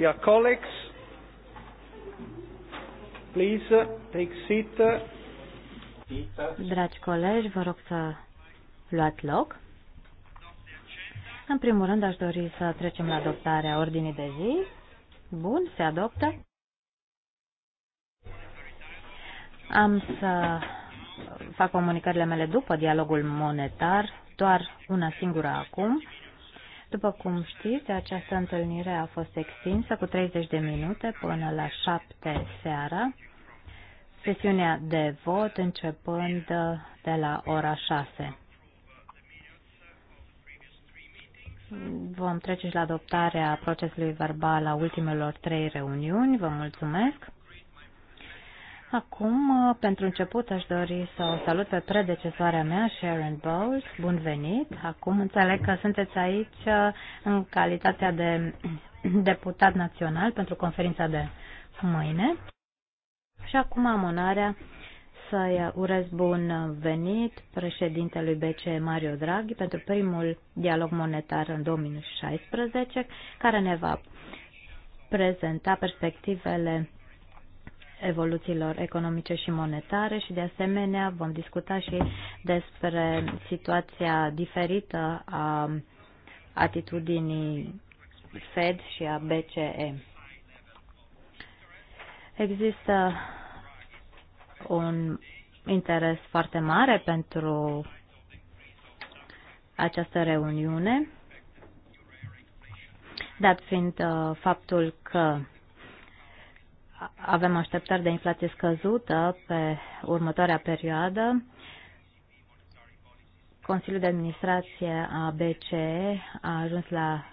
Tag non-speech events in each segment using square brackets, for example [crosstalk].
Dear colleagues, please uh, take seat. Dragi colegi, vă rog să luați loc. În primul rând aș dori să trecem la adoptarea ordinii de zi. Bun, se adoptă. Am să fac comunicările mele după dialogul monetar, doar una singură acum. După cum știți, această întâlnire a fost extinsă cu 30 de minute până la 7 seara, sesiunea de vot începând de la ora 6. Vom trece și la adoptarea procesului verbal a ultimelor trei reuniuni. Vă mulțumesc! Acum, pentru început, aș dori să o salut pe predecesoarea mea, Sharon Bowles. Bun venit! Acum înțeleg că sunteți aici uh, în calitatea de [clears throat] deputat național pentru conferința de mâine. Și acum am onoarea să-i urez bun venit președintelui BC Mario Draghi pentru primul dialog monetar în 2016, care ne va prezenta perspectivele evoluțiilor economice și monetare și de asemenea vom discuta și despre situația diferită a atitudinii Fed și a BCE. Există un interes foarte mare pentru această reuniune, dat fiind uh, faptul că avem așteptări de inflație scăzută pe următoarea perioadă, Consiliul de Administrație a BCE a ajuns la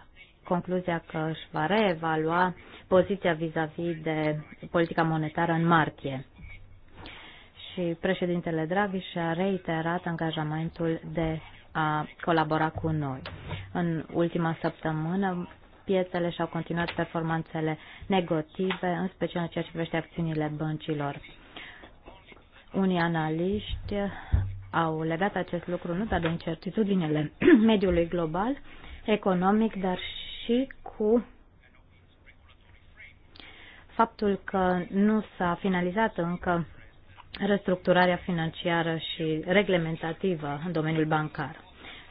concluzia că își va reevalua poziția vis-a-vis -vis de politica monetară în martie. Și președintele Draghi și-a reiterat angajamentul de a colabora cu noi. În ultima săptămână, piețele și au continuat performanțele negative, în special în ceea ce privește acțiunile băncilor. Unii analiști au legat acest lucru nu doar de incertitudinele [clears throat] mediului global, economic, dar și cu faptul că nu s-a finalizat încă restructurarea financiară și reglementativă în domeniul bancar.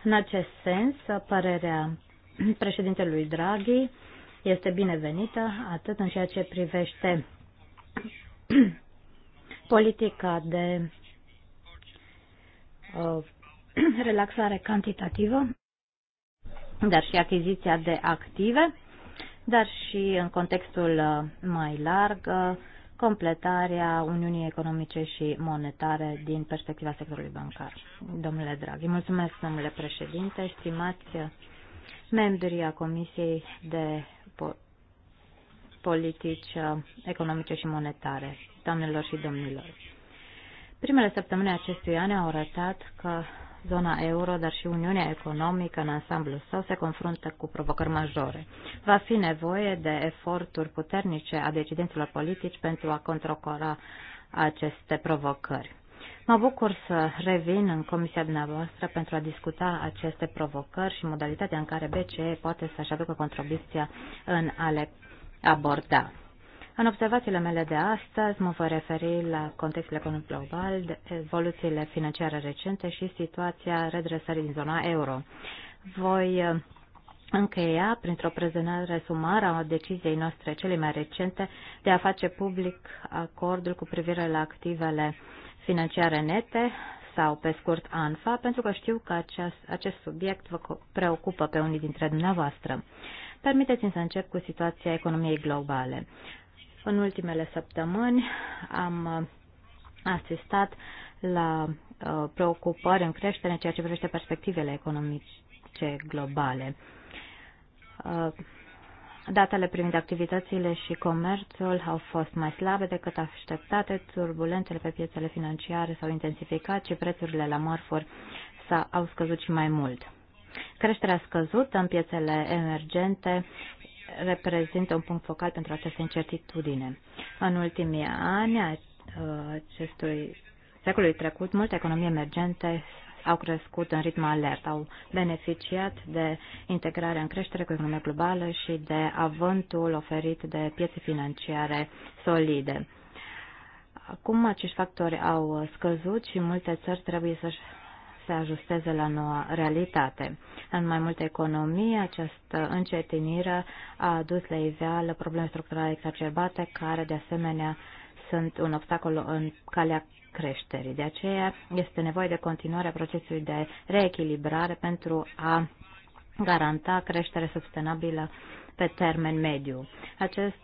În acest sens, părerea [clears throat] președintelui Draghi este binevenită atât în ceea ce privește [clears throat] politica de uh, [clears throat] relaxare cantitativă, dar și achiziția de active, dar și în contextul uh, mai larg uh, completarea Uniunii Economice și Monetare din perspectiva sectorului bancar. Domnule Draghi, mulțumesc, domnule președinte, stimați membrii a Comisiei de Politici uh, Economice și Monetare, doamnelor și domnilor. Primele săptămâni acestui an au arătat că zona euro, dar și Uniunea Economică în ansamblu său se confruntă cu provocări majore. Va fi nevoie de eforturi puternice a decidenților politici pentru a controcora aceste provocări. Mă bucur să revin în comisia dumneavoastră pentru a discuta aceste provocări și modalitatea în care BCE poate să-și aducă contribuția în a le aborda. În observațiile mele de astăzi mă voi referi la contextul economic global, evoluțiile financiare recente și situația redresării din zona euro. Voi uh, încheia printr-o prezentare sumară a deciziei noastre cele mai recente de a face public acordul cu privire la activele financiare nete sau pe scurt ANFA, pentru că știu că acest, acest subiect vă preocupă pe unii dintre dumneavoastră. Permiteți-mi să încep cu situația economiei globale. În ultimele săptămâni am uh, asistat la uh, preocupări în creștere în ceea ce privește perspectivele economice globale. Uh, Datele privind activitățile și comerțul au fost mai slabe decât așteptate, turbulențele pe piețele financiare s-au intensificat și prețurile la mărfuri au scăzut și mai mult. Creșterea scăzută în piețele emergente reprezintă un punct focal pentru această incertitudine. În ultimii ani acestui secolului trecut, multe economii emergente au crescut în ritm alert, au beneficiat de integrarea în creștere cu economia globală și de avântul oferit de piețe financiare solide. Acum acești factori au scăzut și multe țări trebuie să se ajusteze la noua realitate. În mai multe economii, această încetinire a adus la iveală probleme structurale exacerbate, care de asemenea sunt un obstacol în calea creșterii. De aceea este nevoie de continuarea procesului de reechilibrare pentru a garanta creștere sustenabilă pe termen mediu. Acest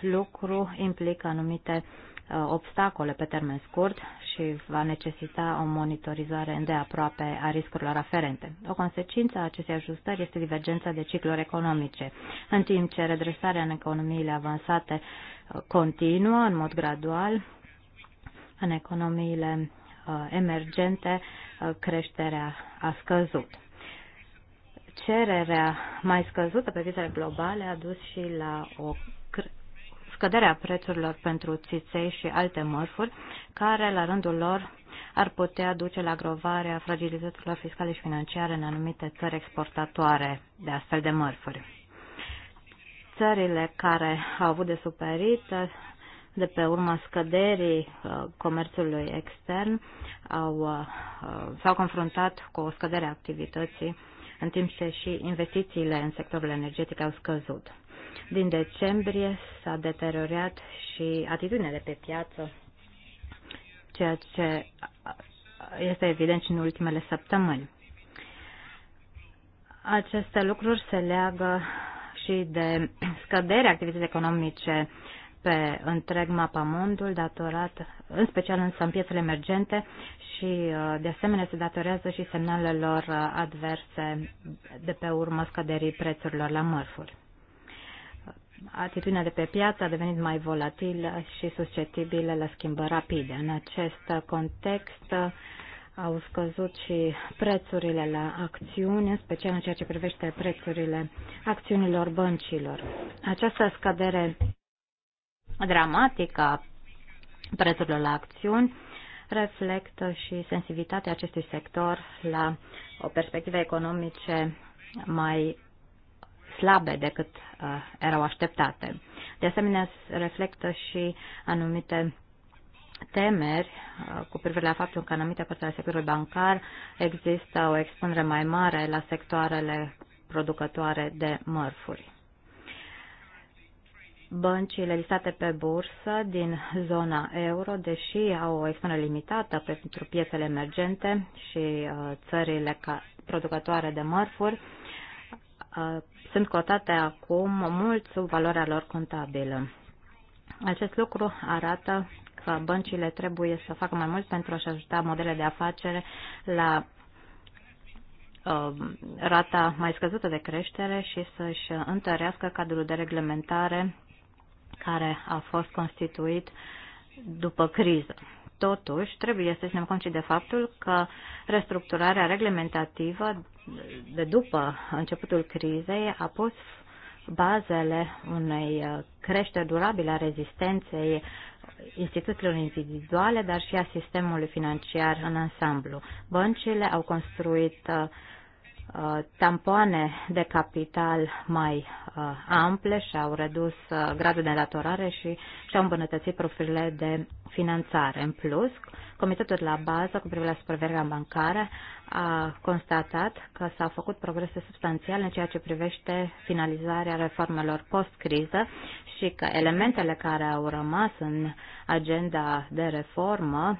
lucru implică anumite uh, obstacole pe termen scurt și va necesita o monitorizare îndeaproape a riscurilor aferente. O consecință a acestei ajustări este divergența de cicluri economice. În timp ce redresarea în economiile avansate uh, continuă în mod gradual, în economiile uh, emergente, uh, creșterea a scăzut. Cererea mai scăzută pe vizele globale a dus și la o scăderea prețurilor pentru țiței și alte mărfuri, care, la rândul lor, ar putea duce la agrovarea fragilităților fiscale și financiare în anumite țări exportatoare de astfel de mărfuri. Țările care au avut de suferit de pe urma scăderii uh, comerțului extern au, uh, uh, s-au confruntat cu o scădere a activității, în timp ce și investițiile în sectorul energetic au scăzut. Din decembrie s-a deteriorat și atitudinea de pe piață, ceea ce este evident și în ultimele săptămâni. Aceste lucruri se leagă și de scăderea activității economice pe întreg mapamondul, datorat în special însă în piețele emergente și uh, de asemenea se datorează și semnalelor uh, adverse de pe urmă scăderii prețurilor la mărfuri. Atitudinea de pe piață a devenit mai volatilă și susceptibilă la schimbări rapide. În acest context uh, au scăzut și prețurile la acțiuni, în special în ceea ce privește prețurile acțiunilor băncilor. Această scădere dramatică a prețurilor la acțiuni reflectă și sensibilitatea acestui sector la o perspectivă economice mai slabe decât uh, erau așteptate. De asemenea, reflectă și anumite temeri uh, cu privire la faptul că în anumite părți ale sectorului bancar există o expunere mai mare la sectoarele producătoare de mărfuri băncile listate pe bursă din zona euro, deși au o expunere limitată pentru piețele emergente și uh, țările producătoare de mărfuri, uh, sunt cotate acum mult sub valoarea lor contabilă. Acest lucru arată că băncile trebuie să facă mai mult pentru a-și ajuta modele de afacere la uh, rata mai scăzută de creștere și să-și întărească cadrul de reglementare care a fost constituit după criză. Totuși, trebuie să ținem cont și de faptul că restructurarea reglementativă de după începutul crizei a pus bazele unei creșteri durabile a rezistenței instituțiilor individuale, dar și a sistemului financiar în ansamblu. Băncile au construit Uh, tampoane de capital mai uh, ample și-au redus uh, gradul de datorare și și-au îmbunătățit profilurile de finanțare. În plus, Comitetul la bază cu privire la supravegherea bancară a constatat că s-au făcut progrese substanțiale în ceea ce privește finalizarea reformelor post-criză și că elementele care au rămas în agenda de reformă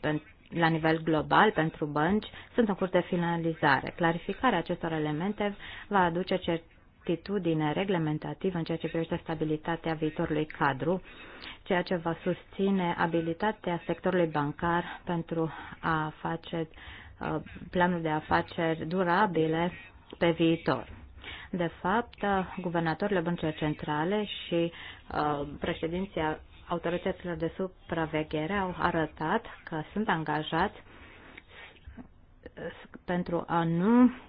pentru la nivel global pentru bănci sunt în curs de finalizare. Clarificarea acestor elemente va aduce certitudine reglementativă în ceea ce privește stabilitatea viitorului cadru, ceea ce va susține abilitatea sectorului bancar pentru a face uh, planul de afaceri durabile pe viitor. De fapt, uh, guvernatorile băncilor centrale și uh, președinția Autoritățile de supraveghere au arătat că sunt angajați pentru a nu uh,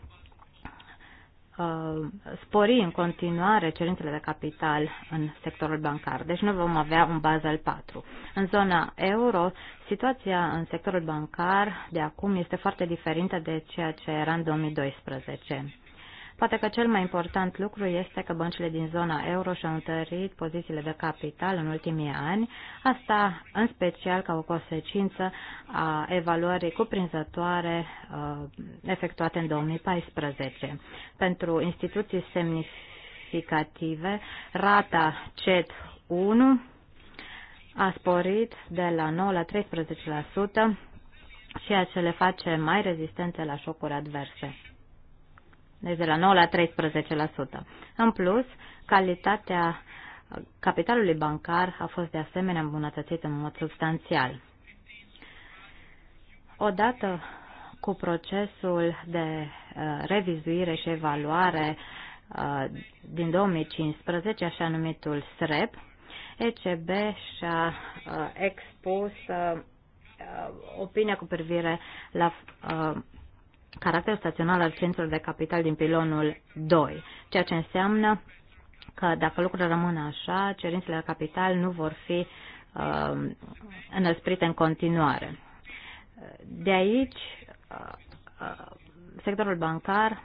spori în continuare cerințele de capital în sectorul bancar. Deci nu vom avea un Basel 4. În zona euro, situația în sectorul bancar de acum este foarte diferită de ceea ce era în 2012. Poate că cel mai important lucru este că băncile din zona euro și-au întărit pozițiile de capital în ultimii ani, asta în special ca o consecință a evaluării cuprinzătoare uh, efectuate în 2014. Pentru instituții semnificative, rata CET 1 a sporit de la 9 la 13%, ceea ce le face mai rezistente la șocuri adverse deci de la 9 la 13%. În plus, calitatea capitalului bancar a fost de asemenea îmbunătățită în mod substanțial. Odată cu procesul de uh, revizuire și evaluare uh, din 2015, așa numitul SREP, ECB și-a uh, expus opinia cu privire la caracter stațional al centrului de capital din pilonul 2, ceea ce înseamnă că dacă lucrurile rămân așa, cerințele de capital nu vor fi uh, înăsprite în continuare. De aici, uh, uh sectorul bancar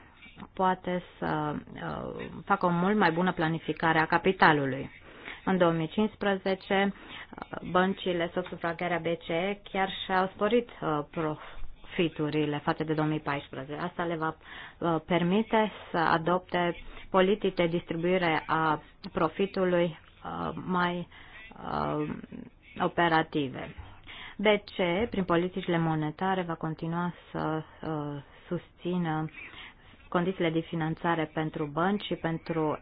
poate să uh, facă o mult mai bună planificare a capitalului. În 2015, uh, băncile sub supravegherea BCE chiar și-au sporit uh, prof profiturile față de 2014. Asta le va uh, permite să adopte politici de distribuire a profitului uh, mai uh, operative. BC, prin politicile monetare, va continua să susțină condițiile de finanțare pentru bănci și pentru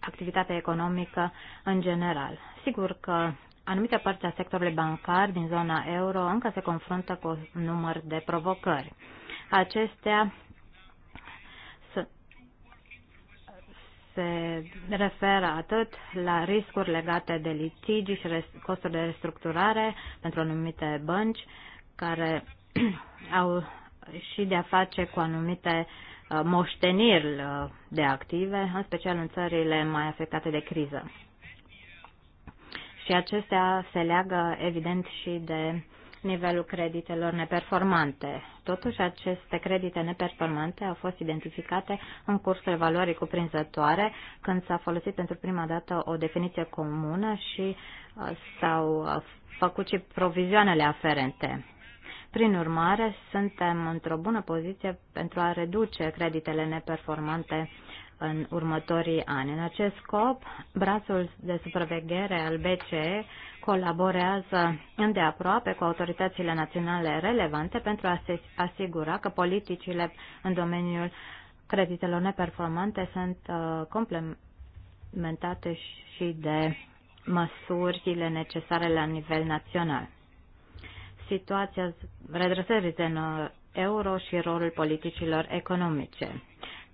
activitatea economică în general. Sigur că anumite părți a sectorului bancar din zona euro încă se confruntă cu un număr de provocări. Acestea se referă atât la riscuri legate de litigi și costuri de restructurare pentru anumite bănci care [clears throat] au și de a face cu anumite uh, moșteniri uh, de active, în special în țările mai afectate de criză și acestea se leagă evident și de nivelul creditelor neperformante. Totuși, aceste credite neperformante au fost identificate în cursul evaluării cuprinzătoare, când s-a folosit pentru prima dată o definiție comună și uh, s-au uh, făcut și provizioanele aferente. Prin urmare, suntem într-o bună poziție pentru a reduce creditele neperformante uh, în următorii ani. În acest scop, brațul de supraveghere al BCE colaborează îndeaproape cu autoritățile naționale relevante pentru a se asigura că politicile în domeniul creditelor neperformante sunt uh, complementate și de măsurile necesare la nivel național. Situația redresării în uh, euro și rolul politicilor economice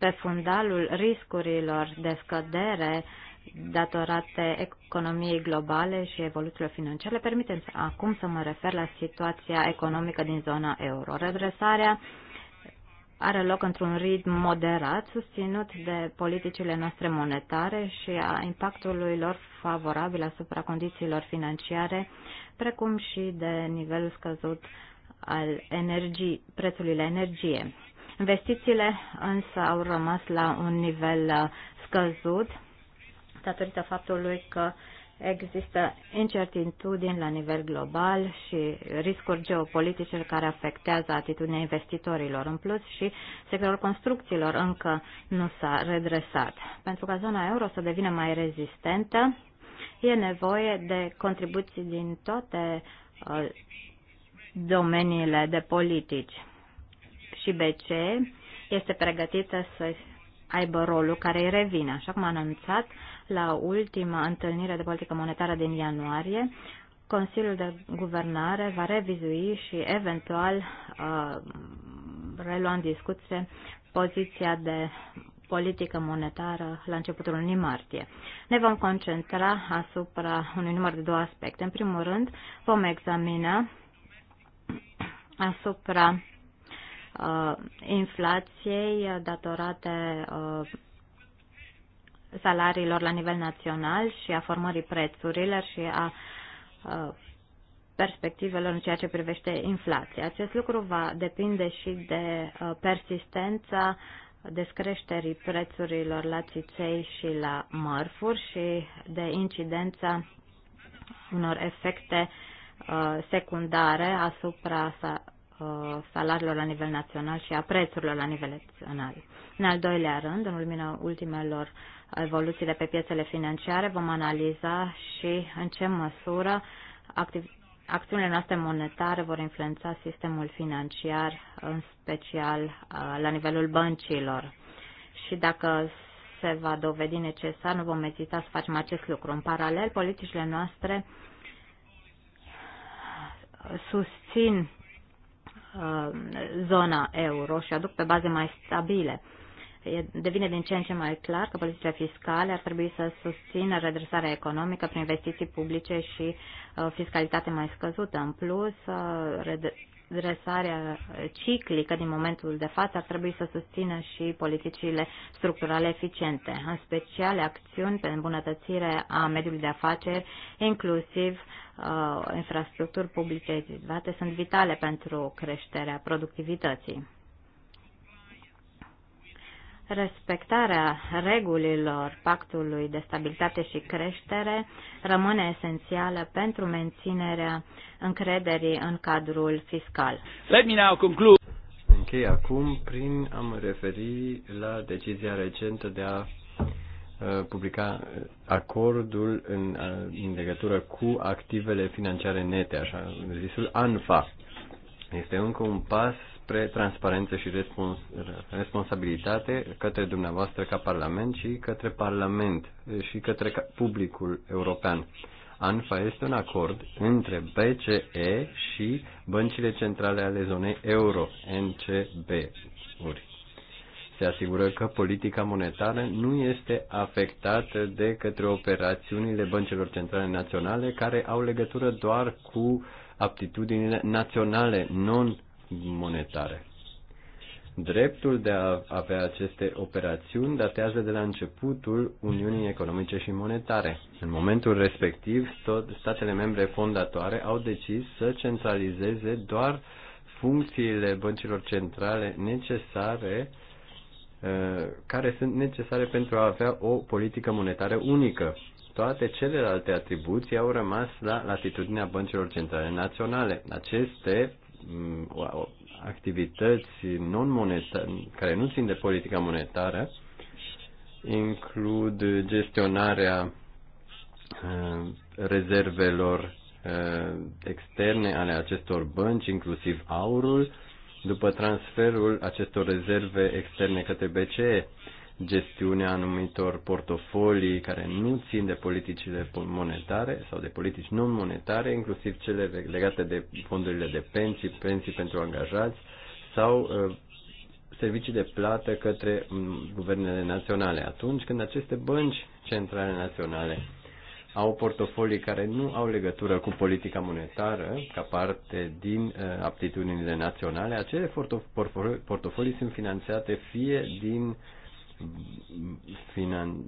pe fundalul riscurilor de scădere datorate economiei globale și evoluțiilor financiare, permiteți acum să mă refer la situația economică din zona euro. Redresarea are loc într-un ritm moderat, susținut de politicile noastre monetare și a impactului lor favorabil asupra condițiilor financiare, precum și de nivelul scăzut al energie, prețului la energie. Investițiile însă au rămas la un nivel uh, scăzut datorită faptului că există incertitudini la nivel global și riscuri geopolitice care afectează atitudinea investitorilor în plus și sectorul construcțiilor încă nu s-a redresat. Pentru ca zona euro să devină mai rezistentă, e nevoie de contribuții din toate uh, domeniile de politici și BCE este pregătită să aibă rolul care îi revine. Așa cum a anunțat la ultima întâlnire de politică monetară din ianuarie, Consiliul de Guvernare va revizui și eventual uh, relua în discuție poziția de politică monetară la începutul lunii martie. Ne vom concentra asupra unui număr de două aspecte. În primul rând, vom examina asupra uh, inflației datorate uh, salariilor la nivel național și a formării prețurilor și a uh, perspectivelor în ceea ce privește inflația. Acest lucru va depinde și de uh, persistența descreșterii prețurilor la țiței și la mărfuri și de incidența unor efecte uh, secundare asupra sa, Uh, salariilor la nivel național și a prețurilor la nivel național. În al doilea rând, în lumina ultimelor evoluții de pe piețele financiare, vom analiza și în ce măsură activ- acțiunile noastre monetare vor influența sistemul financiar, în special uh, la nivelul băncilor. Și dacă se va dovedi necesar, nu vom ezita să facem acest lucru. În paralel, politicile noastre susțin Uh, zona euro și aduc pe baze mai stabile. Devine din ce în ce mai clar că politicile fiscale ar trebui să susțină redresarea economică prin investiții publice și uh, fiscalitate mai scăzută. În plus, uh, redresarea ciclică din momentul de față ar trebui să susțină și politicile structurale eficiente, în special acțiuni pe îmbunătățire a mediului de afaceri, inclusiv uh, infrastructuri publice private, sunt vitale pentru creșterea productivității. Respectarea regulilor Pactului de Stabilitate și Creștere rămâne esențială pentru menținerea încrederii în cadrul fiscal. Let me now conclude. Închei acum prin a mă referi la decizia recentă de a uh, publica uh, acordul în, uh, în legătură cu activele financiare nete, așa zisul ANFA. Este încă un pas spre transparență și respons- responsabilitate către dumneavoastră ca Parlament și către Parlament și către publicul european. ANFA este un acord între BCE și băncile centrale ale zonei euro, NCB-uri. Se asigură că politica monetară nu este afectată de către operațiunile băncilor centrale naționale care au legătură doar cu aptitudinile naționale, non monetare. Dreptul de a avea aceste operațiuni datează de la începutul Uniunii Economice și Monetare. În momentul respectiv, tot statele membre fondatoare au decis să centralizeze doar funcțiile băncilor centrale necesare uh, care sunt necesare pentru a avea o politică monetară unică. Toate celelalte atribuții au rămas la latitudinea băncilor centrale naționale. Aceste Mm, activități non-monetare, care nu țin de politica monetară, includ gestionarea uh, rezervelor uh, externe ale acestor bănci, inclusiv aurul, după transferul acestor rezerve externe către BCE gestiunea anumitor portofolii care nu țin de politicile monetare sau de politici non-monetare, inclusiv cele legate de fondurile de pensii, pensii pentru angajați sau ă, servicii de plată către guvernele naționale. Atunci când aceste bănci centrale naționale au portofolii care nu au legătură cu politica monetară ca parte din uh, aptitudinile naționale, acele portofolii sunt finanțate fie din uh,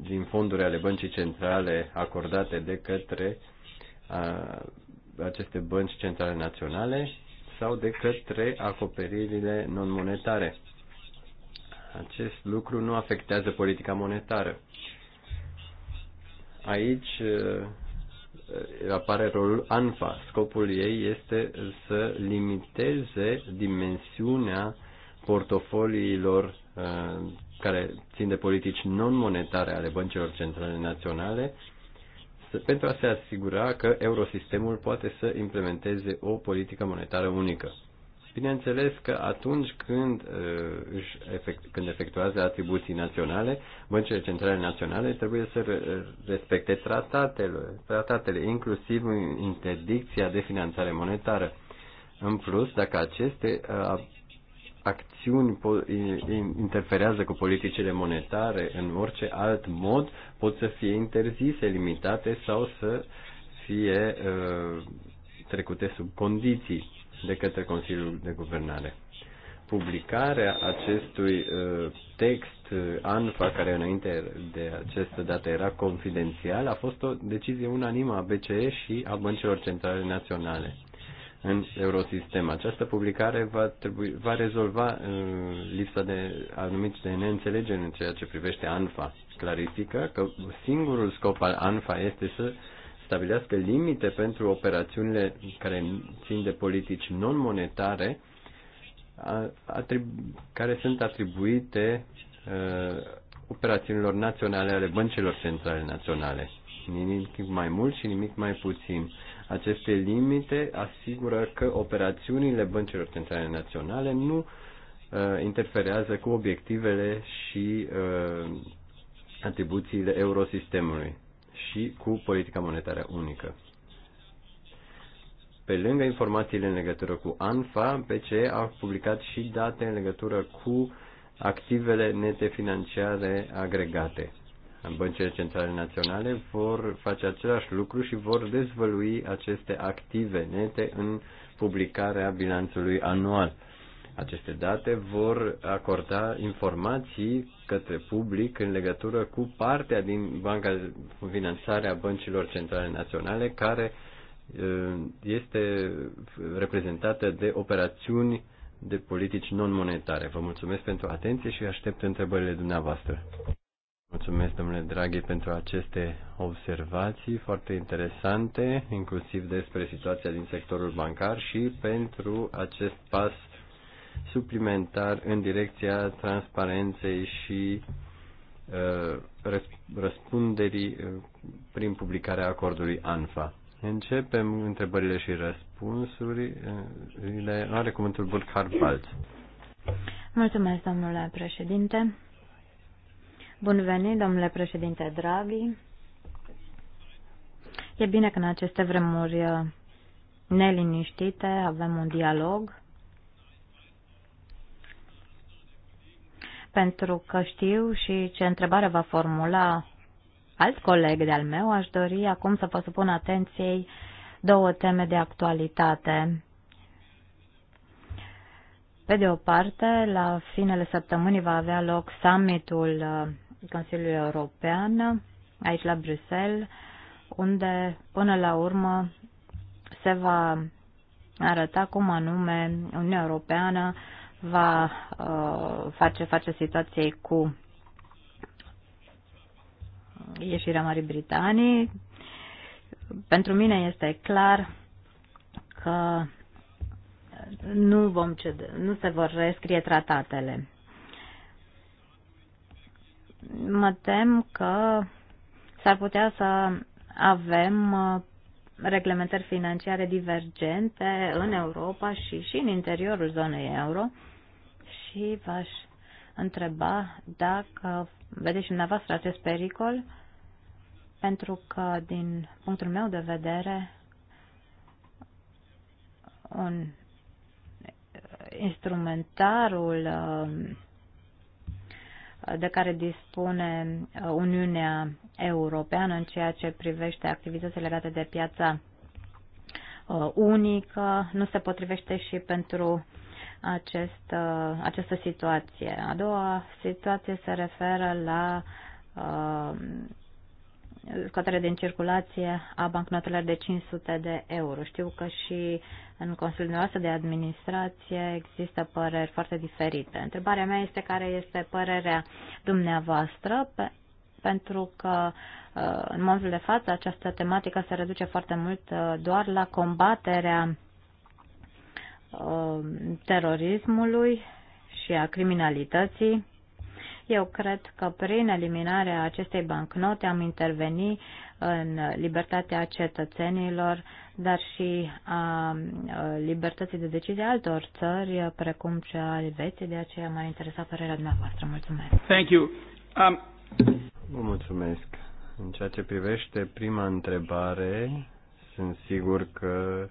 din fonduri ale băncii centrale acordate de către aceste bănci centrale naționale sau de către acoperirile non-monetare. Acest lucru nu afectează politica monetară. Aici apare rolul ANFA. Scopul ei este să limiteze dimensiunea portofoliilor care țin de politici non-monetare ale băncilor centrale naționale pentru a se asigura că eurosistemul poate să implementeze o politică monetară unică. Bineînțeles că atunci când, uh, își efect, când efectuează atribuții naționale, băncile centrale naționale trebuie să respecte tratatele, tratatele, inclusiv interdicția de finanțare monetară. În plus, dacă aceste uh, acțiuni interferează cu politicile monetare în orice alt mod pot să fie interzise, limitate sau să fie uh, trecute sub condiții de către Consiliul de Guvernare. Publicarea acestui uh, text uh, ANFA, care înainte de această dată era confidențial, a fost o decizie unanimă a BCE și a băncilor centrale naționale în Eurosistem. Această publicare va, trebui, va rezolva uh, lipsa de anumite neînțelegeri în ceea ce privește ANFA. Clarifică că singurul scop al ANFA este să stabilească limite pentru operațiunile care țin de politici non-monetare care sunt atribuite uh, operațiunilor naționale ale băncilor centrale naționale. Nimic mai mult și nimic mai puțin. Aceste limite asigură că operațiunile băncilor centrale naționale nu uh, interferează cu obiectivele și uh, atribuțiile eurosistemului și cu politica monetară unică. Pe lângă informațiile în legătură cu ANFA, BCE a publicat și date în legătură cu activele nete financiare agregate băncile centrale naționale vor face același lucru și vor dezvălui aceste active nete în publicarea bilanțului anual. Aceste date vor acorda informații către public în legătură cu partea din banca finanțarea băncilor centrale naționale care este reprezentată de operațiuni de politici non-monetare. Vă mulțumesc pentru atenție și aștept întrebările dumneavoastră. Mulțumesc, domnule Draghi, pentru aceste observații foarte interesante, inclusiv despre situația din sectorul bancar și pentru acest pas suplimentar în direcția transparenței și uh, răspunderii uh, prin publicarea acordului ANFA. Începem întrebările și răspunsurile. Uh, are cuvântul Burkhard Balz. Mulțumesc, domnule președinte. Bun venit, domnule președinte Draghi. E bine că în aceste vremuri uh, neliniștite avem un dialog. Pentru că știu și ce întrebare va formula alt coleg de-al meu, aș dori acum să vă supun atenției două teme de actualitate. Pe de o parte, la finele săptămânii va avea loc summitul uh, Consiliului European, aici la Bruxelles, unde până la urmă se va arăta cum anume Uniunea Europeană va uh, face face situației cu ieșirea Marii Britanii. Pentru mine este clar că nu, vom cede, nu se vor rescrie tratatele mă tem că s-ar putea să avem uh, reglementări financiare divergente în Europa și, și în interiorul zonei euro și v-aș întreba dacă vedeți și dumneavoastră acest pericol, pentru că, din punctul meu de vedere, un instrumentarul uh, de care dispune uh, Uniunea Europeană în ceea ce privește activitățile legate de piața uh, unică nu se potrivește și pentru acest, uh, această situație. A doua situație se referă la scoatere din circulație a bancnotelor de 500 de euro. Știu că și în Consiliul noastră de administrație există păreri foarte diferite. Întrebarea mea este care este părerea dumneavoastră pe, pentru că uh, în momentul de față această tematică se reduce foarte mult uh, doar la combaterea uh, terorismului și a criminalității eu cred că prin eliminarea acestei bancnote am intervenit în libertatea cetățenilor, dar și a libertății de decizie altor țări, precum cea a Elveției, de aceea m-a interesat părerea dumneavoastră. Mulțumesc. Thank you. Um... Vă mulțumesc. În ceea ce privește prima întrebare, sunt sigur că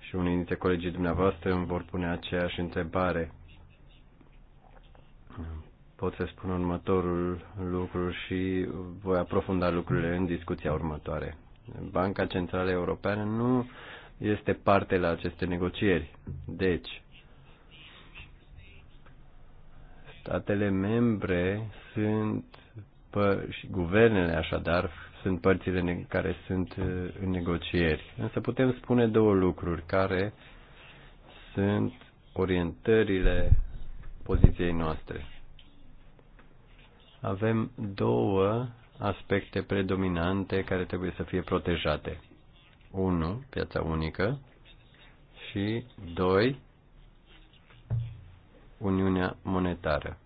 și unii dintre colegii dumneavoastră îmi vor pune aceeași întrebare pot să spun următorul lucru și voi aprofunda lucrurile în discuția următoare. Banca Centrală Europeană nu este parte la aceste negocieri. Deci, statele membre sunt și guvernele așadar sunt părțile care sunt uh, în negocieri. Însă putem spune două lucruri care sunt orientările poziției noastre avem două aspecte predominante care trebuie să fie protejate. 1. Piața unică și 2. Uniunea monetară.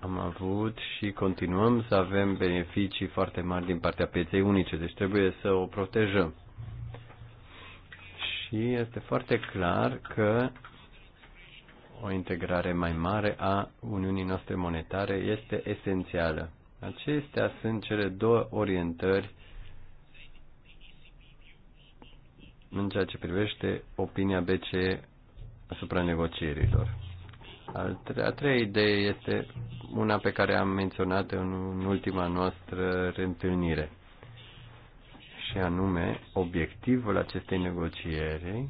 Am avut și continuăm să avem beneficii foarte mari din partea pieței unice, deci trebuie să o protejăm. Și este foarte clar că o integrare mai mare a Uniunii noastre monetare este esențială. Acestea sunt cele două orientări în ceea ce privește opinia BCE asupra negocierilor. A treia idee este una pe care am menționat în ultima noastră reîntâlnire și anume obiectivul acestei negocieri,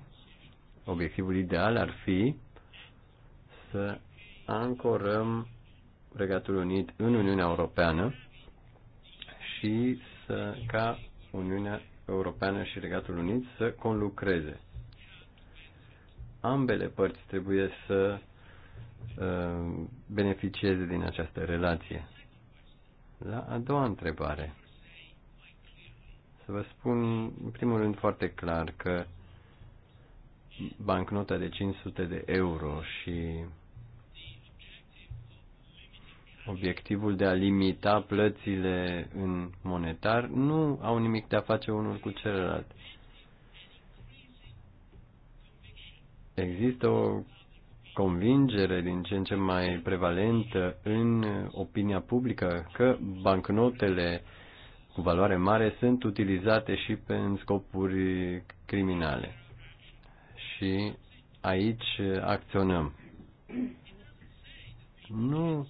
obiectivul ideal ar fi să ancorăm Regatul Unit în Uniunea Europeană și să, ca Uniunea Europeană și Regatul Unit să conlucreze. Ambele părți trebuie să uh, beneficieze din această relație. La a doua întrebare, să vă spun în primul rând foarte clar că bancnota de 500 de euro și obiectivul de a limita plățile în monetar nu au nimic de a face unul cu celălalt. Există o convingere din ce în ce mai prevalentă în opinia publică că bancnotele cu valoare mare sunt utilizate și pe, în scopuri criminale. Și aici acționăm. Nu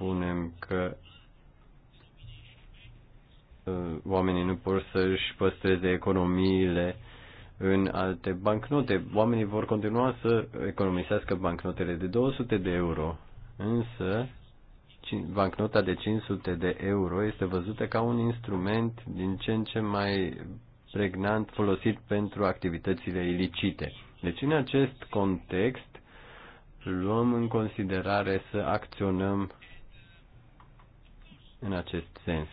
spunem că uh, oamenii nu pot să-și păstreze economiile în alte bancnote. Oamenii vor continua să economisească bancnotele de 200 de euro, însă bancnota de 500 de euro este văzută ca un instrument din ce în ce mai pregnant folosit pentru activitățile ilicite. Deci în acest context luăm în considerare să acționăm în acest sens.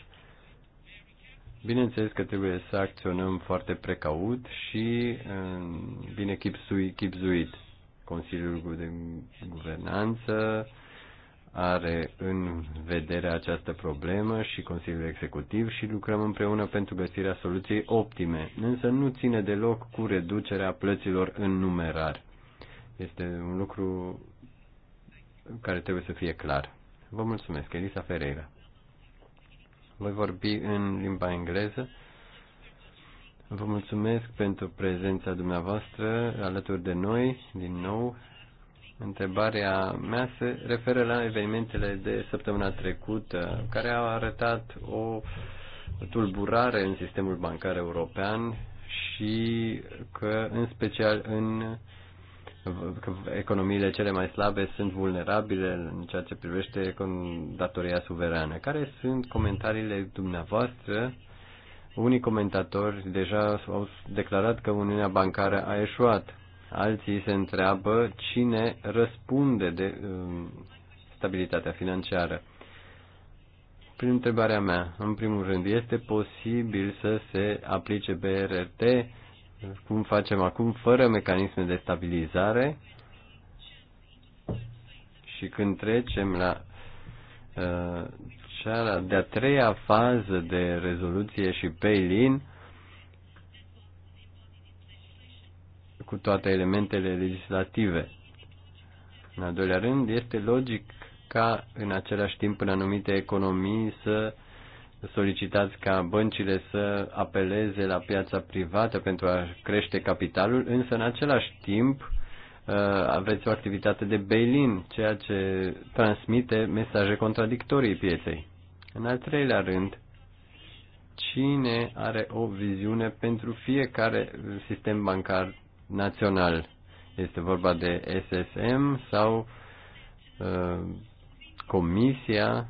Bineînțeles că trebuie să acționăm foarte precaut și bine chipsui, chipzuit. Consiliul de Guvernanță are în vedere această problemă și Consiliul Executiv și lucrăm împreună pentru găsirea soluției optime, însă nu ține deloc cu reducerea plăților în numerar. Este un lucru care trebuie să fie clar. Vă mulțumesc, Elisa Ferreira. Voi vorbi în limba engleză. Vă mulțumesc pentru prezența dumneavoastră alături de noi, din nou. Întrebarea mea se referă la evenimentele de săptămâna trecută, care au arătat o tulburare în sistemul bancar european și că, în special, în că economiile cele mai slabe sunt vulnerabile în ceea ce privește datoria suverană. Care sunt comentariile dumneavoastră? Unii comentatori deja au declarat că Uniunea Bancară a eșuat. Alții se întreabă cine răspunde de um, stabilitatea financiară. Prin întrebarea mea, în primul rând, este posibil să se aplice BRT cum facem acum, fără mecanisme de stabilizare și când trecem la uh, cea de-a treia fază de rezoluție și bail-in, cu toate elementele legislative. În al doilea rând, este logic ca în același timp în anumite economii să solicitați ca băncile să apeleze la piața privată pentru a crește capitalul, însă în același timp uh, aveți o activitate de bail-in, ceea ce transmite mesaje contradictorii pieței. În al treilea rând, cine are o viziune pentru fiecare sistem bancar național? Este vorba de SSM sau uh, Comisia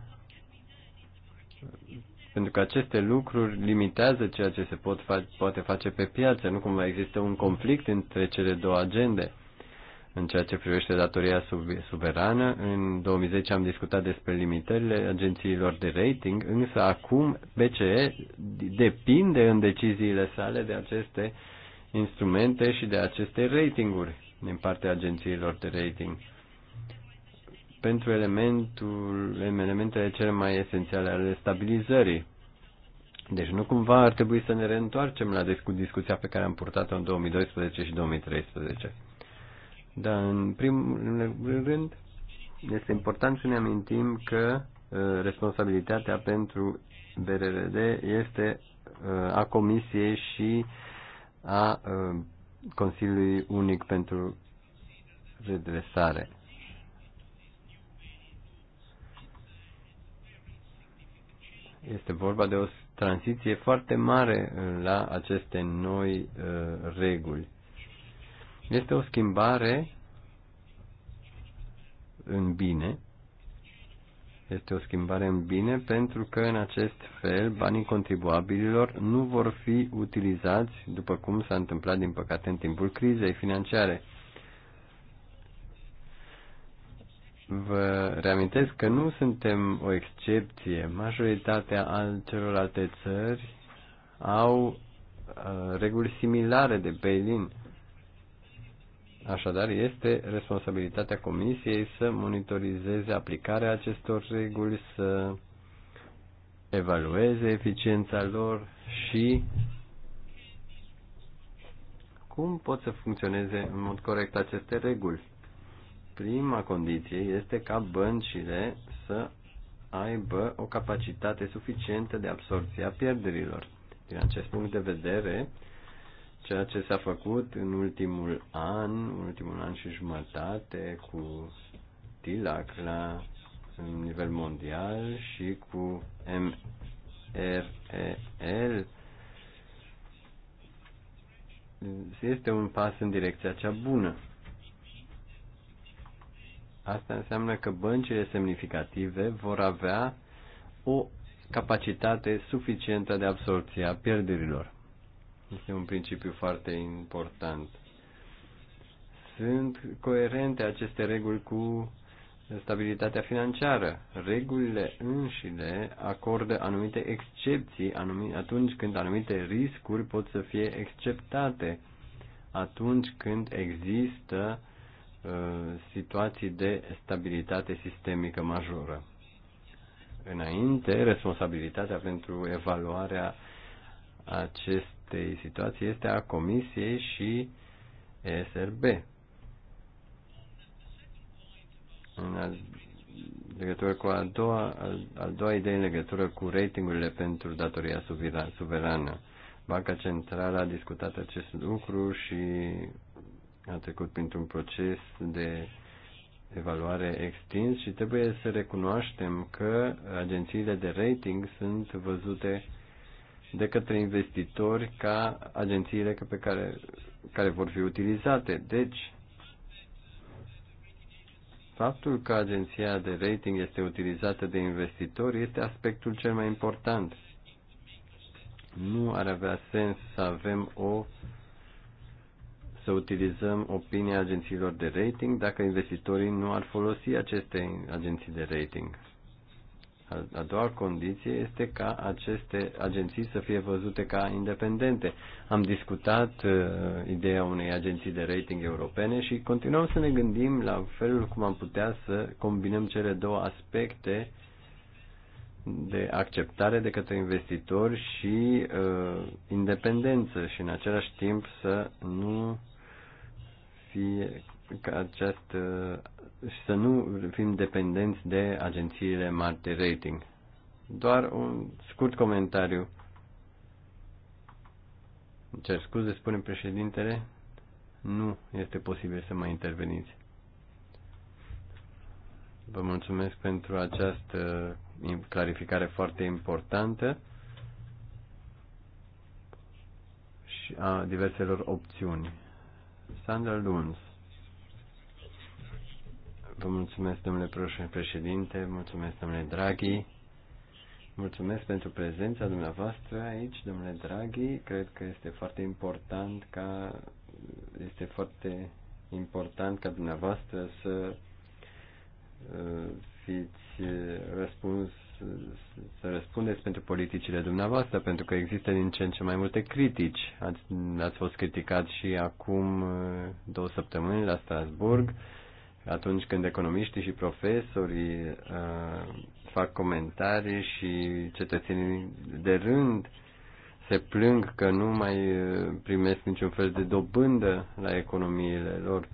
pentru că aceste lucruri limitează ceea ce se pot fa- poate face pe piață. Nu cumva există un conflict între cele două agende. În ceea ce privește datoria suverană, în 2010 am discutat despre limitările agențiilor de rating, însă acum BCE depinde în deciziile sale de aceste instrumente și de aceste ratinguri din partea agențiilor de rating pentru elementul, elementele cele mai esențiale ale stabilizării. Deci nu cumva ar trebui să ne reîntoarcem la discu- discuția pe care am purtat-o în 2012 și 2013. Dar în primul rând este important să ne amintim că uh, responsabilitatea pentru BRRD este uh, a Comisiei și a uh, Consiliului Unic pentru Redresare. Este vorba de o tranziție foarte mare uh, la aceste noi uh, reguli. Este o schimbare în bine. Este o schimbare în bine pentru că în acest fel banii contribuabililor nu vor fi utilizați după cum s-a întâmplat din păcate în timpul crizei financiare. Vă reamintesc că nu suntem o excepție. Majoritatea al celorlalte țări au uh, reguli similare de Berlin. Așadar, este responsabilitatea Comisiei să monitorizeze aplicarea acestor reguli, să evalueze eficiența lor și cum pot să funcționeze în mod corect aceste reguli. Prima condiție este ca băncile să aibă o capacitate suficientă de absorție a pierderilor. Din acest punct de vedere, ceea ce s-a făcut în ultimul an, ultimul an și jumătate cu TILAC la în nivel mondial și cu MREL este un pas în direcția cea bună. Asta înseamnă că băncile semnificative vor avea o capacitate suficientă de absorție a pierderilor. Este un principiu foarte important. Sunt coerente aceste reguli cu stabilitatea financiară. Regulile înșile acordă anumite excepții anumi, atunci când anumite riscuri pot să fie exceptate, atunci când există uh, Uh, situații de stabilitate sistemică majoră. Înainte, responsabilitatea pentru evaluarea acestei situații este a Comisiei și ESRB. În al, legătură cu a doua, al, al doua idee în legătură cu ratingurile pentru datoria suverană. Banca Centrală a discutat acest lucru și a trecut printr-un proces de evaluare extins și trebuie să recunoaștem că agențiile de rating sunt văzute de către investitori ca agențiile pe care, care vor fi utilizate. Deci, faptul că agenția de rating este utilizată de investitori este aspectul cel mai important. Nu ar avea sens să avem o uh, să utilizăm opinia agențiilor de rating dacă investitorii nu ar folosi aceste agenții de rating. A doua condiție este ca aceste agenții să fie văzute ca independente. Am discutat uh, ideea unei agenții de rating europene și continuăm să ne gândim la felul cum am putea să combinăm cele două aspecte de acceptare de către investitori și uh, independență și în același timp să nu fi ca acest, uh, să nu fim dependenți de agențiile mari de rating. Doar un scurt comentariu. Cer scuze, spune președintele, nu este posibil să mai interveniți. Vă mulțumesc pentru această clarificare foarte importantă și a diverselor opțiuni. Alexander Luns. Vă mulțumesc, domnule președinte, mulțumesc, domnule Draghi. Mulțumesc pentru prezența dumneavoastră aici, domnule Draghi. Cred că este foarte important ca este foarte important ca dumneavoastră să uh, fiți uh, răspuns să răspundeți pentru politicile dumneavoastră, pentru că există din ce în ce mai multe critici. Ați, ați fost criticat și acum uh, două săptămâni la Strasburg, atunci când economiștii și profesorii uh, fac comentarii și cetățenii de rând se plâng că nu mai uh, primesc niciun fel de dobândă la economiile lor. Uh,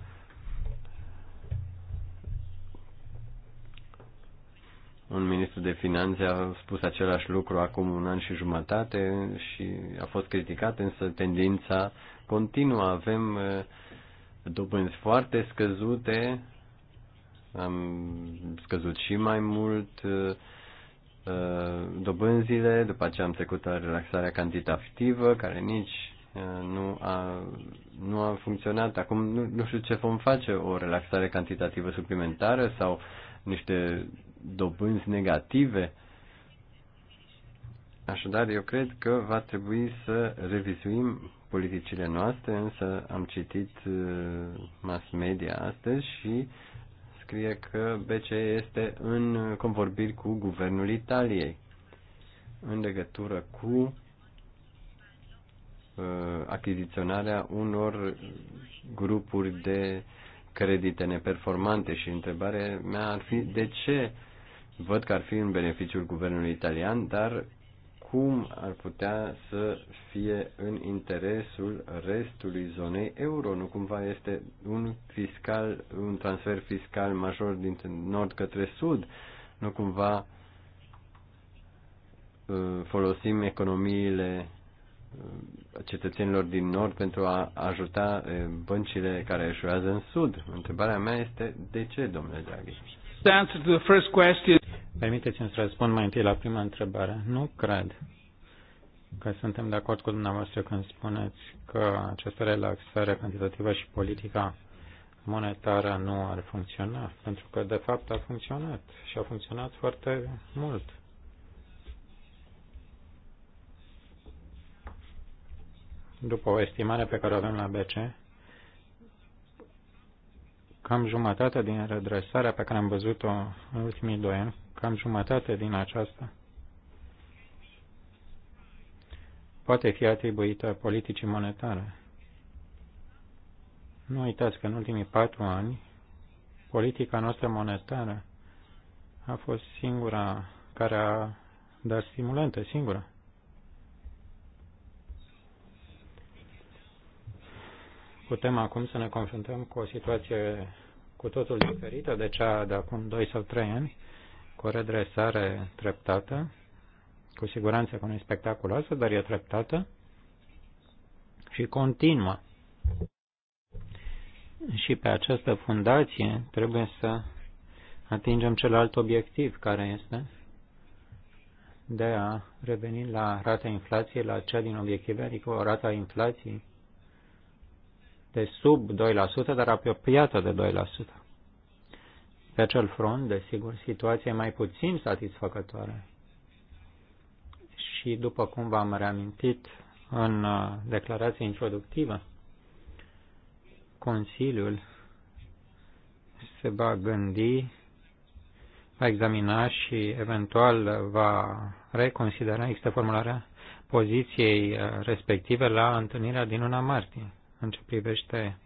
un ministru de finanțe a spus același lucru acum un an și jumătate și a fost criticat, însă tendința continuă. Avem uh, dobânzi foarte scăzute, am scăzut și mai mult uh, uh, dobânzile, după aceea am trecut la relaxarea cantitativă, care nici nu a, nu a funcționat. Acum nu, nu știu ce vom face, o relaxare cantitativă suplimentară sau niște dobânzi negative. Așadar, eu cred că va trebui să revizuim politicile noastre, însă am citit uh, mass media astăzi și scrie că BCE este în convorbiri cu guvernul Italiei în legătură cu uh, achiziționarea unor grupuri de credite neperformante și întrebarea mea ar fi de ce văd că ar fi în beneficiul guvernului italian, dar cum ar putea să fie în interesul restului zonei euro? Nu cumva este un, fiscal, un transfer fiscal major din nord către sud? Nu cumva uh, folosim economiile uh, cetățenilor din nord pentru a ajuta uh, băncile care eșuează în sud? Întrebarea mea este de ce, domnule Draghi? Permiteți-mi să răspund mai întâi la prima întrebare. Nu cred că suntem de acord cu dumneavoastră când spuneți că această relaxare cantitativă și politica monetară nu ar funcționa, pentru că de fapt a funcționat și a funcționat foarte mult. După o estimare pe care o avem la BC, cam jumătate din redresarea pe care am văzut-o în ultimii doi ani cam jumătate din aceasta poate fi atribuită politicii monetare. Nu uitați că în ultimii patru ani politica noastră monetară a fost singura care a dat stimulente, singura. Putem acum să ne confruntăm cu o situație cu totul diferită de cea de acum 2 sau 3 ani, cu o redresare treptată, cu siguranță că nu e spectaculoasă, dar e treptată și continuă. Și pe această fundație trebuie să atingem celălalt obiectiv care este de a reveni la rata inflației, la cea din obiective, adică o rata inflației de sub 2%, dar apropiată de 2%. Pe acel front, desigur, situația e mai puțin satisfăcătoare. Și după cum v-am reamintit în uh, declarația introductivă, Consiliul se va gândi, va examina și eventual va reconsidera, există formularea poziției uh, respective la întâlnirea din luna martie în ce privește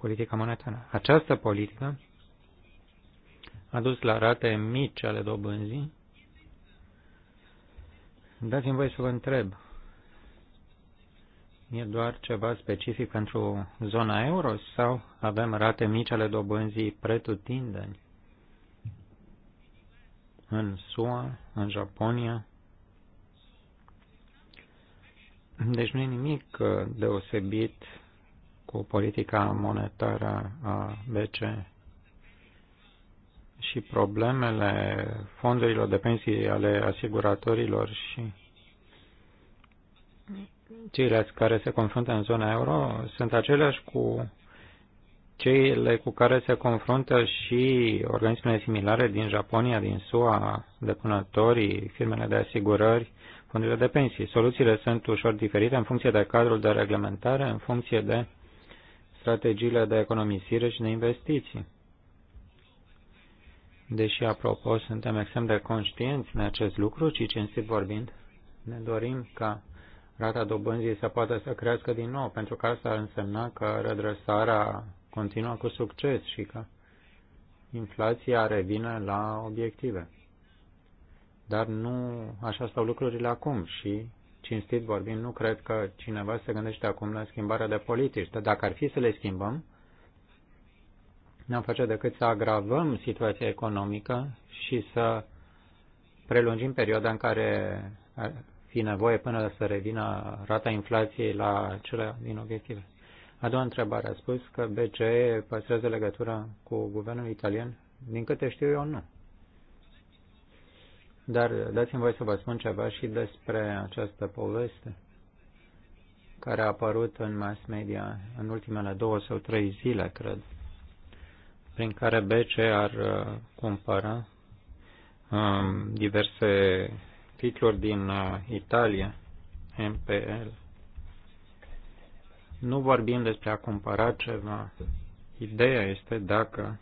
politica monetară. Această politică a dus la rate mici ale dobânzii. Dați-mi voi să vă întreb. E doar ceva specific pentru zona euro sau avem rate mici ale dobânzii pretutindeni? În SUA, în Japonia? Deci nu e nimic uh, deosebit cu politica monetară a BCE și problemele fondurilor de pensii ale asiguratorilor și ceilalți care se confruntă în zona euro sunt aceleași cu cele cu care se confruntă și organismele similare din Japonia, din SUA, depunătorii, firmele de asigurări, fondurile de pensii. Soluțiile sunt ușor diferite în funcție de cadrul de reglementare, în funcție de strategiile de economisire și de investiții deși, apropo, suntem extrem de conștienți în acest lucru, ci cinstit vorbind, ne dorim ca rata dobânzii să poată să crească din nou, pentru că asta ar însemna că redresarea continuă cu succes și că inflația revine la obiective. Dar nu așa stau lucrurile acum și, cinstit vorbind, nu cred că cineva se gândește acum la schimbarea de politici. Dar dacă ar fi să le schimbăm, n-am face decât să agravăm situația economică și să prelungim perioada în care ar fi nevoie până să revină rata inflației la cele din obiective. A doua întrebare a spus că BCE păstrează legătura cu guvernul italian. Din câte știu eu, nu. Dar dați-mi voi să vă spun ceva și despre această poveste care a apărut în mass media în ultimele două sau trei zile, cred prin care BC ar uh, cumpăra um, diverse titluri din uh, Italia, MPL. Nu vorbim despre a cumpăra ceva. Ideea este dacă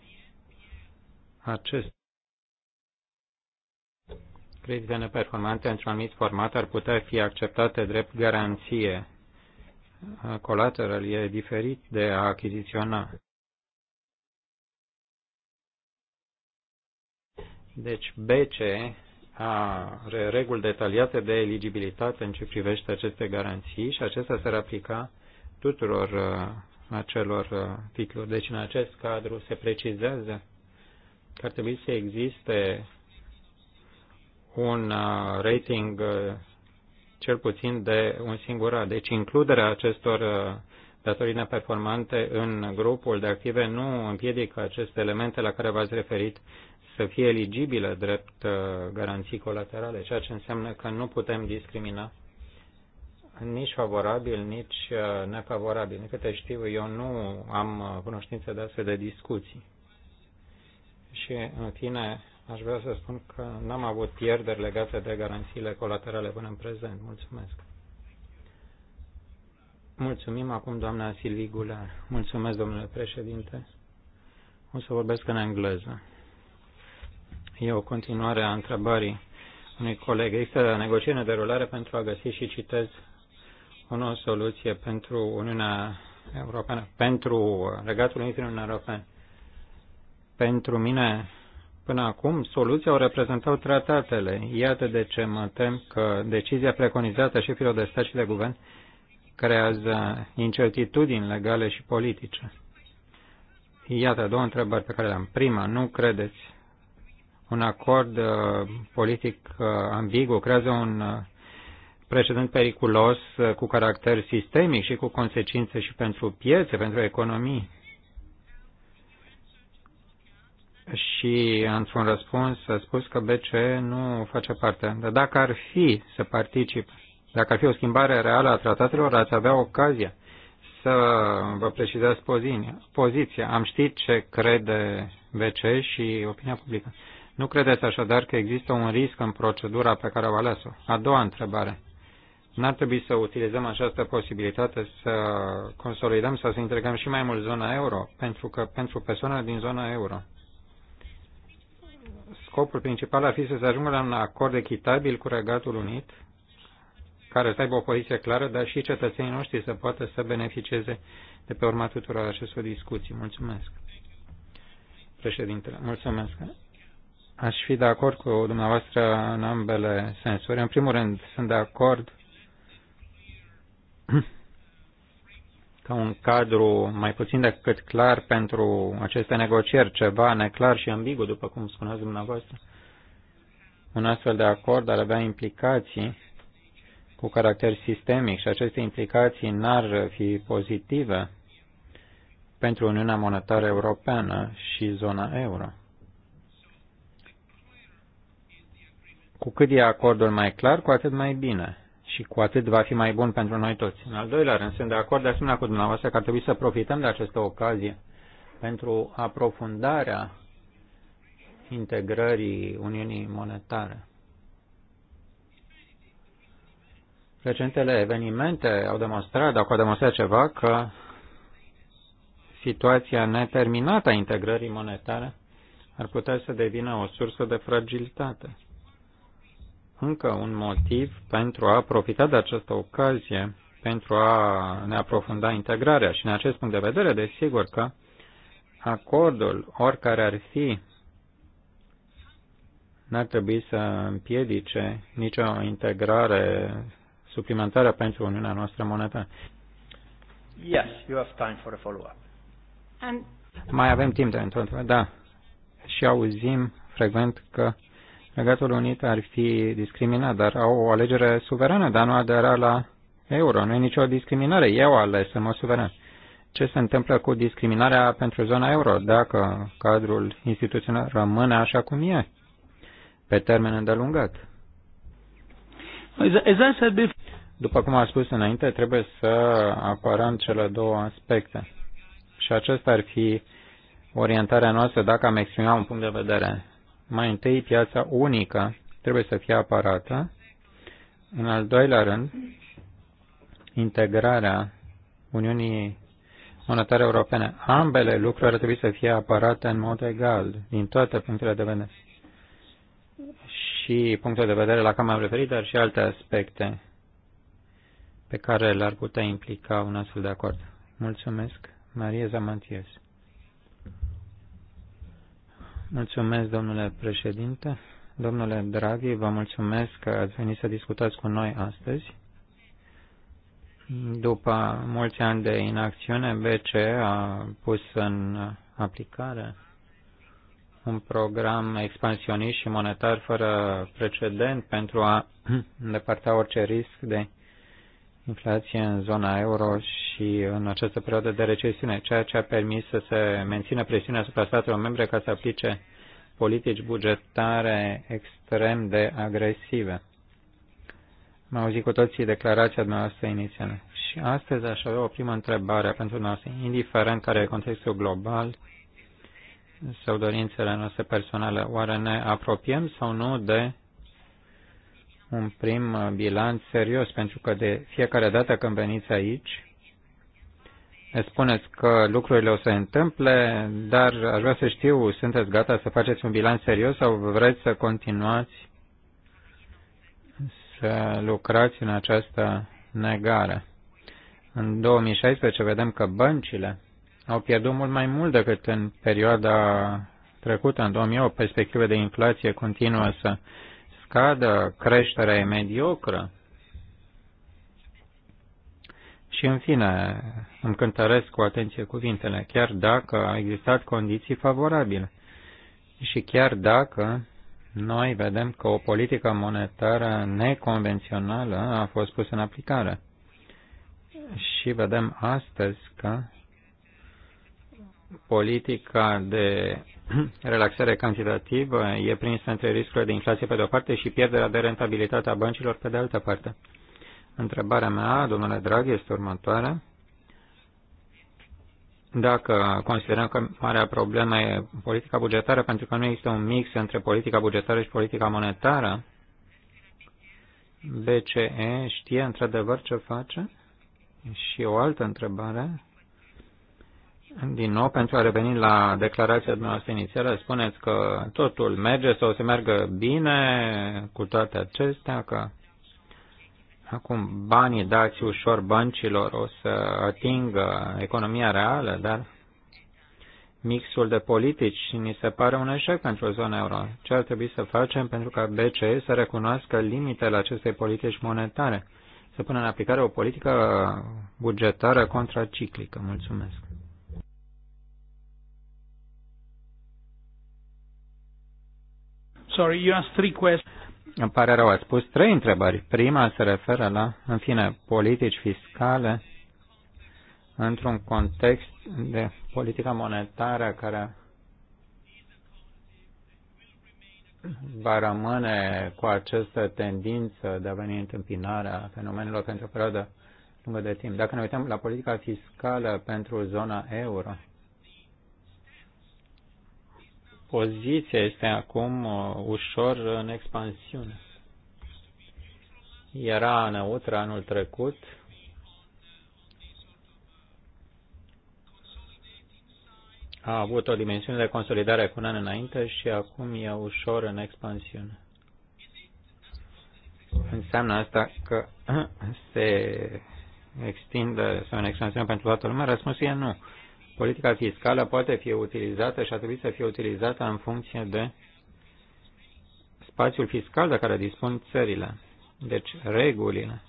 acest credite neperformante într-un anumit format ar putea fi acceptate drept garanție. Colateral e diferit de a achiziționa. Deci BC are reguli detaliate de eligibilitate în ce privește aceste garanții și acestea se aplica tuturor uh, acelor uh, titluri. Deci în acest cadru se precizează că ar trebui să existe un uh, rating cel puțin de un singur A. Deci includerea acestor datorii neperformante în grupul de active nu împiedică aceste elemente la care v-ați referit să fie eligibile drept uh, garanții colaterale, ceea ce înseamnă că nu putem discrimina nici favorabil, nici uh, nefavorabil. Din câte știu, eu nu am uh, cunoștință de astfel de discuții. Și, în fine, aș vrea să spun că n-am avut pierderi legate de garanțiile colaterale până în prezent. Mulțumesc. Mulțumim acum, doamna Silvi Gular. Mulțumesc, domnule președinte. O să vorbesc în engleză. E o continuare a întrebării unui coleg. Există negocieri de rulare pentru a găsi și citez o nouă soluție pentru Uniunea Europeană, pentru Regatul între Uniunea Europeană. Pentru mine, până acum, soluția o reprezentau tratatele. Iată de ce mă tem că decizia preconizată șefilor de stat și de guvern creează incertitudini legale și politice. Iată două întrebări pe care le-am. Prima, nu credeți un acord uh, politic uh, ambigu, creează un uh, precedent periculos cu caracter sistemic și cu consecințe și pentru piețe, pentru economii. Și într-un răspuns a spus că BCE nu face parte. Dar dacă ar fi să participe, dacă ar fi o schimbare reală a tratatelor, ați avea ocazia să vă precizați poziția. Am ști ce crede BCE și opinia publică. Nu credeți așadar că există un risc în procedura pe care o ales-o? A doua întrebare. N-ar trebui să utilizăm această posibilitate să consolidăm sau să integrăm și mai mult zona euro, pentru că pentru persoanele din zona euro. Scopul principal ar fi să se ajungă la un acord echitabil cu Regatul Unit, care să aibă o poziție clară, dar și cetățenii noștri să poată să beneficieze de pe urma tuturor acestor discuții. Mulțumesc. Președintele, mulțumesc. Aș fi de acord cu dumneavoastră în ambele sensuri. În primul rând, sunt de acord ca [clears throat] un cadru mai puțin decât clar pentru aceste negocieri, ceva neclar și ambigu, după cum spuneați dumneavoastră. Un astfel de acord ar avea implicații cu caracter sistemic și aceste implicații n-ar fi pozitive pentru Uniunea Monetară Europeană și zona euro. Cu cât e acordul mai clar, cu atât mai bine și cu atât va fi mai bun pentru noi toți. În al doilea rând, sunt de acord de asemenea cu dumneavoastră că ar trebui să profităm de această ocazie pentru aprofundarea integrării Uniunii Monetare. Recentele evenimente au demonstrat, dacă au demonstrat ceva, că situația neterminată a integrării monetare ar putea să devină o sursă de fragilitate încă un motiv pentru a profita de această ocazie pentru a ne aprofunda integrarea. Și în acest punct de vedere, desigur că acordul, oricare ar fi, n-ar trebui să împiedice nicio integrare suplimentară pentru Uniunea noastră monetară. Yes, you have time for a follow-up. Mai avem timp de întotdeauna, da. Și auzim frecvent că Legatul Unit ar fi discriminat, dar au o alegere suverană dar nu adera la euro. Nu e nicio discriminare. Eu ales să mă suveran. Ce se întâmplă cu discriminarea pentru zona euro dacă cadrul instituțional rămâne așa cum e, pe termen îndelungat? După cum am spus înainte, trebuie să apărăm cele două aspecte. Și acesta ar fi orientarea noastră dacă am exprimat un punct de vedere. Mai întâi, piața unică trebuie să fie aparată. În al doilea rând, integrarea Uniunii Monetare Europene. Ambele lucruri ar trebui să fie aparate în mod egal, din toate punctele de vedere. Și punctul de vedere la care m-am referit, dar și alte aspecte pe care le-ar putea implica un astfel de acord. Mulțumesc, Marie Zamanties. Mulțumesc, domnule președinte. Domnule Draghi, vă mulțumesc că ați venit să discutați cu noi astăzi. După mulți ani de inacțiune, BCE a pus în aplicare un program expansionist și monetar fără precedent pentru a [clears throat] îndepărta orice risc de inflație în zona euro și în această perioadă de recesiune, ceea ce a permis să se mențină presiunea asupra statelor membre ca să aplice politici bugetare extrem de agresive. Am auzit cu toții declarația dumneavoastră inițială. Și astăzi aș avea o primă întrebare pentru noi. indiferent care e contextul global sau dorințele noastre personale. Oare ne apropiem sau nu de un prim uh, bilanț serios, pentru că de fiecare dată când veniți aici, ne spuneți că lucrurile o să se întâmple, dar aș vrea să știu, sunteți gata să faceți un bilanț serios sau vreți să continuați să lucrați în această negare? În 2016 vedem că băncile au pierdut mult mai mult decât în perioada trecută, în 2008, perspective de inflație continuă să scadă, creșterea e mediocră. Și în fine, îmi cântăresc cu atenție cuvintele, chiar dacă au existat condiții favorabile și chiar dacă noi vedem că o politică monetară neconvențională a fost pusă în aplicare. Și vedem astăzi că politica de [clears throat] relaxare cantitativă e prinsă între riscurile de inflație pe de-o parte și pierderea de rentabilitate a băncilor pe de altă parte. Întrebarea mea, domnule Draghi, este următoarea. Dacă considerăm că marea problemă e politica bugetară, pentru că nu există un mix între politica bugetară și politica monetară, BCE știe într-adevăr ce face? Și o altă întrebare. Din nou, pentru a reveni la declarația dumneavoastră inițială, spuneți că totul merge sau se meargă bine cu toate acestea, că acum banii dați ușor băncilor o să atingă economia reală, dar mixul de politici ni se pare un eșec pentru zona euro. Ce ar trebui să facem pentru ca BCE să recunoască limitele acestei politici monetare, să pună în aplicare o politică bugetară contraciclică? Mulțumesc. Sorry, you asked three questions. Îmi pare rău, ați spus trei întrebări. Prima se referă la, în fine, politici fiscale într-un context de politică monetară care va rămâne cu această tendință de a veni întâmpinarea fenomenelor pentru o perioadă lungă de timp. Dacă ne uităm la politica fiscală pentru zona euro, poziția este acum uh, ușor în expansiune. Era neutră anul trecut, a avut o dimensiune de consolidare cu un an înainte și acum e ușor în expansiune. Înseamnă asta că [clears throat] se extinde sau în expansiune pentru toată lumea? Răspunsul e nu. Politica fiscală poate fi utilizată și a trebuit să fie utilizată în funcție de spațiul fiscal de care dispun țările. Deci, regulile.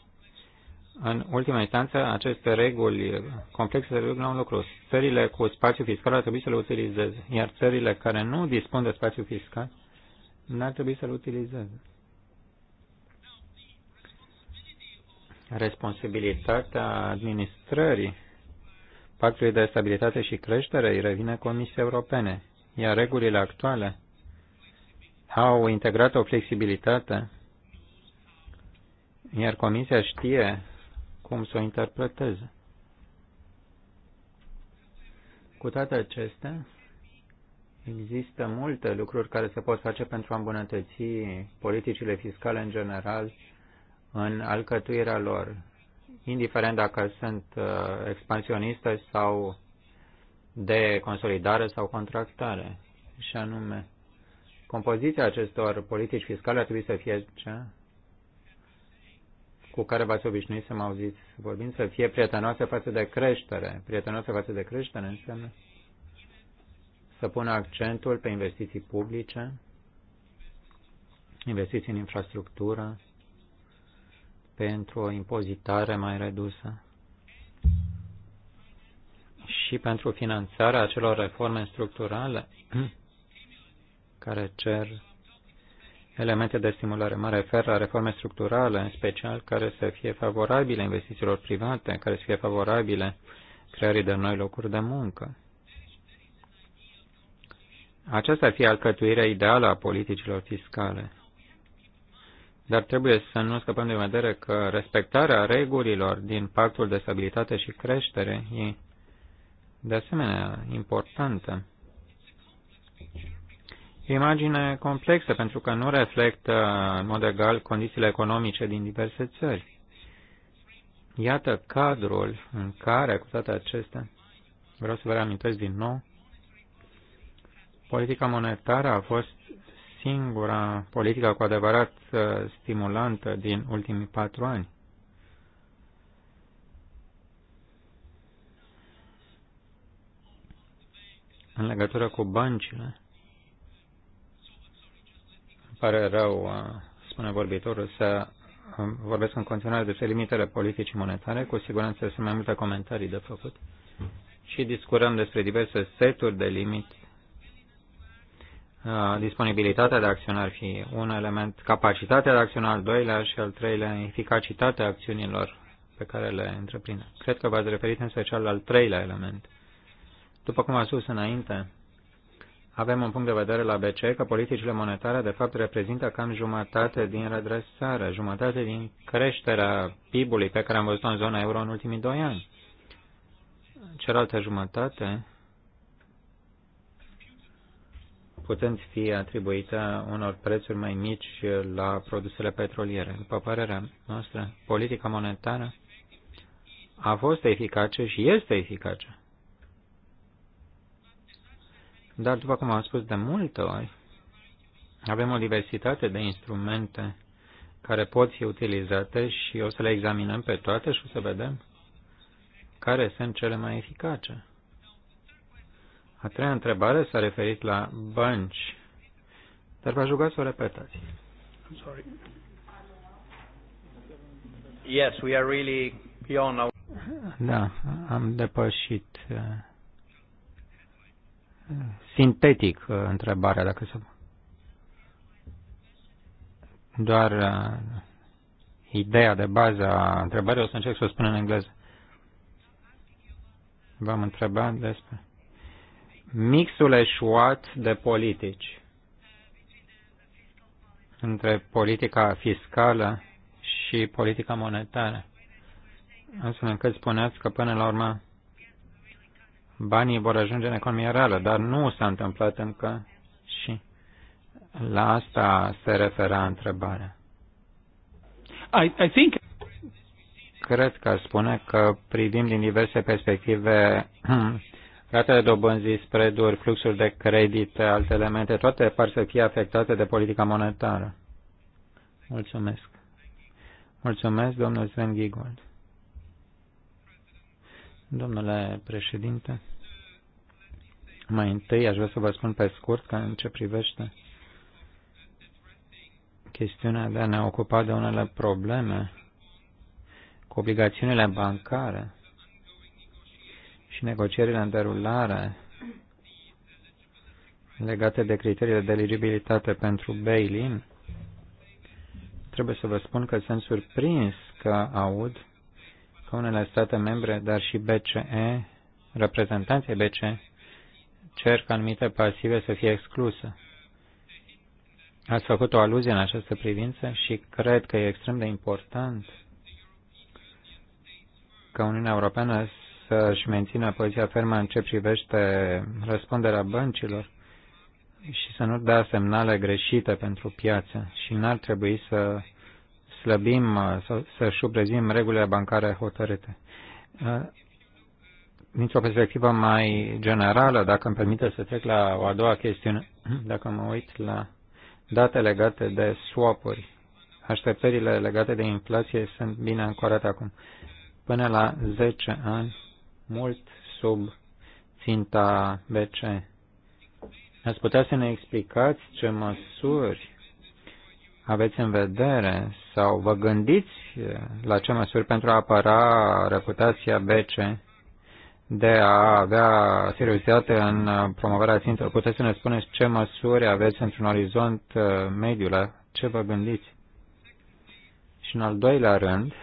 În ultima instanță, aceste reguli complexe se reduc la un lucru. Țările cu spațiu fiscal ar trebui să le utilizeze, iar țările care nu dispun de spațiu fiscal n-ar trebui să le utilizeze. Responsabilitatea administrării Pactului de Stabilitate și Creștere îi revine Comisiei Europene, iar regulile actuale au integrat o flexibilitate, iar Comisia știe cum să o interpreteze. Cu toate acestea, există multe lucruri care se pot face pentru a îmbunătăți politicile fiscale în general în alcătuirea lor, indiferent dacă sunt uh, expansioniste sau de consolidare sau contractare. Și anume, compoziția acestor politici fiscale ar trebui să fie cea cu care v-ați obișnuit să mă auziți vorbind, să fie prietenoase față de creștere. Prietenoase față de creștere înseamnă să pună accentul pe investiții publice, investiții în infrastructură, pentru o impozitare mai redusă și pentru finanțarea acelor reforme structurale [clears throat] care cer elemente de stimulare. Mă refer la reforme structurale, în special care să fie favorabile investițiilor private, care să fie favorabile creării de noi locuri de muncă. Aceasta ar fi alcătuirea ideală a politicilor fiscale. Dar trebuie să nu scăpăm de vedere că respectarea regulilor din pactul de stabilitate și creștere e de asemenea importantă. Imagine complexă pentru că nu reflectă în mod egal condițiile economice din diverse țări. Iată cadrul în care, cu toate acestea, vreau să vă reamintesc din nou, politica monetară a fost singura politică cu adevărat uh, stimulantă din ultimii patru ani. În legătură cu băncile, îmi pare rău, uh, spune vorbitorul, să uh, vorbesc în continuare despre limitele politicii monetare. Cu siguranță sunt mai multe comentarii de făcut și discurăm despre diverse seturi de limite Uh, disponibilitatea de acțiune ar fi un element, capacitatea de acțiune al doilea și al treilea, eficacitatea acțiunilor pe care le întreprinde. Cred că v-ați referit în special al treilea element. După cum am spus înainte, avem un punct de vedere la BCE că politicile monetare de fapt reprezintă cam jumătate din redresare, jumătate din creșterea PIB-ului pe care am văzut-o în zona euro în ultimii doi ani. Cealaltă jumătate putând fi atribuită unor prețuri mai mici la produsele petroliere. După părerea noastră, politica monetară a fost eficace și este eficace. Dar, după cum am spus de multe ori, avem o diversitate de instrumente care pot fi utilizate și o să le examinăm pe toate și o să vedem care sunt cele mai eficace. A treia întrebare s-a referit la bănci, dar v-aș ruga să o repetați. Sorry. Yes, we are really beyond our... Da, am depășit uh, sintetic uh, întrebarea, dacă să... Doar uh, ideea de bază a întrebării, o să încerc să o spun în engleză. V-am întrebat despre mixul eșuat de politici între politica fiscală și politica monetară. Astfel încât spuneați că până la urmă banii vor ajunge în economia reală, dar nu s-a întâmplat încă și la asta se refera întrebarea. I, I think... Cred că spune că privim din diverse perspective [clears throat] ratele dobânzii, spread-uri, fluxuri de credit, alte elemente, toate par să fie afectate de politica monetară. Mulțumesc. Mulțumesc, domnul Sven Giegold. Domnule președinte, mai întâi aș vrea să vă spun pe scurt că în ce privește chestiunea de a ne ocupa de unele probleme cu obligațiunile bancare, și negocierile în derulare legate de criteriile de eligibilitate pentru bail-in, trebuie să vă spun că sunt surprins că aud că unele state membre, dar și BCE, reprezentanții BCE, cer ca anumite pasive să fie excluse. Ați făcut o aluzie în această privință și cred că e extrem de important ca Uniunea Europeană să-și mențină poziția fermă în ce privește răspunderea băncilor și să nu dea semnale greșite pentru piață și n-ar trebui să slăbim să șubrezim regulile bancare hotărâte. Dintr-o uh, perspectivă mai generală, dacă îmi permite să trec la o a doua chestiune, [clears throat] dacă mă uit la date legate de swap-uri, așteptările legate de inflație sunt bine ancorate acum. Până la 10 ani, mult sub ținta BC. Ați putea să ne explicați ce măsuri aveți în vedere sau vă gândiți la ce măsuri pentru a apăra reputația BC de a avea seriozitate în promovarea țintelor? Puteți să ne spuneți ce măsuri aveți într-un orizont uh, mediu, la ce vă gândiți? Și în al doilea rând,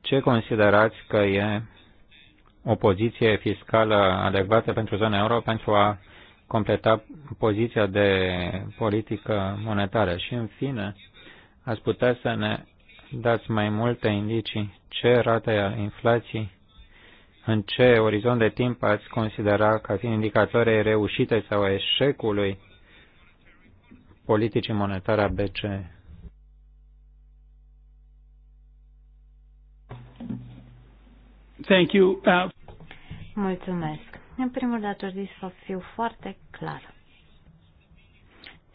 ce considerați că e o poziție fiscală adecvată pentru zona euro pentru a completa poziția de politică monetară? Și, în fine, ați putea să ne dați mai multe indicii ce rata a inflației, în ce orizont de timp ați considera ca fiind indicatoare reușite sau eșecului politicii monetare a BCE? Thank you. Uh... Mulțumesc. În primul rând, aș dori să fiu foarte clar.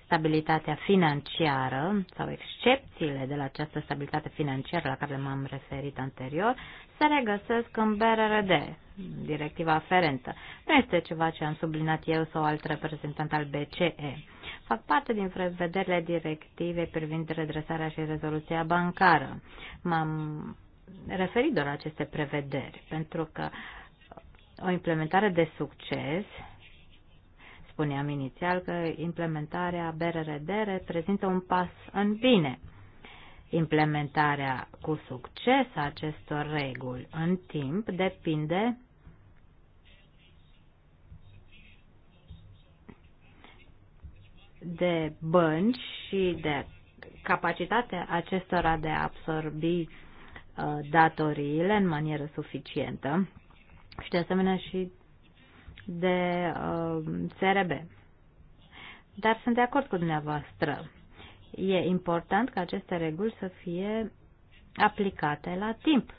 Stabilitatea financiară sau excepțiile de la această stabilitate financiară la care m-am referit anterior se regăsesc în BRRD, directiva aferentă. Nu este ceva ce am subliniat eu sau alt reprezentant al BCE. Fac parte din prevederile directivei privind redresarea și rezoluția bancară. M-am referit doar la aceste prevederi, pentru că o implementare de succes, spuneam inițial că implementarea BRRD reprezintă un pas în bine. Implementarea cu succes a acestor reguli în timp depinde de bănci și de capacitatea acestora de a absorbi uh, Uh, datoriile în manieră suficientă și de asemenea și de uh, CRB. Dar sunt de acord cu dumneavoastră. E important ca aceste reguli să fie aplicate la timp.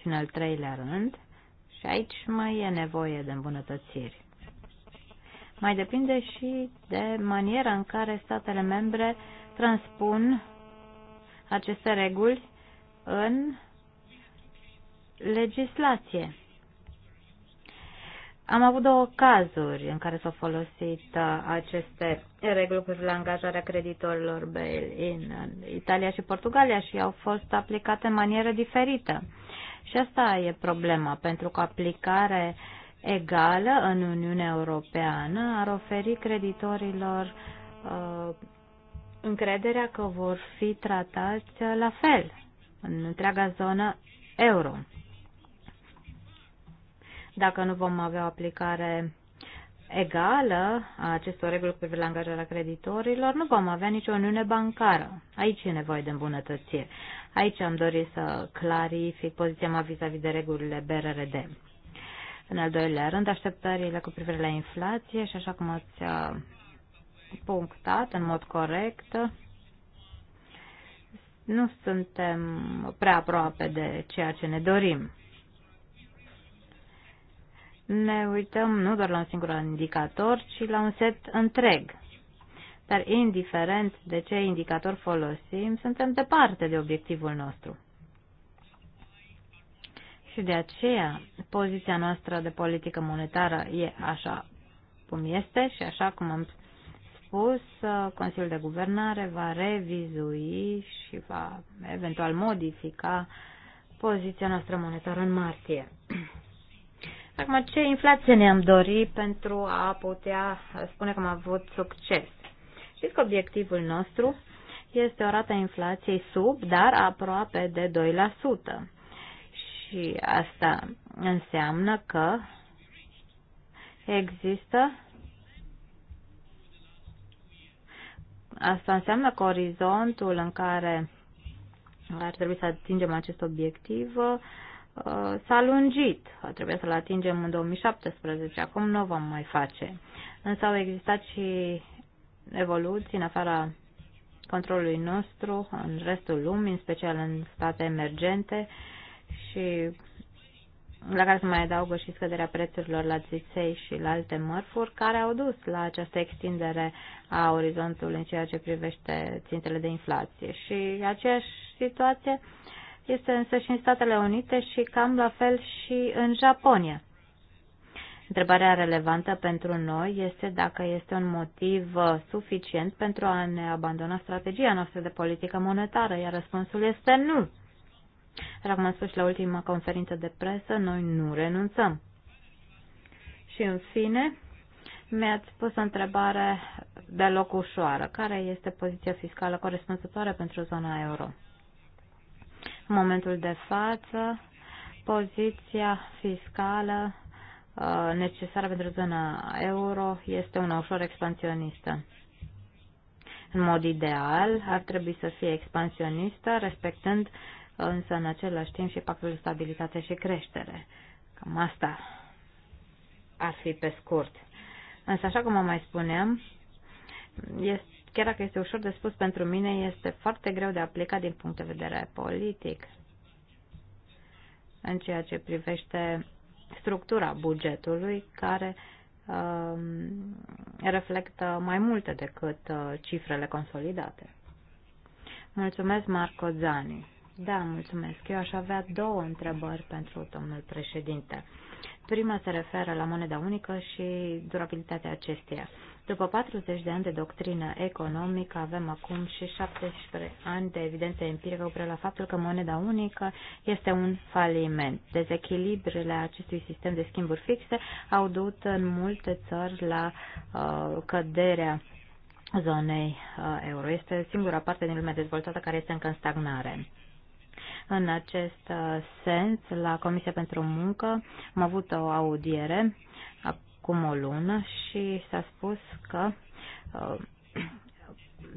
Și în al treilea rând, și aici mai e nevoie de îmbunătățiri. Mai depinde și de maniera în care statele membre transpun aceste reguli în legislație. Am avut două cazuri în care s-au folosit uh, aceste reguli cu la angajarea creditorilor bail-in în Italia și Portugalia și au fost aplicate în manieră diferită. Și asta e problema, pentru că aplicare egală în Uniunea Europeană ar oferi creditorilor uh, încrederea că vor fi tratați la fel în întreaga zonă euro. Dacă nu vom avea o aplicare egală a acestor reguli cu privire la angajarea creditorilor, nu vom avea nicio uniune bancară. Aici e nevoie de îmbunătățire. Aici am dorit să clarific poziția mea vis-a-vis de regulile BRRD. În al doilea rând, așteptările cu privire la inflație și așa cum ați uh, punctat în mod corect, nu suntem prea aproape de ceea ce ne dorim ne uităm nu doar la un singur indicator, ci la un set întreg. Dar indiferent de ce indicator folosim, suntem departe de obiectivul nostru. Și de aceea poziția noastră de politică monetară e așa cum este și așa cum am spus, Consiliul de Guvernare va revizui și va eventual modifica poziția noastră monetară în martie. Acum, ce inflație ne-am dorit pentru a putea spune că am avut succes? Știți că obiectivul nostru este o rată a inflației sub, dar aproape de 2%. Și asta înseamnă că există Asta înseamnă că orizontul în care ar trebui să atingem acest obiectiv Uh, s-a lungit. Uh, Trebuia să-l atingem în 2017, acum nu o vom mai face. Însă au existat și evoluții în afara controlului nostru în restul lumii, în special în state emergente și la care se mai adaugă și scăderea prețurilor la țiței și la alte mărfuri care au dus la această extindere a orizontului în ceea ce privește țintele de inflație. Și aceeași situație uh, este însă și în Statele Unite și cam la fel și în Japonia. Întrebarea relevantă pentru noi este dacă este un motiv uh, suficient pentru a ne abandona strategia noastră de politică monetară, iar răspunsul este nu. Dar cum am spus și la ultima conferință de presă, noi nu renunțăm. Și în fine, mi-ați pus o întrebare deloc ușoară. Care este poziția fiscală corespunzătoare pentru zona euro? În momentul de față, poziția fiscală uh, necesară pentru zona euro este una ușor expansionistă. În mod ideal, ar trebui să fie expansionistă, respectând însă în același timp și pactul de stabilitate și creștere. Cam asta ar fi pe scurt. Însă, așa cum am mai spuneam, este Chiar dacă este ușor de spus pentru mine, este foarte greu de aplicat din punct de vedere politic în ceea ce privește structura bugetului care uh, reflectă mai multe decât uh, cifrele consolidate. Mulțumesc, Marco Zani. Da, mulțumesc. Eu aș avea două întrebări pentru domnul președinte. Prima se referă la moneda unică și durabilitatea acesteia. După 40 de ani de doctrină economică, avem acum și 17 ani de evidență empirică cu la faptul că moneda unică este un faliment. Dezechilibrele acestui sistem de schimburi fixe au dus în multe țări la uh, căderea zonei uh, euro. Este singura parte din lumea dezvoltată care este încă în stagnare. În acest uh, sens, la Comisia pentru Muncă am avut o audiere acum o lună și s-a spus că uh,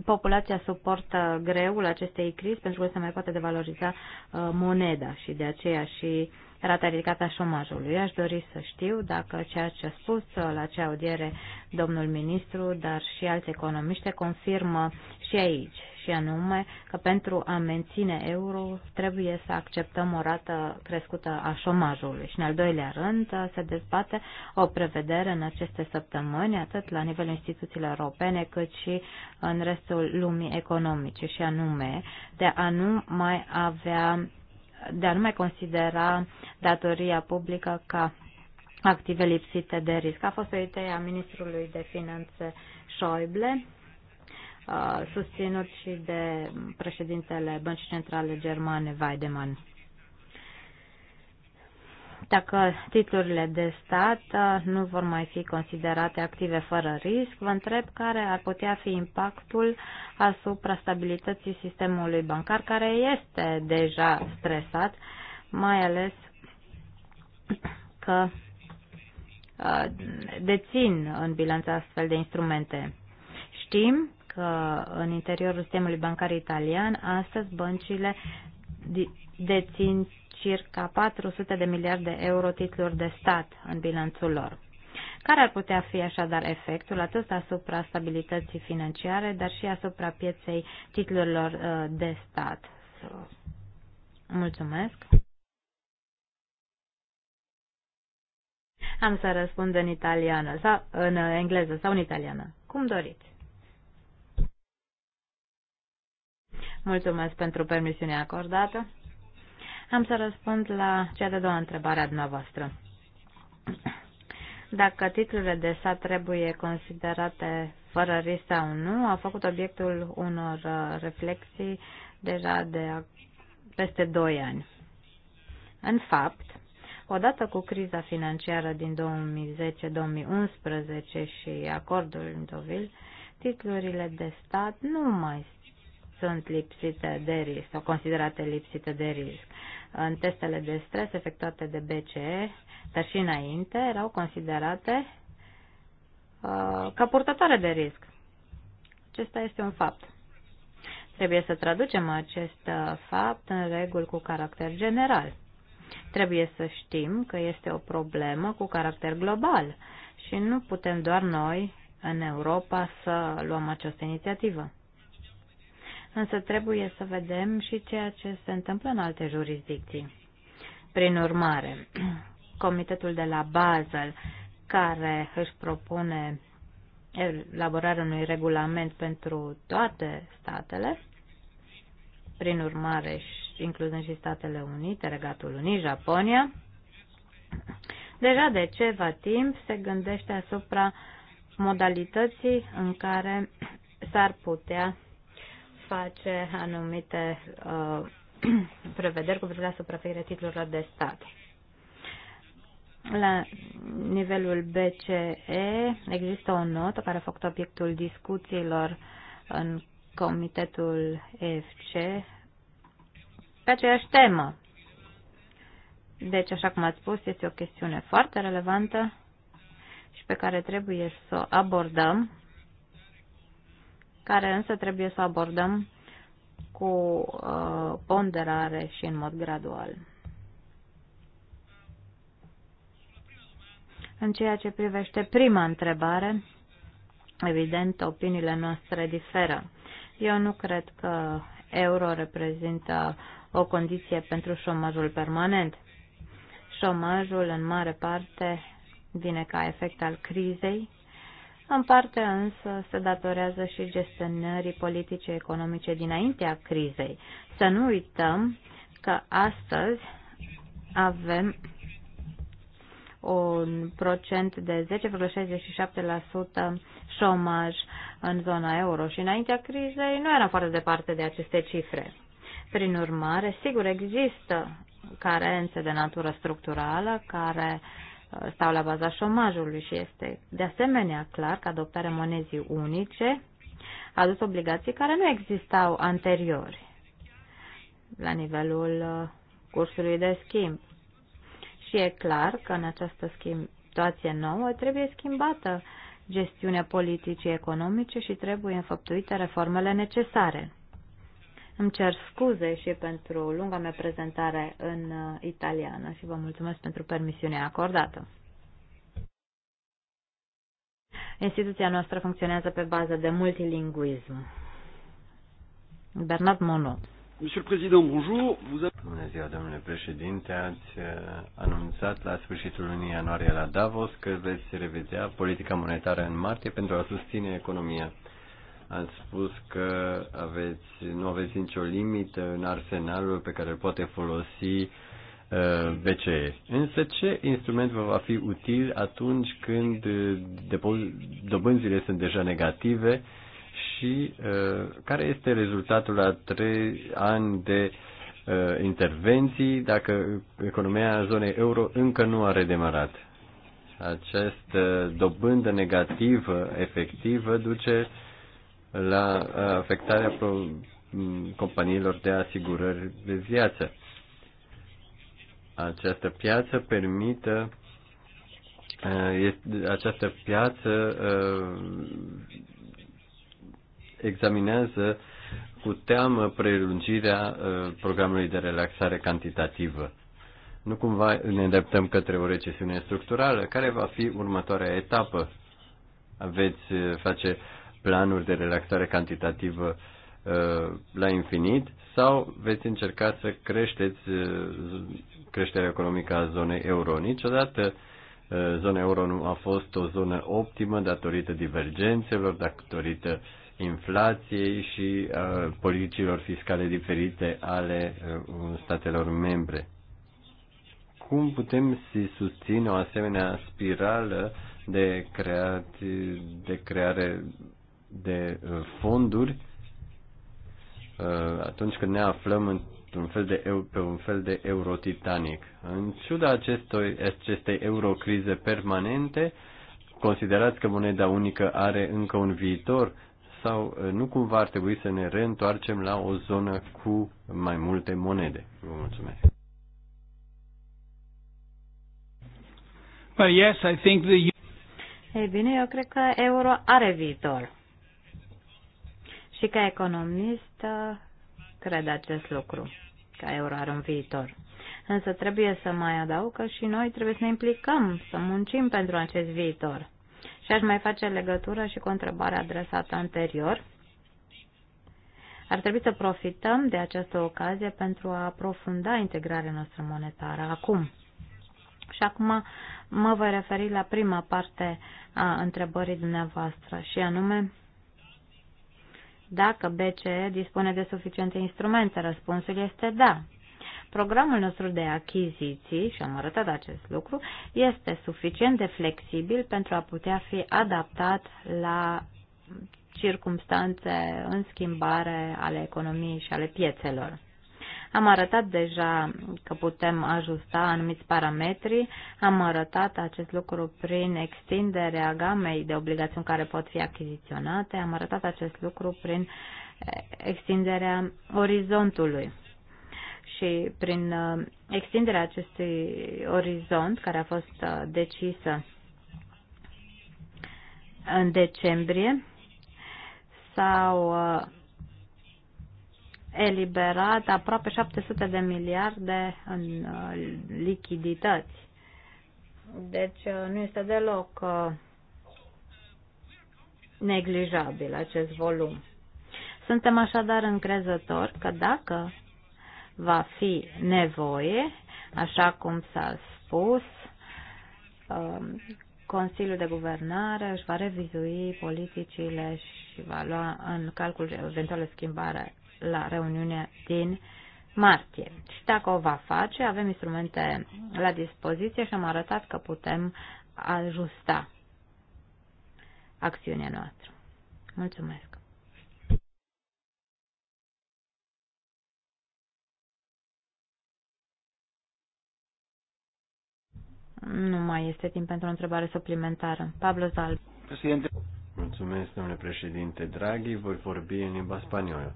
populația suportă greul acestei crizi pentru că se mai poate devaloriza uh, moneda și de aceea și rata ridicată a șomajului. Aș dori să știu dacă ceea ce a spus la acea audiere domnul ministru, dar și alți economiști confirmă și aici și anume că pentru a menține euro trebuie să acceptăm o rată crescută a șomajului. Și în al doilea rând se dezbate o prevedere în aceste săptămâni, atât la nivelul instituțiilor europene, cât și în restul lumii economice, și anume de a nu mai avea de a nu mai considera datoria publică ca active lipsite de risc. A fost o idee a ministrului de finanțe Schäuble Uh, susținut și de președintele Băncii Centrale Germane, Weidemann. Dacă titlurile de stat uh, nu vor mai fi considerate active fără risc, vă întreb care ar putea fi impactul asupra stabilității sistemului bancar, care este deja stresat, mai ales că uh, dețin în bilanță astfel de instrumente. Știm în interiorul sistemului bancar italian, astăzi băncile dețin circa 400 de miliarde de euro titluri de stat în bilanțul lor. Care ar putea fi așadar efectul atât asupra stabilității financiare, dar și asupra pieței titlurilor uh, de stat? Mulțumesc! Am să răspund în italiană sau în engleză sau în italiană, cum doriți. Mulțumesc pentru permisiunea acordată. Am să răspund la cea de doua întrebare a dumneavoastră. Dacă titlurile de sat trebuie considerate fără risc sau nu, a făcut obiectul unor uh, reflexii deja de peste 2 ani. În fapt, odată cu criza financiară din 2010-2011 și acordul în Deauville, titlurile de stat nu mai sunt lipsite de risc sau considerate lipsite de risc. În testele de stres efectuate de BCE, dar și înainte, erau considerate uh, ca purtătoare de risc. Acesta este un fapt. Trebuie să traducem acest uh, fapt în reguli cu caracter general. Trebuie să știm că este o problemă cu caracter global și nu putem doar noi, în Europa, să luăm această inițiativă însă trebuie să vedem și ceea ce se întâmplă în alte jurisdicții. Prin urmare, [clears throat] comitetul de la Basel, care își propune elaborarea unui regulament pentru toate statele, prin urmare, incluzând și Statele Unite, Regatul Unit, Japonia, deja de ceva timp se gândește asupra modalității în care s-ar putea face anumite uh, [clears throat] prevederi cu privire la supravegherea titlurilor de stat. La nivelul BCE există o notă care a făcut obiectul discuțiilor în comitetul FC pe aceeași temă. Deci, așa cum ați spus, este o chestiune foarte relevantă și pe care trebuie să o abordăm care însă trebuie să abordăm cu uh, ponderare și în mod gradual. În ceea ce privește prima întrebare, evident, opiniile noastre diferă. Eu nu cred că euro reprezintă o condiție pentru șomajul permanent. Șomajul, în mare parte, vine ca efect al crizei în parte însă se datorează și gestionării politice economice dinaintea crizei. Să nu uităm că astăzi avem un procent de 10,67% șomaj în zona euro și înaintea crizei nu eram foarte departe de aceste cifre. Prin urmare, sigur există carențe de natură structurală care uh, stau la baza șomajului și este de asemenea clar că adoptarea monezii unice a adus obligații care nu existau anteriori la nivelul uh, cursului de schimb. Și e clar că în această schimb, situație nouă trebuie schimbată gestiunea politicii economice și trebuie înfăptuite reformele necesare. Îmi cer scuze și pentru lunga mea prezentare în uh, italiană și vă mulțumesc pentru permisiunea acordată. Instituția noastră funcționează pe bază de multilingvism. Bernard Monod. Monsieur le Président, bonjour. Vous avez... Bună ziua, domnule președinte. Ați uh, anunțat la sfârșitul lunii ianuarie la Davos că veți revedea politica monetară în martie pentru a susține economia. Ați spus că aveți, nu aveți nicio limită în arsenalul pe care îl poate folosi uh, BCE. Însă ce instrument vă va fi util atunci când uh, dobânzile sunt deja negative și uh, care este rezultatul a trei ani de intervenții dacă economia zonei euro încă nu a redemarat? Această dobândă negativă efectivă duce la afectarea companiilor de asigurări de viață. Această piață permită uh, această piață uh, examinează cu teamă prelungirea uh, programului de relaxare cantitativă. Nu cumva ne îndreptăm către o recesiune structurală? Care va fi următoarea etapă? Aveți face planuri de relaxare cantitativă uh, la infinit sau veți încerca să creșteți uh, creșterea economică a zonei euro. Niciodată uh, zona euro nu a fost o zonă optimă datorită divergențelor, datorită inflației și politicilor fiscale diferite ale statelor membre. Cum putem să susține o asemenea spirală de, creat, de creare de uh, fonduri uh, atunci când ne aflăm într-un fel de, pe un fel de eurotitanic. În ciuda acestui, acestei eurocrize permanente, considerați că moneda unică are încă un viitor sau uh, nu cumva ar trebui să ne reîntoarcem la o zonă cu mai multe monede? Vă mulțumesc. Well, yes, I think the... Ei bine, eu cred că euro are viitor. Și ca economist cred acest lucru, că euro are un viitor. Însă trebuie să mai adaug că și noi trebuie să ne implicăm, să muncim pentru acest viitor. Și aș mai face legătură și cu întrebarea adresată anterior. Ar trebui să profităm de această ocazie pentru a aprofunda integrarea noastră monetară acum. Și acum mă voi referi la prima parte a întrebării dumneavoastră, și anume dacă BCE dispune de suficiente instrumente? Răspunsul este da. Programul nostru de achiziții, și am arătat acest lucru, este suficient de flexibil pentru a putea fi adaptat la circumstanțe în schimbare ale economiei și ale piețelor. Am arătat deja că putem ajusta anumiți parametri, am arătat acest lucru prin extinderea gamei de obligațiuni care pot fi achiziționate, am arătat acest lucru prin eh, extinderea orizontului și prin eh, extinderea acestui orizont care a fost eh, decisă în decembrie s-au eliberat aproape 700 de miliarde în uh, lichidități. Deci uh, nu este deloc uh, neglijabil acest volum. Suntem așadar încrezători că dacă va fi nevoie, așa cum s-a spus, um, Consiliul de Guvernare își va revizui politicile și va lua în calcul eventuală schimbare la reuniunea din martie. Și dacă o va face, avem instrumente la dispoziție și am arătat că putem ajusta acțiunea noastră. Mulțumesc! Nu mai este timp pentru o întrebare suplimentară. Pablo Zal. Președinte. Mulțumesc, domnule președinte Draghi. Voi vorbi în limba spaniolă.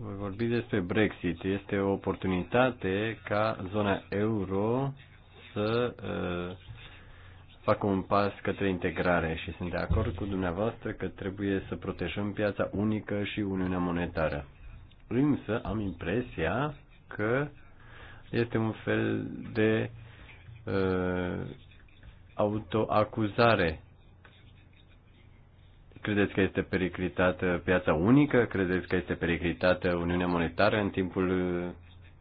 Voi vorbi despre Brexit. Este o oportunitate ca zona euro să uh, facă un pas către integrare și sunt de acord cu dumneavoastră că trebuie să protejăm piața unică și Uniunea Monetară. Însă am impresia că este un fel de uh, autoacuzare Credeți că este periclitată piața unică? Credeți că este periclitată Uniunea Monetară în timpul uh,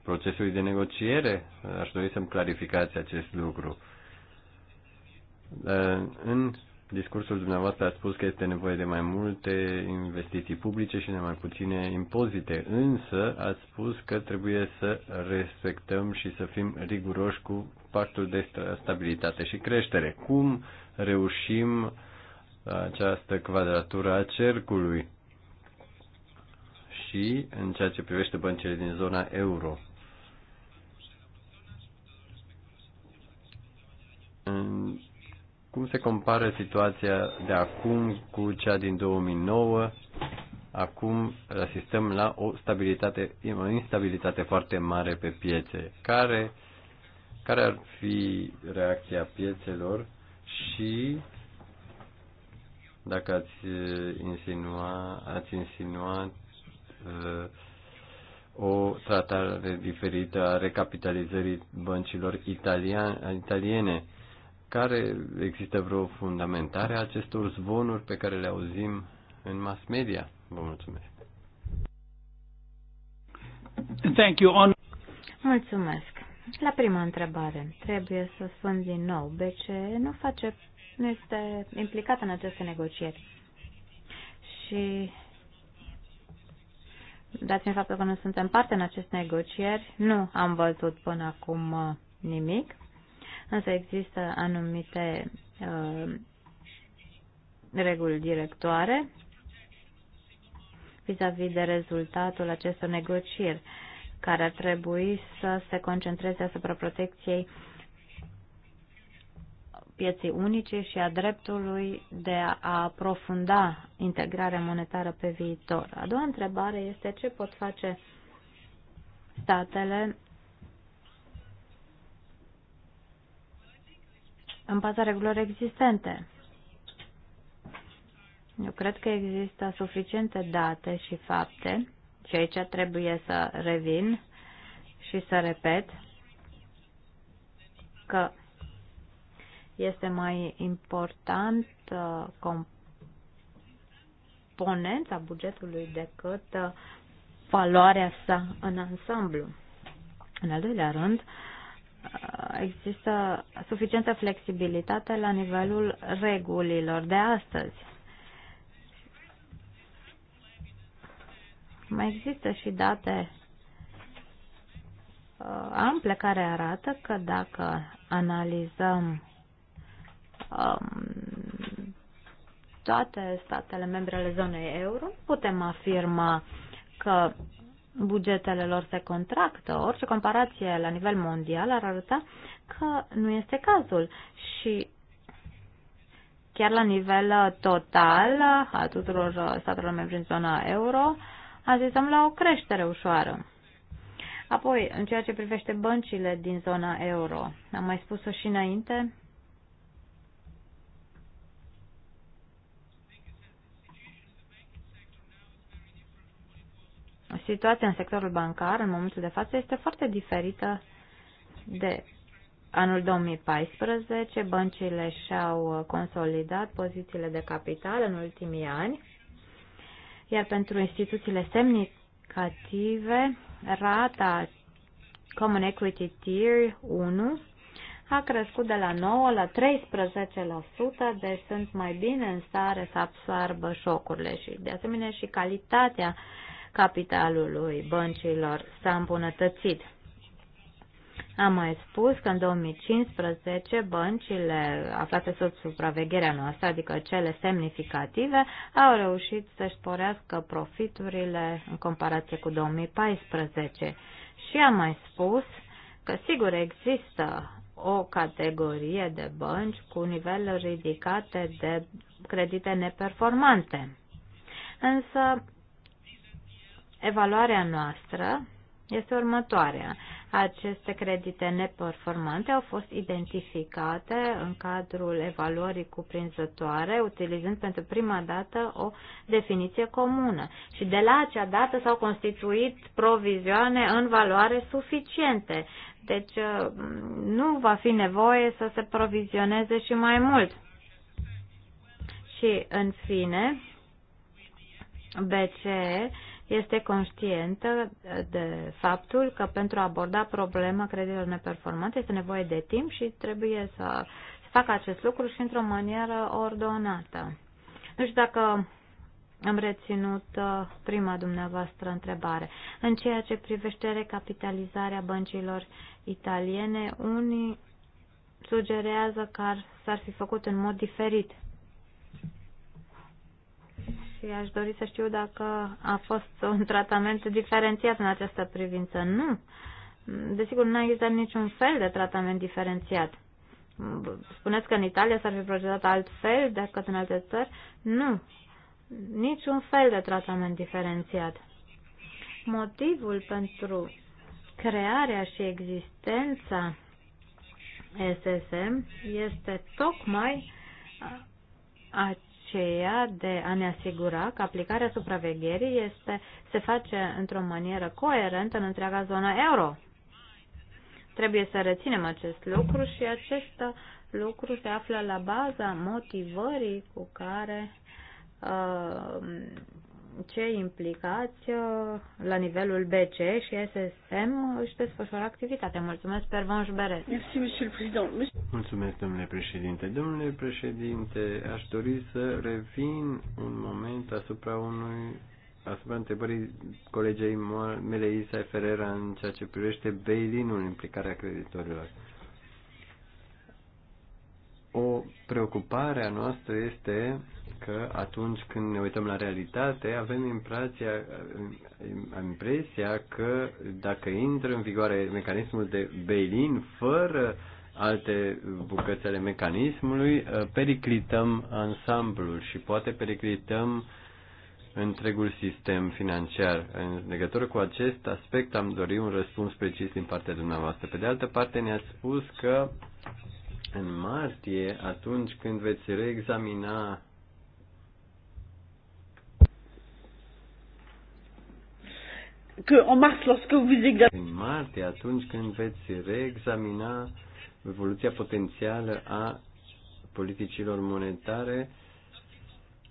procesului de negociere? Aș dori să-mi clarificați acest lucru. Uh, în discursul dumneavoastră ați spus că este nevoie de mai multe investiții publice și de mai puține impozite, însă ați spus că trebuie să respectăm și să fim riguroși cu pactul de stabilitate și creștere. Cum reușim uh, această quadratură a cercului și în ceea ce privește băncile din zona euro. cum se compară situația de acum cu cea din 2009? Acum asistăm la o stabilitate, o instabilitate foarte mare pe piețe. Care, care ar fi reacția piețelor și dacă ați eh, insinua, ați insinuat uh, o tratare diferită a recapitalizării băncilor italian, italiene. Care există vreo fundamentare a acestor zvonuri pe care le auzim în mass media? Vă mulțumesc. Thank you. On... Mulțumesc. La prima întrebare, trebuie să spun din nou, BCE nu face nu este implicat în aceste negocieri. Și dați-mi faptul că nu suntem parte în aceste negocieri, nu am văzut până acum uh, nimic, însă există anumite uh, reguli directoare vis-a-vis -vis de rezultatul acestor negocieri, care ar trebui să se concentreze asupra protecției uh, pieței unice și a dreptului de a aprofunda integrarea monetară pe viitor. A doua întrebare este ce pot face statele în baza regulilor existente. Eu cred că există suficiente date și fapte și aici trebuie să revin și să repet că este mai important uh, componența bugetului decât uh, valoarea sa în ansamblu. În al doilea rând, uh, există suficientă flexibilitate la nivelul regulilor de astăzi. Mai există și date ample care arată că dacă analizăm um, toate statele membre ale zonei euro, putem afirma că bugetele lor se contractă. Orice comparație la nivel mondial ar arăta că nu este cazul și chiar la nivel total a tuturor statelor membre în zona euro, asistăm la o creștere ușoară. Apoi, în ceea ce privește băncile din zona euro, am mai spus-o și înainte, situația în sectorul bancar în momentul de față este foarte diferită de anul 2014. Băncile și-au consolidat pozițiile de capital în ultimii ani, iar pentru instituțiile semnificative, rata Common Equity Tier 1 a crescut de la 9 la 13%, deci sunt mai bine în stare să absoarbă șocurile și, de asemenea, și calitatea capitalului băncilor s-a îmbunătățit. Am mai spus că în 2015 băncile aflate sub supravegherea noastră, adică cele semnificative, au reușit să-și sporească profiturile în comparație cu 2014. Și am mai spus că sigur există o categorie de bănci cu niveluri ridicate de credite neperformante. Însă Evaluarea noastră este următoarea. Aceste credite neperformante au fost identificate în cadrul evaluării cuprinzătoare, utilizând pentru prima dată o definiție comună. Și de la acea dată s-au constituit provizioane în valoare suficiente. Deci uh, nu va fi nevoie să se provizioneze și mai mult. Și, în fine, BCE este conștientă de faptul că pentru a aborda problema creditelor neperformante este nevoie de timp și trebuie să facă acest lucru și într-o manieră ordonată. Nu știu dacă am reținut uh, prima dumneavoastră întrebare. În ceea ce privește recapitalizarea băncilor italiene, unii sugerează că s-ar fi făcut în mod diferit și aș dori să știu dacă a fost un tratament diferențiat în această privință. Nu. Desigur, nu a existat niciun fel de tratament diferențiat. Spuneți că în Italia s-ar fi procedat altfel decât în alte țări? Nu. Niciun fel de tratament diferențiat. Motivul pentru crearea și existența SSM este tocmai aceea de a ne asigura că aplicarea supravegherii este, se face într-o manieră coerentă în întreaga zonă euro. Trebuie să reținem acest lucru și acest lucru se află la baza motivării cu care uh, ce implicați uh, la nivelul BC și SSM își desfășoară activitatea. Mulțumesc, Pervanș Berez. Mulțumesc, domnule președinte. Domnule președinte, aș dori să revin un moment asupra unui asupra întrebării colegei mele Isai Ferrera în ceea ce privește bail-in-ul, implicarea creditorilor. O preocupare a noastră este că atunci când ne uităm la realitate, avem impresia, impresia că dacă intră în vigoare mecanismul de bail-in fără alte bucăți ale mecanismului, ă, periclităm ansamblul și poate periclităm întregul sistem financiar. În legătură cu acest aspect am dorit un răspuns precis din partea dumneavoastră. Pe de altă parte ne-ați spus că în martie, atunci când veți reexamina că en mars lorsque vous examinez în martie, atunci când veți reexamina evoluția potențială a politicilor monetare,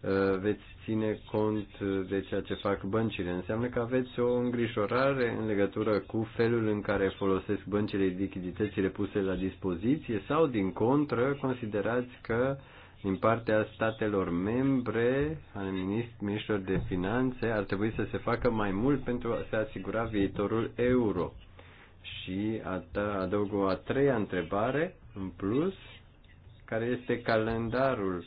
uh, veți ține cont de ceea ce fac băncile. Înseamnă că aveți o îngrijorare în legătură cu felul în care folosesc băncile lichiditățile puse la dispoziție sau, din contră, considerați că din partea statelor membre, ale ministrilor de finanțe, ar trebui să se facă mai mult pentru a se asigura viitorul euro. Și adaug o a treia întrebare în plus, care este calendarul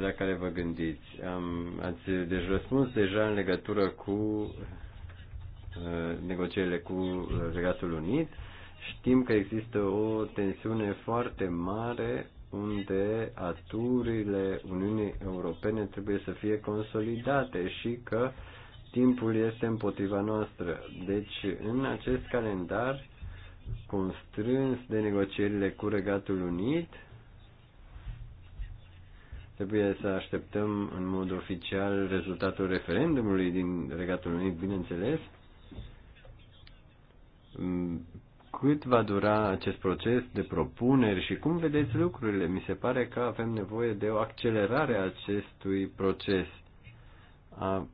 la care vă gândiți. Am, ați deci răspuns deja în legătură cu uh, negocierile cu uh, Regatul Unit. Știm că există o tensiune foarte mare unde aturile Uniunii Europene trebuie să fie consolidate și că timpul este împotriva noastră. Deci, în acest calendar constrâns de negocierile cu Regatul Unit, Trebuie să așteptăm în mod oficial rezultatul referendumului din Regatul Unit, bineînțeles. Mm, cât va dura acest proces de propuneri și cum vedeți lucrurile? Mi se pare că avem nevoie de o accelerare a acestui proces a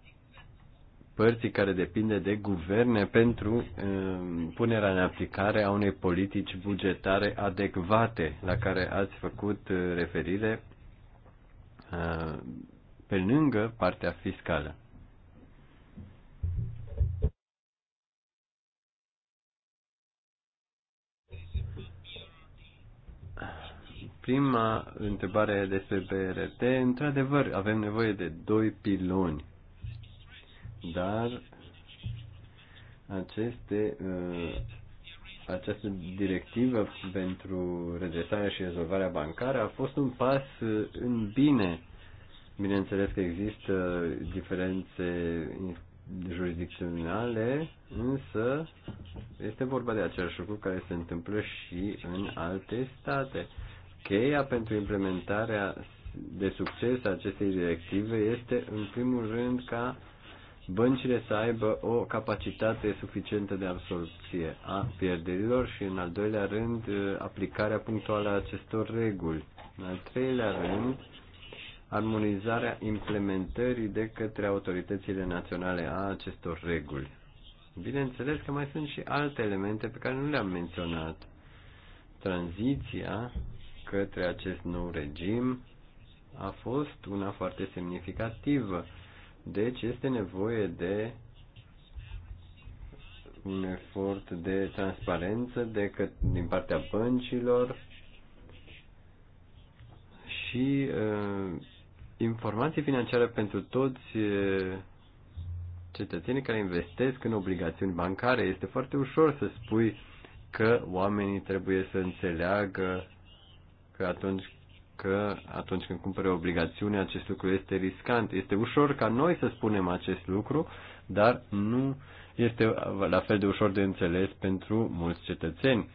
părții care depinde de guverne pentru mm, punerea în aplicare a unei politici bugetare adecvate la care ați făcut mm, referire Uh, pe lângă partea fiscală. Prima întrebare despre BRT, într-adevăr, avem nevoie de doi piloni, dar aceste uh, această directivă pentru redresarea și rezolvarea bancară a fost un pas în bine. Bineînțeles că există diferențe jurisdicționale, însă este vorba de același lucru care se întâmplă și în alte state. Cheia pentru implementarea de succes a acestei directive este, în primul rând, ca băncile să aibă o capacitate suficientă de absorpție a pierderilor și, în al doilea rând, uh, aplicarea punctuală a acestor reguli. În al treilea rând, armonizarea implementării de către autoritățile naționale a acestor reguli. Bineînțeles că mai sunt și alte elemente pe care nu le-am menționat. Tranziția către acest nou regim a fost una foarte semnificativă deci este nevoie de un efort de transparență de că, din partea băncilor și uh, informații financiare pentru toți uh, cetățenii care investesc în obligațiuni bancare. Este foarte ușor să spui că oamenii trebuie să înțeleagă că atunci că atunci când cumpere obligațiune acest lucru este riscant. Este ușor ca noi să spunem acest lucru, dar nu este la fel de ușor de înțeles pentru mulți cetățeni.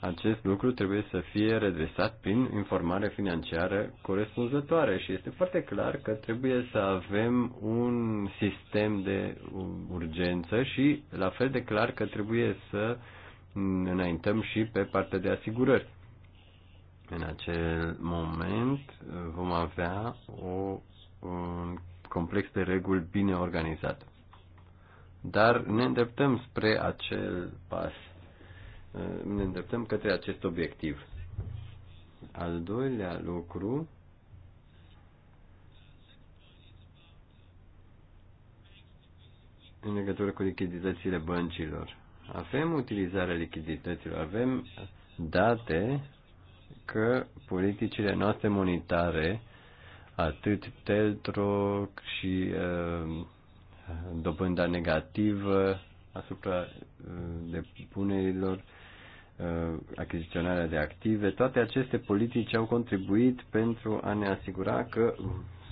Acest lucru trebuie să fie redresat prin informare financiară corespunzătoare și este foarte clar că trebuie să avem un sistem de urgență și la fel de clar că trebuie să înaintăm și pe partea de asigurări. În acel moment uh, vom avea o, un complex de reguli bine organizat. Dar ne îndreptăm spre acel pas, uh, ne îndreptăm către acest obiectiv. Al doilea lucru în legătură cu lichidizațiile băncilor. Avem utilizarea lichidităților, avem date că politicile noastre monetare, atât TELTRO și uh, dobânda negativă asupra uh, depunerilor, uh, achiziționarea de active, toate aceste politici au contribuit pentru a ne asigura că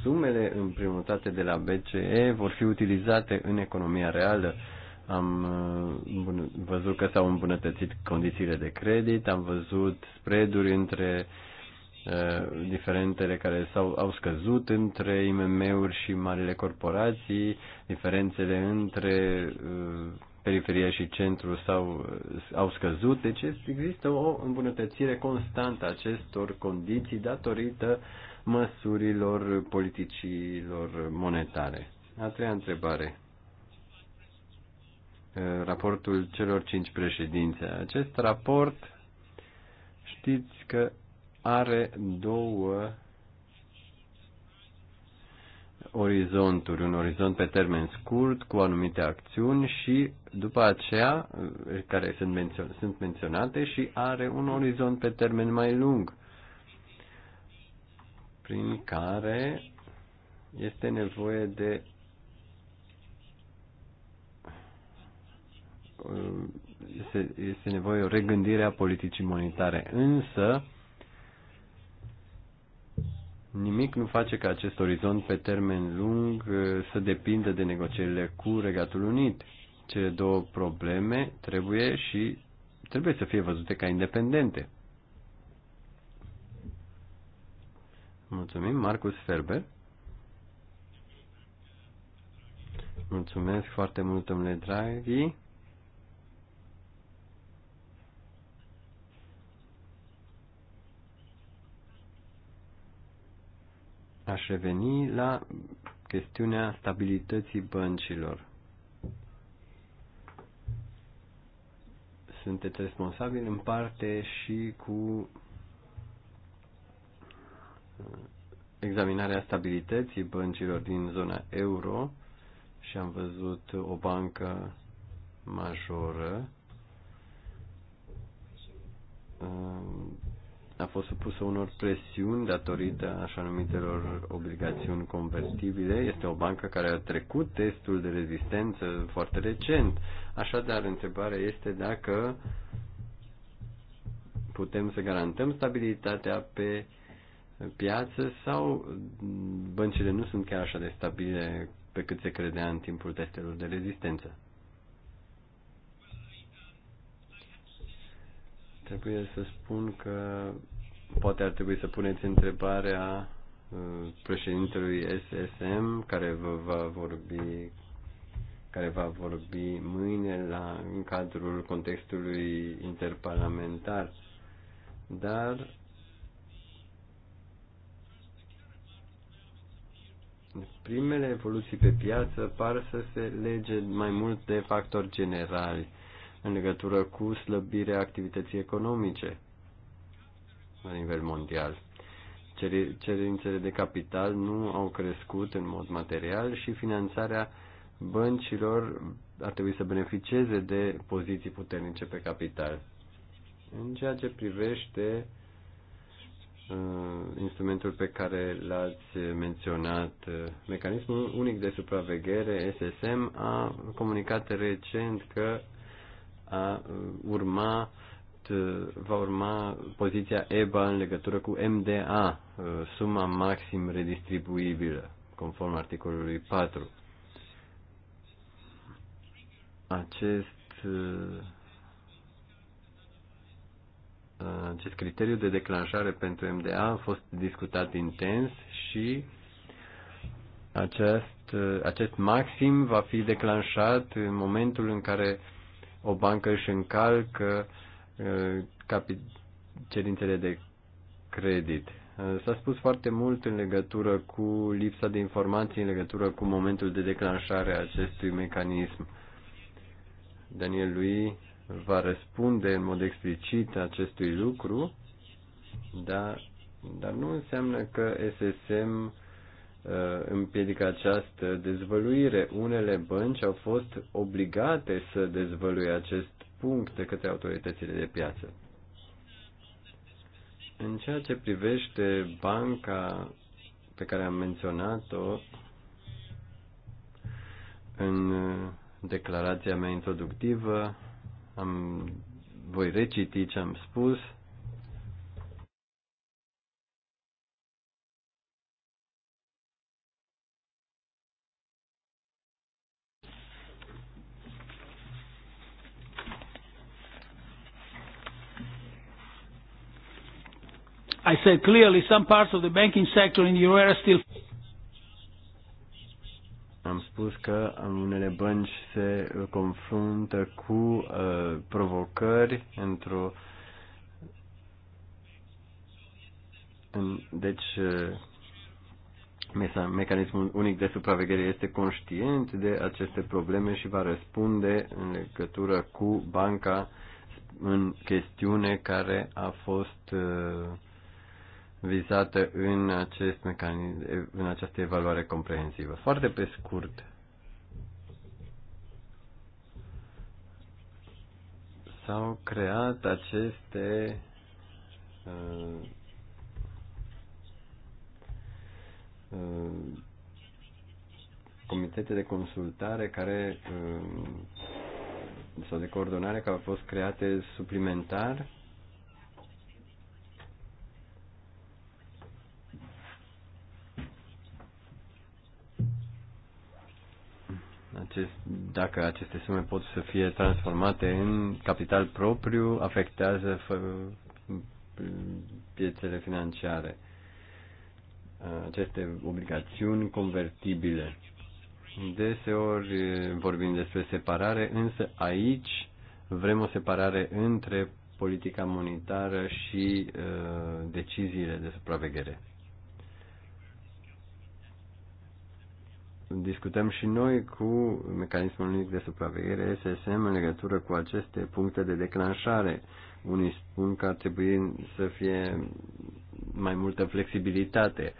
sumele împrumutate de la BCE vor fi utilizate în economia reală. Uh, am uh, văzut că s-au îmbunătățit condițiile de credit, am văzut spreaduri între uh, diferentele care s-au, au scăzut între IMM-uri și marile corporații, diferențele între uh, periferia și centru s-au, uh, au scăzut, deci există o îmbunătățire constantă a acestor condiții datorită măsurilor politicilor monetare. A treia întrebare Uh, raportul celor cinci președințe. Acest raport știți că are două orizonturi, un orizont pe termen scurt cu anumite acțiuni și după aceea uh, care sunt, mențion, sunt menționate și are un orizont pe termen mai lung prin care este nevoie de este, este nevoie o regândire a politicii monetare. Însă, nimic nu face ca acest orizont pe termen lung uh, să depindă de negocierile cu Regatul Unit. Cele două probleme trebuie și trebuie să fie văzute ca independente. Mulțumim, Marcus Ferber. Mulțumesc foarte mult, domnule Draghi. aș reveni la chestiunea stabilității băncilor. Sunteți responsabili în parte și cu uh, examinarea stabilității băncilor din zona euro și am văzut o bancă majoră uh, a fost supusă unor presiuni datorită așa numitelor obligațiuni convertibile. Este o bancă care a trecut testul de rezistență foarte recent. Așadar, întrebarea este dacă putem să garantăm stabilitatea pe piață sau băncile nu sunt chiar așa de stabile pe cât se credea în timpul testelor de rezistență. Trebuie să spun că Poate ar trebui să puneți întrebarea uh, președintelui SSM care vă va vorbi care va vorbi mâine la, în cadrul contextului interparlamentar. Dar primele evoluții pe piață par să se lege mai mult de factori generali în legătură cu slăbirea activității economice la nivel mondial. Cerințele de capital nu au crescut în mod material și finanțarea băncilor ar trebui să beneficieze de poziții puternice pe capital. În ceea ce privește uh, instrumentul pe care l-ați menționat, uh, mecanismul unic de supraveghere, SSM, a comunicat recent că a uh, urma uh, Uh, va urma poziția EBA în legătură cu MDA, uh, suma maxim redistribuibilă, conform articolului 4. Acest, uh, acest criteriu de declanșare pentru MDA a fost discutat intens și acest, acest maxim va fi declanșat în momentul în care o bancă își încalcă uh, Uh, cerințele de credit. Uh, s-a spus foarte mult în legătură cu lipsa de informații, în legătură cu momentul de declanșare a acestui mecanism. Daniel lui va răspunde în mod explicit acestui lucru, dar, dar nu înseamnă că SSM uh, împiedică această dezvăluire. Unele bănci au fost obligate să dezvăluie acest puncte către autoritățile de piață. În ceea ce privește banca pe care am menționat-o în declarația mea introductivă, am, voi reciti ce am spus I said clearly some parts of the banking sector in Europe are still am spus că unele bănci se confruntă cu uh, provocări într-o în, deci uh, mecanismul unic de supraveghere este conștient de aceste probleme și va răspunde în legătură cu banca în chestiune care a fost uh, vizată în, acest mecanism, în această evaluare comprehensivă. Foarte pe scurt, s-au creat aceste uh, uh, comitete de consultare care uh, sau de coordonare care au fost create suplimentar acest, dacă aceste sume pot să fie transformate în capital propriu, afectează piețele financiare. Aceste obligațiuni convertibile. Deseori vorbim despre separare, însă aici vrem o separare între politica monetară și uh, deciziile de supraveghere. discutăm și noi cu mecanismul unic de supraveghere SSM în legătură cu aceste puncte de declanșare. Unii spun că ar trebui să fie mai multă flexibilitate.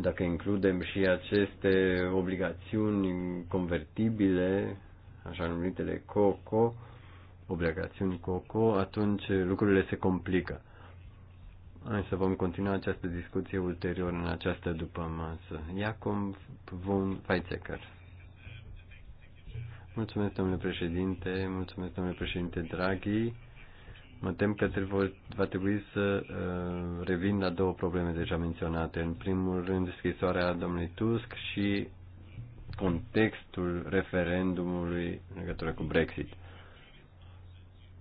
Dacă includem și aceste obligațiuni convertibile, așa numitele COCO, obligațiuni COCO, atunci lucrurile se complică. Însă vom continua această discuție ulterior în această după masă. Iacum von Weizsäcker. Mulțumesc, domnule președinte, mulțumesc, domnule președinte Draghi. Mă tem că va trebui să uh, revin la două probleme deja menționate. În primul rând, scrisoarea domnului Tusk și contextul referendumului în legătură cu Brexit.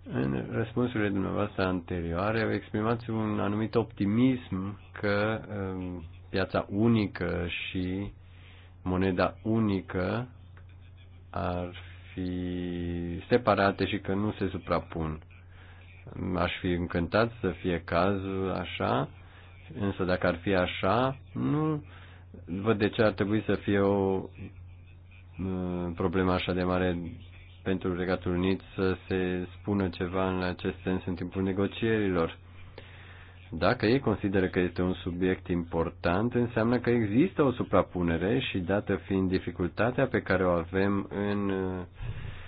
În răspunsurile dumneavoastră anterioare au exprimat un anumit optimism că um, piața unică și moneda unică ar fi separate și că nu se suprapun. Aș fi încântat să fie cazul așa, însă dacă ar fi așa, nu văd de ce ar trebui să fie o um, problemă așa de mare pentru Regatul Unit să se spună ceva în acest sens în timpul negocierilor. Dacă ei consideră că este un subiect important, înseamnă că există o suprapunere și dată fiind dificultatea pe care o avem în uh,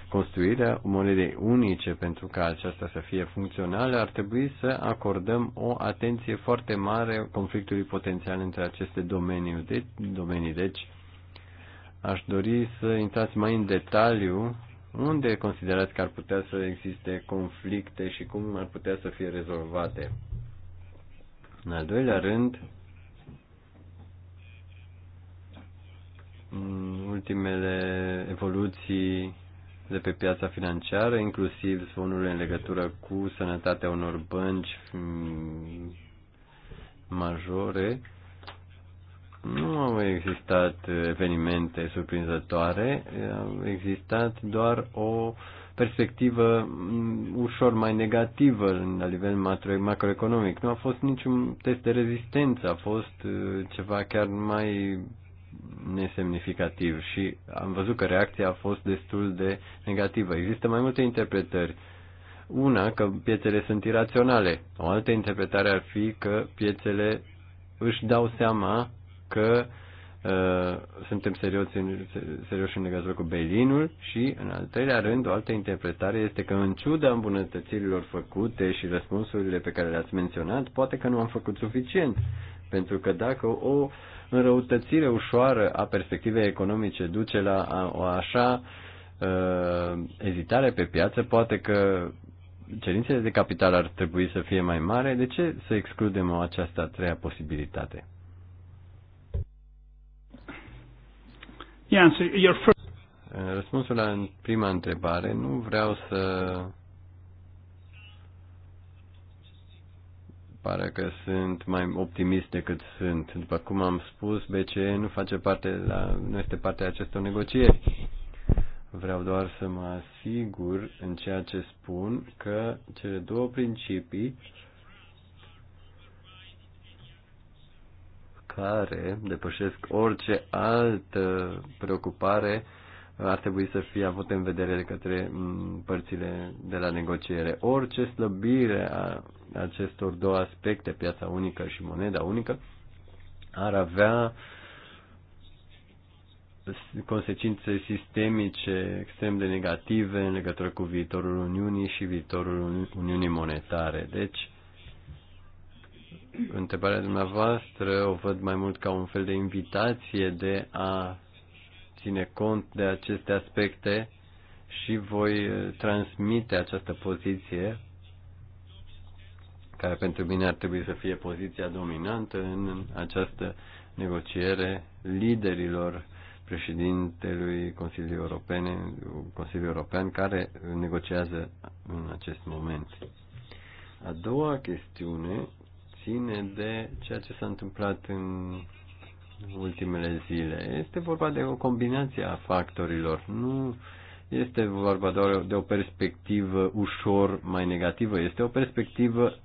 construirea monedei unice pentru ca aceasta să fie funcțională, ar trebui să acordăm o atenție foarte mare conflictului potențial între aceste domenii. Deci, domenii. deci aș dori să intrați mai în detaliu unde considerați că ar putea să existe conflicte și cum ar putea să fie rezolvate? În al doilea rând, ultimele evoluții de pe piața financiară, inclusiv zvonurile în legătură cu sănătatea unor bănci majore, nu au existat evenimente surprinzătoare, au existat doar o perspectivă ușor mai negativă la nivel macroeconomic. Nu a fost niciun test de rezistență, a fost uh, ceva chiar mai nesemnificativ și am văzut că reacția a fost destul de negativă. Există mai multe interpretări. Una, că piețele sunt iraționale. O altă interpretare ar fi că piețele își dau seama că uh, suntem serioși în, serioși în legătură cu Belinul și, în al treilea rând, o altă interpretare este că, în ciuda îmbunătățirilor făcute și răspunsurile pe care le-ați menționat, poate că nu am făcut suficient. Pentru că dacă o înrăutățire ușoară a perspectivei economice duce la o așa uh, ezitare pe piață, poate că cerințele de capital ar trebui să fie mai mare, de ce să excludem această a treia posibilitate? Uh, răspunsul la prima întrebare, nu vreau să pare că sunt mai optimist decât sunt. După cum am spus, BCE nu face parte la, nu este parte a acestor negocieri. Vreau doar să mă asigur în ceea ce spun că cele două principii care depășesc orice altă preocupare ar trebui să fie avut în vedere de către mm, părțile de la negociere. Orice slăbire a acestor două aspecte, piața unică și moneda unică, ar avea consecințe sistemice extrem de negative în legătură cu viitorul Uniunii și viitorul Uniunii Monetare. Deci, întrebarea dumneavoastră o văd mai mult ca un fel de invitație de a ține cont de aceste aspecte și voi eh, transmite această poziție care pentru mine ar trebui să fie poziția dominantă în această negociere liderilor președintelui Consiliului European, Consiliul European care negociază în acest moment. A doua chestiune ține de ceea ce s-a întâmplat în ultimele zile. Este vorba de o combinație a factorilor. Nu este vorba doar de o perspectivă ușor mai negativă, este o perspectivă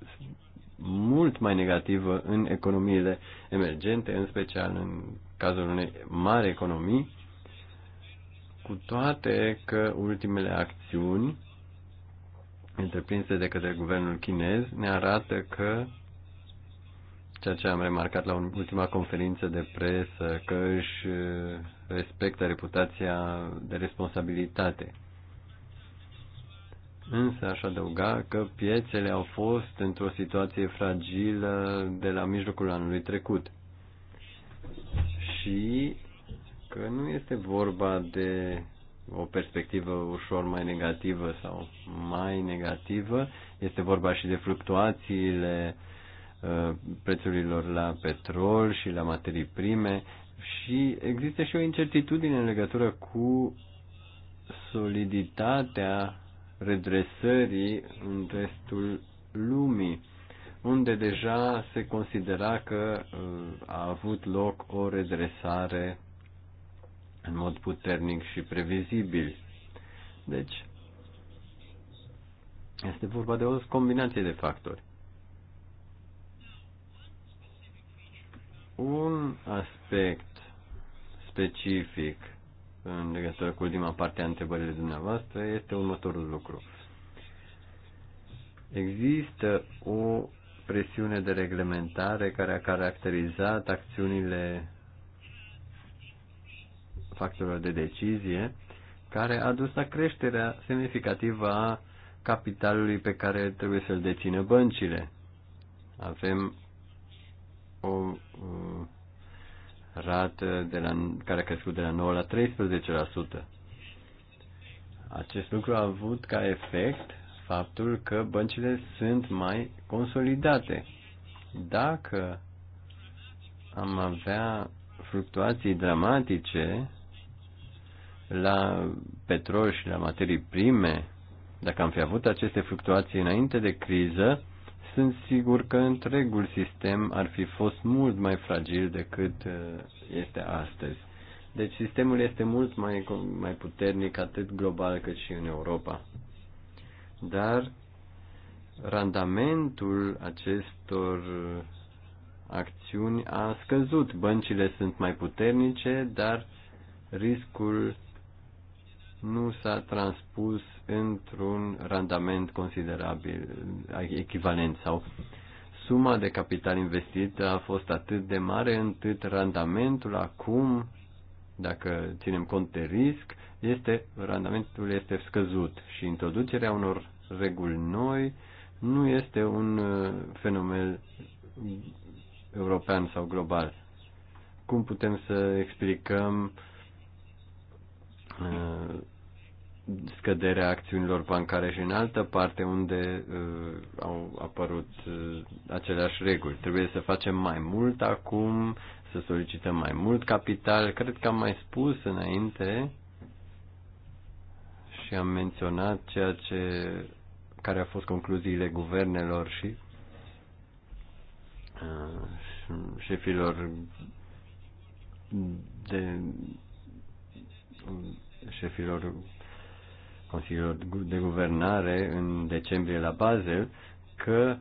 mult mai negativă în economiile emergente, în special în cazul unei mari economii, cu toate că ultimele acțiuni întreprinse de către guvernul chinez ne arată că ceea ce am remarcat la ultima conferință de presă, că își uh, respectă reputația de responsabilitate. Însă aș adăuga că piețele au fost într-o situație fragilă de la mijlocul anului trecut și că nu este vorba de o perspectivă ușor mai negativă sau mai negativă, este vorba și de fluctuațiile uh, Uh, prețurilor la petrol și la materii prime și există și o incertitudine în legătură cu soliditatea redresării în restul lumii, unde deja se considera că uh, a avut loc o redresare în mod puternic și previzibil. Deci, este vorba de o combinație de factori. Un aspect specific în legătură cu ultima parte a întrebării dumneavoastră este următorul lucru. Există o presiune de reglementare care a caracterizat acțiunile factorilor de decizie, care a dus la creșterea semnificativă a capitalului pe care trebuie să-l dețină băncile. Avem o um, rată de la, care a crescut de la 9 la 13%. Acest lucru a avut ca efect faptul că băncile sunt mai consolidate. Dacă am avea fluctuații dramatice la petrol și la materii prime, dacă am fi avut aceste fluctuații înainte de criză, sunt sigur că întregul sistem ar fi fost mult mai fragil decât uh, este astăzi. Deci sistemul este mult mai, mai puternic atât global cât și în Europa. Dar randamentul acestor acțiuni a scăzut. Băncile sunt mai puternice, dar riscul nu s-a transpus într-un randament considerabil, echivalent sau suma de capital investit a fost atât de mare încât randamentul acum, dacă ținem cont de risc, este, randamentul este scăzut și introducerea unor reguli noi nu este un uh, fenomen european sau global. Cum putem să explicăm uh, Uh, scăderea acțiunilor bancare și în altă parte unde uh, au apărut uh, aceleași reguli. Trebuie să facem mai mult acum, să solicităm mai mult capital. Cred că am mai spus înainte și am menționat ceea ce care a fost concluziile guvernelor și uh, șefilor de șefilor Consiliilor de Guvernare în decembrie la Basel că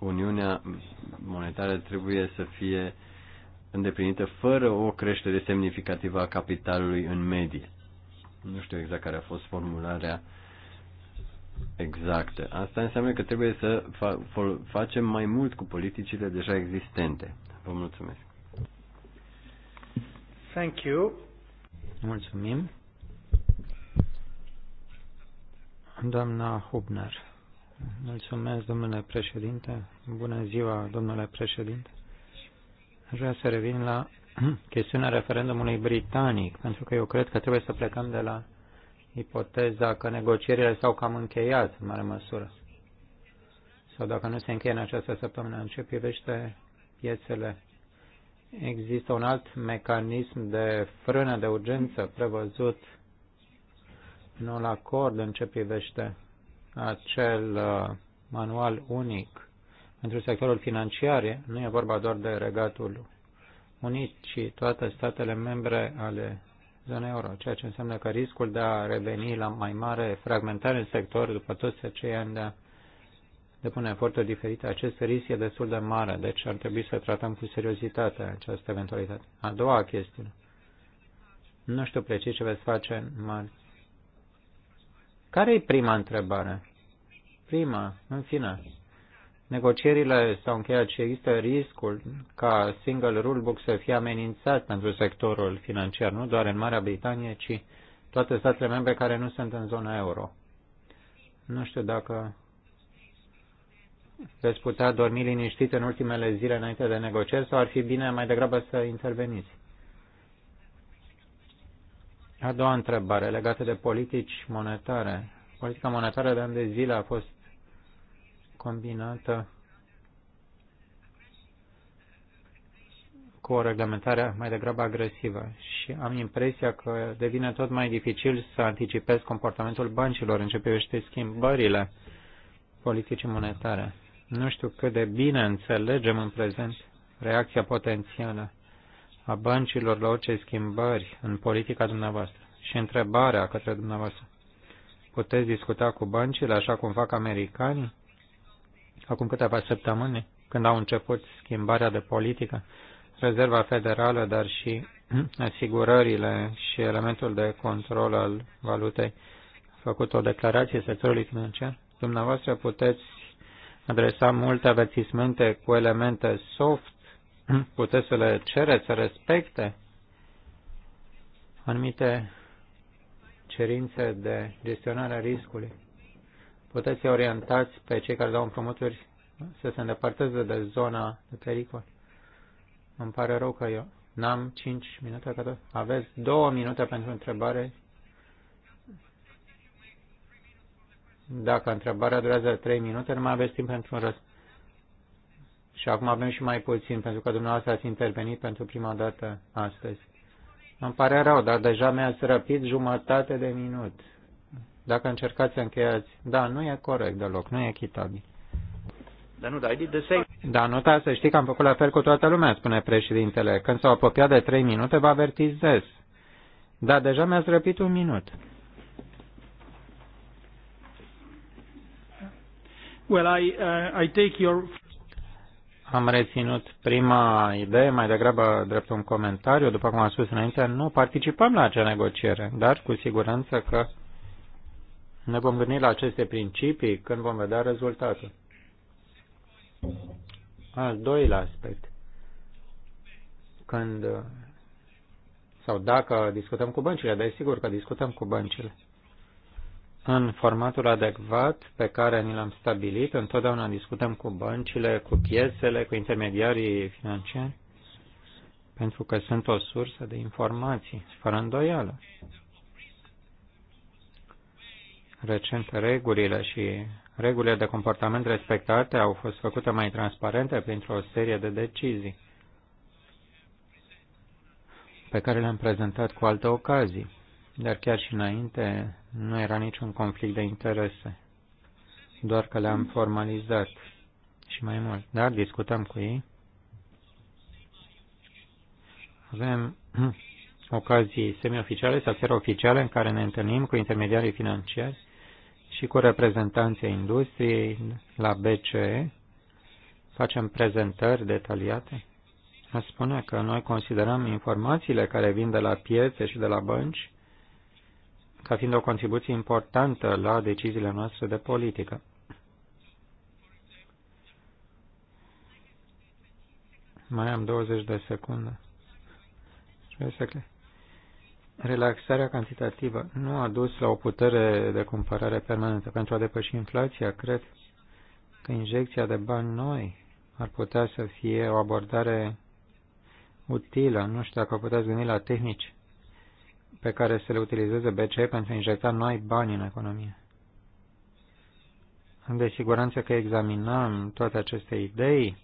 Uniunea Monetară trebuie să fie îndeplinită fără o creștere semnificativă a capitalului în medie. Nu știu exact care a fost formularea exactă. Asta înseamnă că trebuie să fa- facem mai mult cu politicile deja existente. Vă mulțumesc. Thank you. Mulțumim. Doamna Hubner. Mulțumesc, domnule președinte. Bună ziua, domnule președinte. Aș vrea să revin la [clears throat] chestiunea referendumului britanic, pentru că eu cred că trebuie să plecăm de la ipoteza că negocierile s-au cam încheiat în mare măsură. Sau dacă nu se încheie în această săptămână, în ce privește piețele există un alt mecanism de frână de urgență prevăzut în un acord în ce privește acel uh, manual unic pentru sectorul financiar. Nu e vorba doar de regatul unit, ci toate statele membre ale zonei euro, ceea ce înseamnă că riscul de a reveni la mai mare fragmentare în sector după toți acei ani de depune eforturi diferite, acest risc e destul de mare, deci ar trebui să tratăm cu seriozitate această eventualitate. A doua chestiune. Nu știu precis ce veți face în marți. Care e prima întrebare? Prima, în fine. Negocierile s-au încheiat și există riscul ca single rulebook să fie amenințat pentru sectorul financiar, nu doar în Marea Britanie, ci toate statele membre care nu sunt în zona euro. Nu știu dacă veți putea dormi liniștit în ultimele zile înainte de negocieri sau ar fi bine mai degrabă să interveniți? A doua întrebare legată de politici monetare. Politica monetară de ani de zile a fost combinată cu o reglementare mai degrabă agresivă și am impresia că devine tot mai dificil să anticipez comportamentul băncilor în ce privește schimbările politicii monetare. Nu știu cât de bine înțelegem în prezent reacția potențială a băncilor la orice schimbări în politica dumneavoastră. Și întrebarea către dumneavoastră. Puteți discuta cu băncile așa cum fac americanii? Acum câteva săptămâni, când au început schimbarea de politică, Rezerva Federală, dar și [clears throat] asigurările și elementul de control al valutei, a făcut o declarație sectorului financiar. Dumneavoastră puteți adresa multe avertismente cu elemente soft, [clears throat] puteți să le cereți să respecte anumite cerințe de gestionare a riscului. Puteți să orientați pe cei care dau împrumuturi să se îndepărteze de zona de pericol. Îmi pare rău că eu n-am 5 minute, că aveți 2 minute pentru întrebare Dacă întrebarea durează 3 minute, nu mai aveți timp pentru un răspuns. Și acum avem și mai puțin, pentru că dumneavoastră ați intervenit pentru prima dată astăzi. Îmi pare rău, dar deja mi-ați răpit jumătate de minut. Dacă încercați să încheiați, da, nu e corect deloc, nu e echitabil. Dar nu, dar Da, nu, da, să știi că am făcut la fel cu toată lumea, spune președintele. Când s-au apropiat de trei minute, vă avertizez. Da, deja mi-ați răpit un minut. Well, I, uh, I take your... Am reținut prima idee, mai degrabă drept un comentariu. După cum am spus înainte, nu participăm la acea negociere, dar cu siguranță că ne vom gândi la aceste principii când vom vedea rezultatul. Al doilea aspect. Când sau dacă discutăm cu băncile, dar e sigur că discutăm cu băncile în formatul adecvat pe care ni l-am stabilit. Întotdeauna discutăm cu băncile, cu piesele, cu intermediarii financiari, pentru că sunt o sursă de informații, fără îndoială. Recent, regulile și regulile de comportament respectate au fost făcute mai transparente printr-o serie de decizii pe care le-am prezentat cu alte ocazii dar chiar și înainte nu era niciun conflict de interese, doar că le-am formalizat și mai mult. Dar discutam cu ei. Avem [clears throat] ocazii semioficiale sau chiar oficiale în care ne întâlnim cu intermediarii financiari și cu reprezentanții industriei la BCE. Facem prezentări detaliate. Aș spune că noi considerăm informațiile care vin de la piețe și de la bănci ca fiind o contribuție importantă la deciziile noastre de politică. Mai am 20 de secunde. Relaxarea cantitativă nu a dus la o putere de cumpărare permanentă. Pentru a depăși inflația, cred că injecția de bani noi ar putea să fie o abordare utilă. Nu știu dacă puteți gândi la tehnici pe care să le utilizeze BCE pentru a injecta noi bani în economie. De siguranță că examinăm toate aceste idei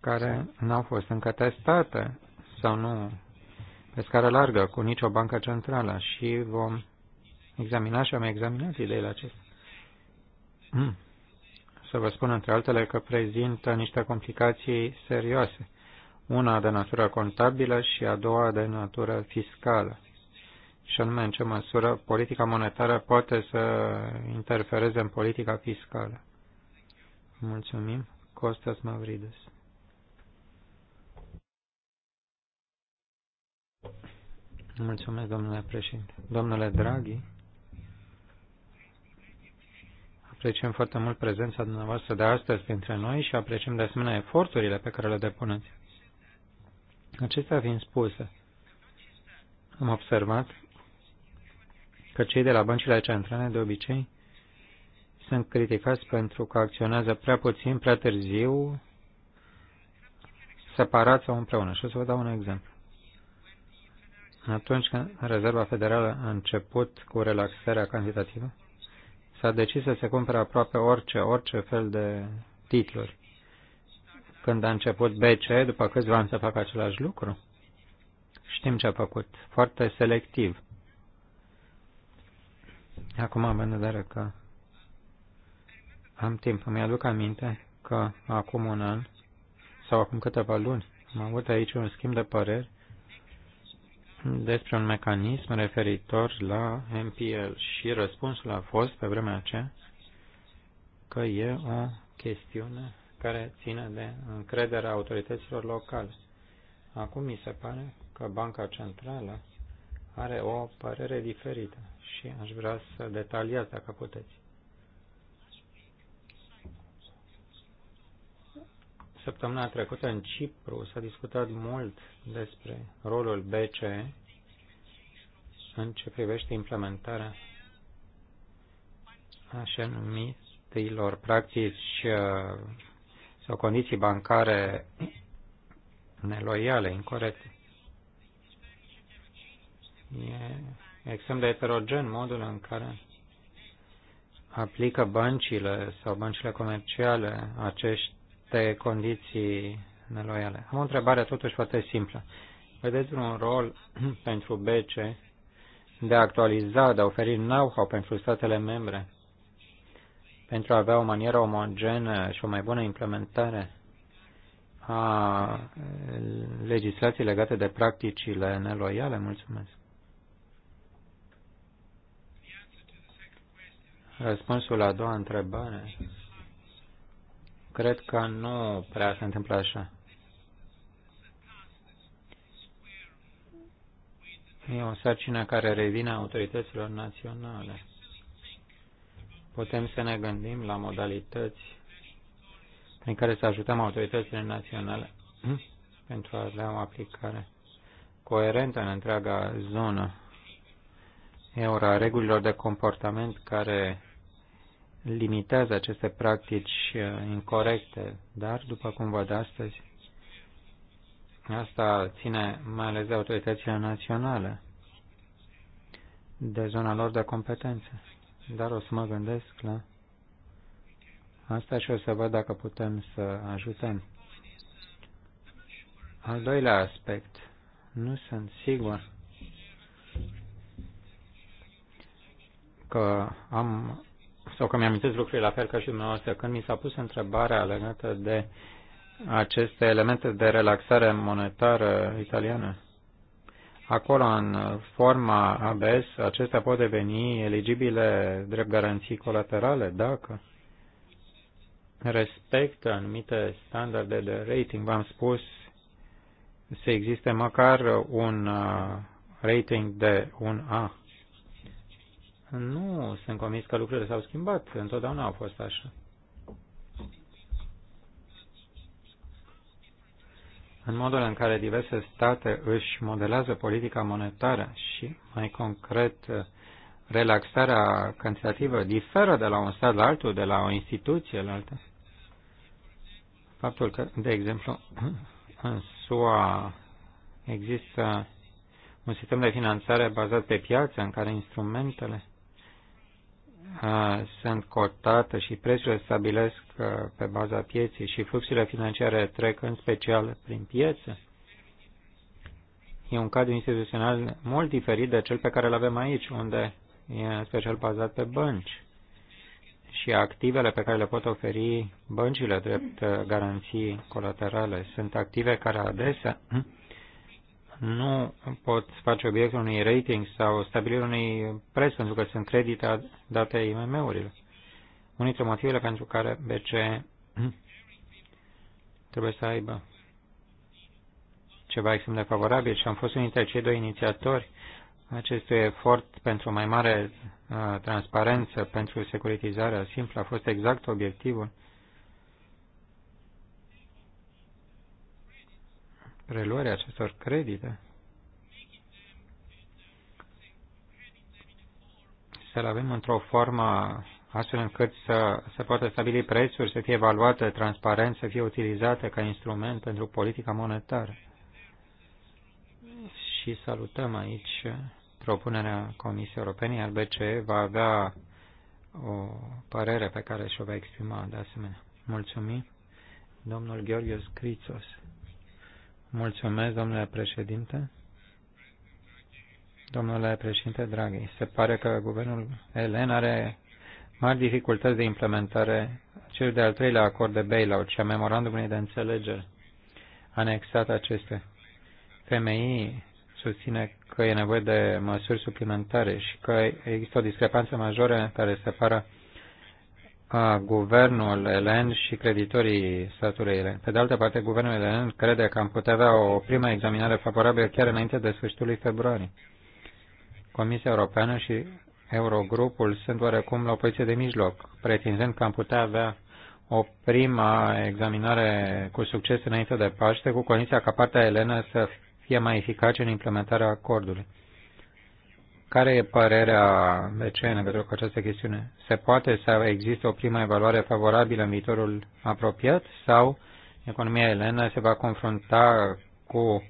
care n-au fost încă testate sau nu pe scară largă cu nicio bancă centrală și vom examina și am examinat ideile acestea. Hmm. Să vă spun între altele că prezintă niște complicații serioase una de natură contabilă și a doua de natură fiscală, și anume în ce măsură politica monetară poate să interfereze în politica fiscală. Mulțumim. Costas Mavrides. Mulțumesc, domnule președinte. Domnule Draghi, apreciem foarte mult prezența dumneavoastră de astăzi printre noi și apreciem de asemenea eforturile pe care le depuneți. Acestea fiind spuse, am observat că cei de la băncile centrale de obicei sunt criticați pentru că acționează prea puțin, prea târziu, separat sau împreună. Și o să vă dau un exemplu. Atunci când Rezerva Federală a început cu relaxarea cantitativă, s-a decis să se cumpere aproape orice, orice fel de titluri când a început BC, după câțiva ani să facă același lucru? Știm ce a făcut. Foarte selectiv. Acum am vedere că am timp. Îmi aduc aminte că acum un an sau acum câteva luni am avut aici un schimb de păreri despre un mecanism referitor la MPL și răspunsul a fost pe vremea aceea că e o chestiune care ține de încrederea autorităților locale. Acum mi se pare că Banca Centrală are o părere diferită și aș vrea să detaliați dacă puteți. Săptămâna trecută în Cipru s-a discutat mult despre rolul BCE în ce privește implementarea așa numitelor practici uh, sau condiții bancare neloiale, incorrecte. E extrem de heterogen modul în care aplică băncile sau băncile comerciale aceste condiții neloiale. Am o întrebare totuși foarte simplă. Vedeți un rol [clears throat] pentru BC de a actualiza, de a oferi know-how pentru statele membre pentru a avea o manieră omogenă și o mai bună implementare a legislației legate de practicile neloiale? Mulțumesc. Răspunsul la a doua întrebare. Cred că nu prea se întâmplă așa. E o sarcină care revine autorităților naționale putem să ne gândim la modalități prin care să ajutăm autoritățile naționale [clears throat] pentru a avea o aplicare coerentă în întreaga zonă E ora regulilor de comportament care limitează aceste practici uh, incorrecte, dar, după cum văd astăzi, asta ține mai ales de autoritățile naționale, de zona lor de competență dar o să mă gândesc la asta și o să văd dacă putem să ajutăm. Al doilea aspect. Nu sunt sigur că am sau că mi-am lucrurile la fel ca și dumneavoastră. Când mi s-a pus întrebarea legată de aceste elemente de relaxare monetară italiană, Acolo, în forma ABS, acestea pot deveni eligibile drept garanții colaterale dacă respectă anumite standarde de rating. V-am spus să existe măcar un uh, rating de un A. Nu sunt convins că lucrurile s-au schimbat. Întotdeauna au fost așa. în modul în care diverse state își modelează politica monetară și, mai concret, relaxarea cantitativă diferă de la un stat la altul, de la o instituție la alta. Faptul că, de exemplu, [clears throat] în SUA există un sistem de finanțare bazat pe piață în care instrumentele sunt cotate și prețurile stabilesc pe baza pieței și fluxurile financiare trec în special prin piețe. E un cadru instituțional mult diferit de cel pe care îl avem aici, unde e în special bazat pe bănci și activele pe care le pot oferi băncile drept garanții colaterale sunt active care adesea nu pot face obiectul unui rating sau stabilirea unui preț pentru că sunt credite date IMM-urilor. Unul dintre motivele pentru care BC [clears throat] trebuie să aibă ceva extrem de favorabil și am fost unul dintre cei doi inițiatori acestui efort pentru mai mare uh, transparență, pentru securitizarea simplă, a fost exact obiectivul reluării acestor credite, să-l avem într-o formă astfel încât să se poată stabili prețuri, să fie evaluate transparent, să fie utilizate ca instrument pentru politica monetară. Și salutăm aici propunerea Comisiei Europene, iar BCE va avea o părere pe care și-o va exprima de asemenea. Mulțumim, domnul Gheorghe Scrițos. Mulțumesc, domnule președinte. Domnule președinte Draghi, se pare că guvernul Elen are mari dificultăți de implementare cel de-al treilea acord de bailout și a memorandumului de înțelegere anexat aceste. FMI susține că e nevoie de măsuri suplimentare și că există o discrepanță majoră care separă guvernul elen și creditorii statului elen. Pe de altă parte, guvernul elen crede că am putea avea o prima examinare favorabilă chiar înainte de sfârșitul lui februarie. Comisia Europeană și Eurogrupul sunt oarecum la o poziție de mijloc, pretinzând că am putea avea o prima examinare cu succes înainte de Paște, cu condiția ca partea elenă să fie mai eficace în implementarea acordului. Care e părerea BCE pentru că cu această chestiune? Se poate să existe o primă evaluare favorabilă în viitorul apropiat sau economia elenă se va confrunta cu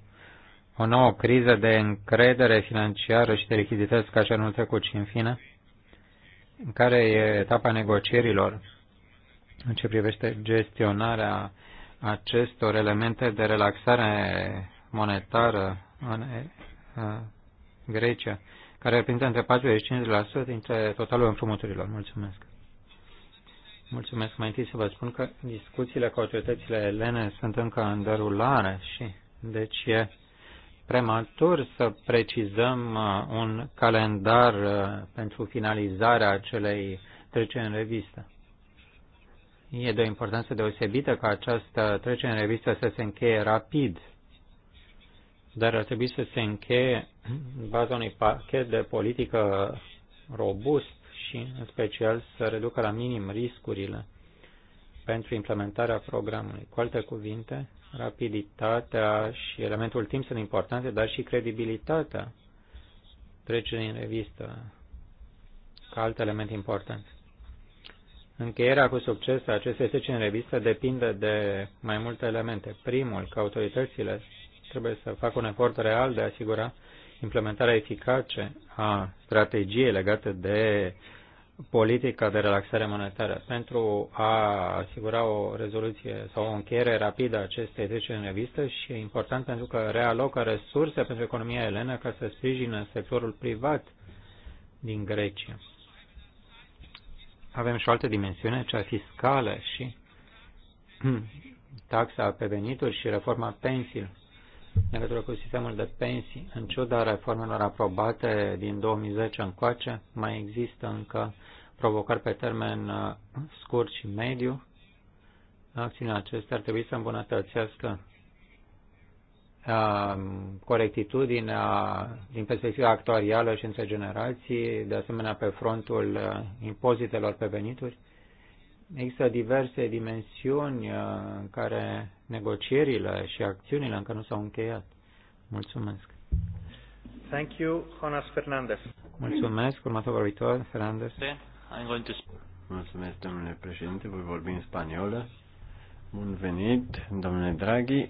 o nouă criză de încredere financiară și de lichidități ca și anul trecut și în fine? Care e etapa negocierilor în ce privește gestionarea acestor elemente de relaxare monetară în Grecia? care reprezintă între 40 și 5% dintre totalul împrumuturilor. Mulțumesc! Mulțumesc. Mai întâi să vă spun că discuțiile cu autoritățile elene sunt încă în derulare și deci e prematur să precizăm uh, un calendar uh, pentru finalizarea acelei treceri în revistă. E de o importanță deosebită ca această trecere în revistă să se încheie rapid dar ar trebui să se încheie în baza unui pachet de politică robust și, în special, să reducă la minim riscurile pentru implementarea programului. Cu alte cuvinte, rapiditatea și elementul timp sunt importante, dar și credibilitatea trece în revistă ca alt element important. Încheierea cu succes a acestei trece în revistă depinde de mai multe elemente. Primul, că autoritățile trebuie să facă un efort real de a asigura implementarea eficace a strategiei legate de politica de relaxare monetară. Pentru a asigura o rezoluție sau o încheiere rapidă a acestei treceri în revistă și e important pentru că realocă resurse pentru economia elenă ca să sprijină sectorul privat din Grecia. Avem și o altă dimensiune, cea fiscală și [clears throat] taxa pe venituri și reforma pensiilor în legătură cu sistemul de pensii, în ciuda reformelor aprobate din 2010 încoace, mai există încă provocări pe termen uh, scurt și mediu. Acțiunile acestea ar trebui să îmbunătățească uh, corectitudinea din perspectiva actuarială și între generații, de asemenea pe frontul uh, impozitelor pe venituri, Există diverse dimensiuni uh, în care negocierile și acțiunile încă nu s-au încheiat. Mulțumesc. Thank you, Jonas Fernandez. Mulțumesc, următorul vorbitor, Fernandez. I'm going to... Mulțumesc, domnule președinte, voi vorbi în spaniolă. Bun venit, domnule Draghi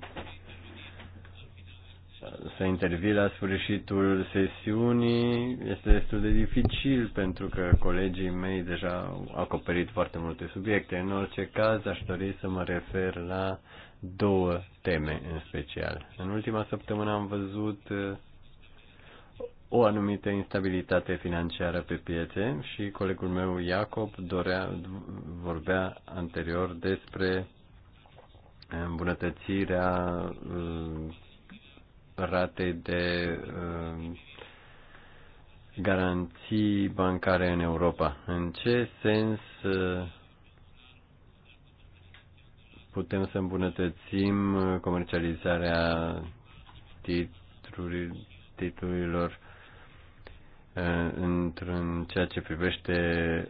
să intervii la sfârșitul sesiunii este destul de dificil pentru că colegii mei deja au acoperit foarte multe subiecte. În orice caz, aș dori să mă refer la două teme în special. În ultima săptămână am văzut uh, o anumită instabilitate financiară pe piețe și colegul meu Iacob dorea, vorbea anterior despre îmbunătățirea uh, ratei de um, garanții bancare în Europa. În ce sens uh, putem să îmbunătățim comercializarea titlurilor uh, într-un ceea ce privește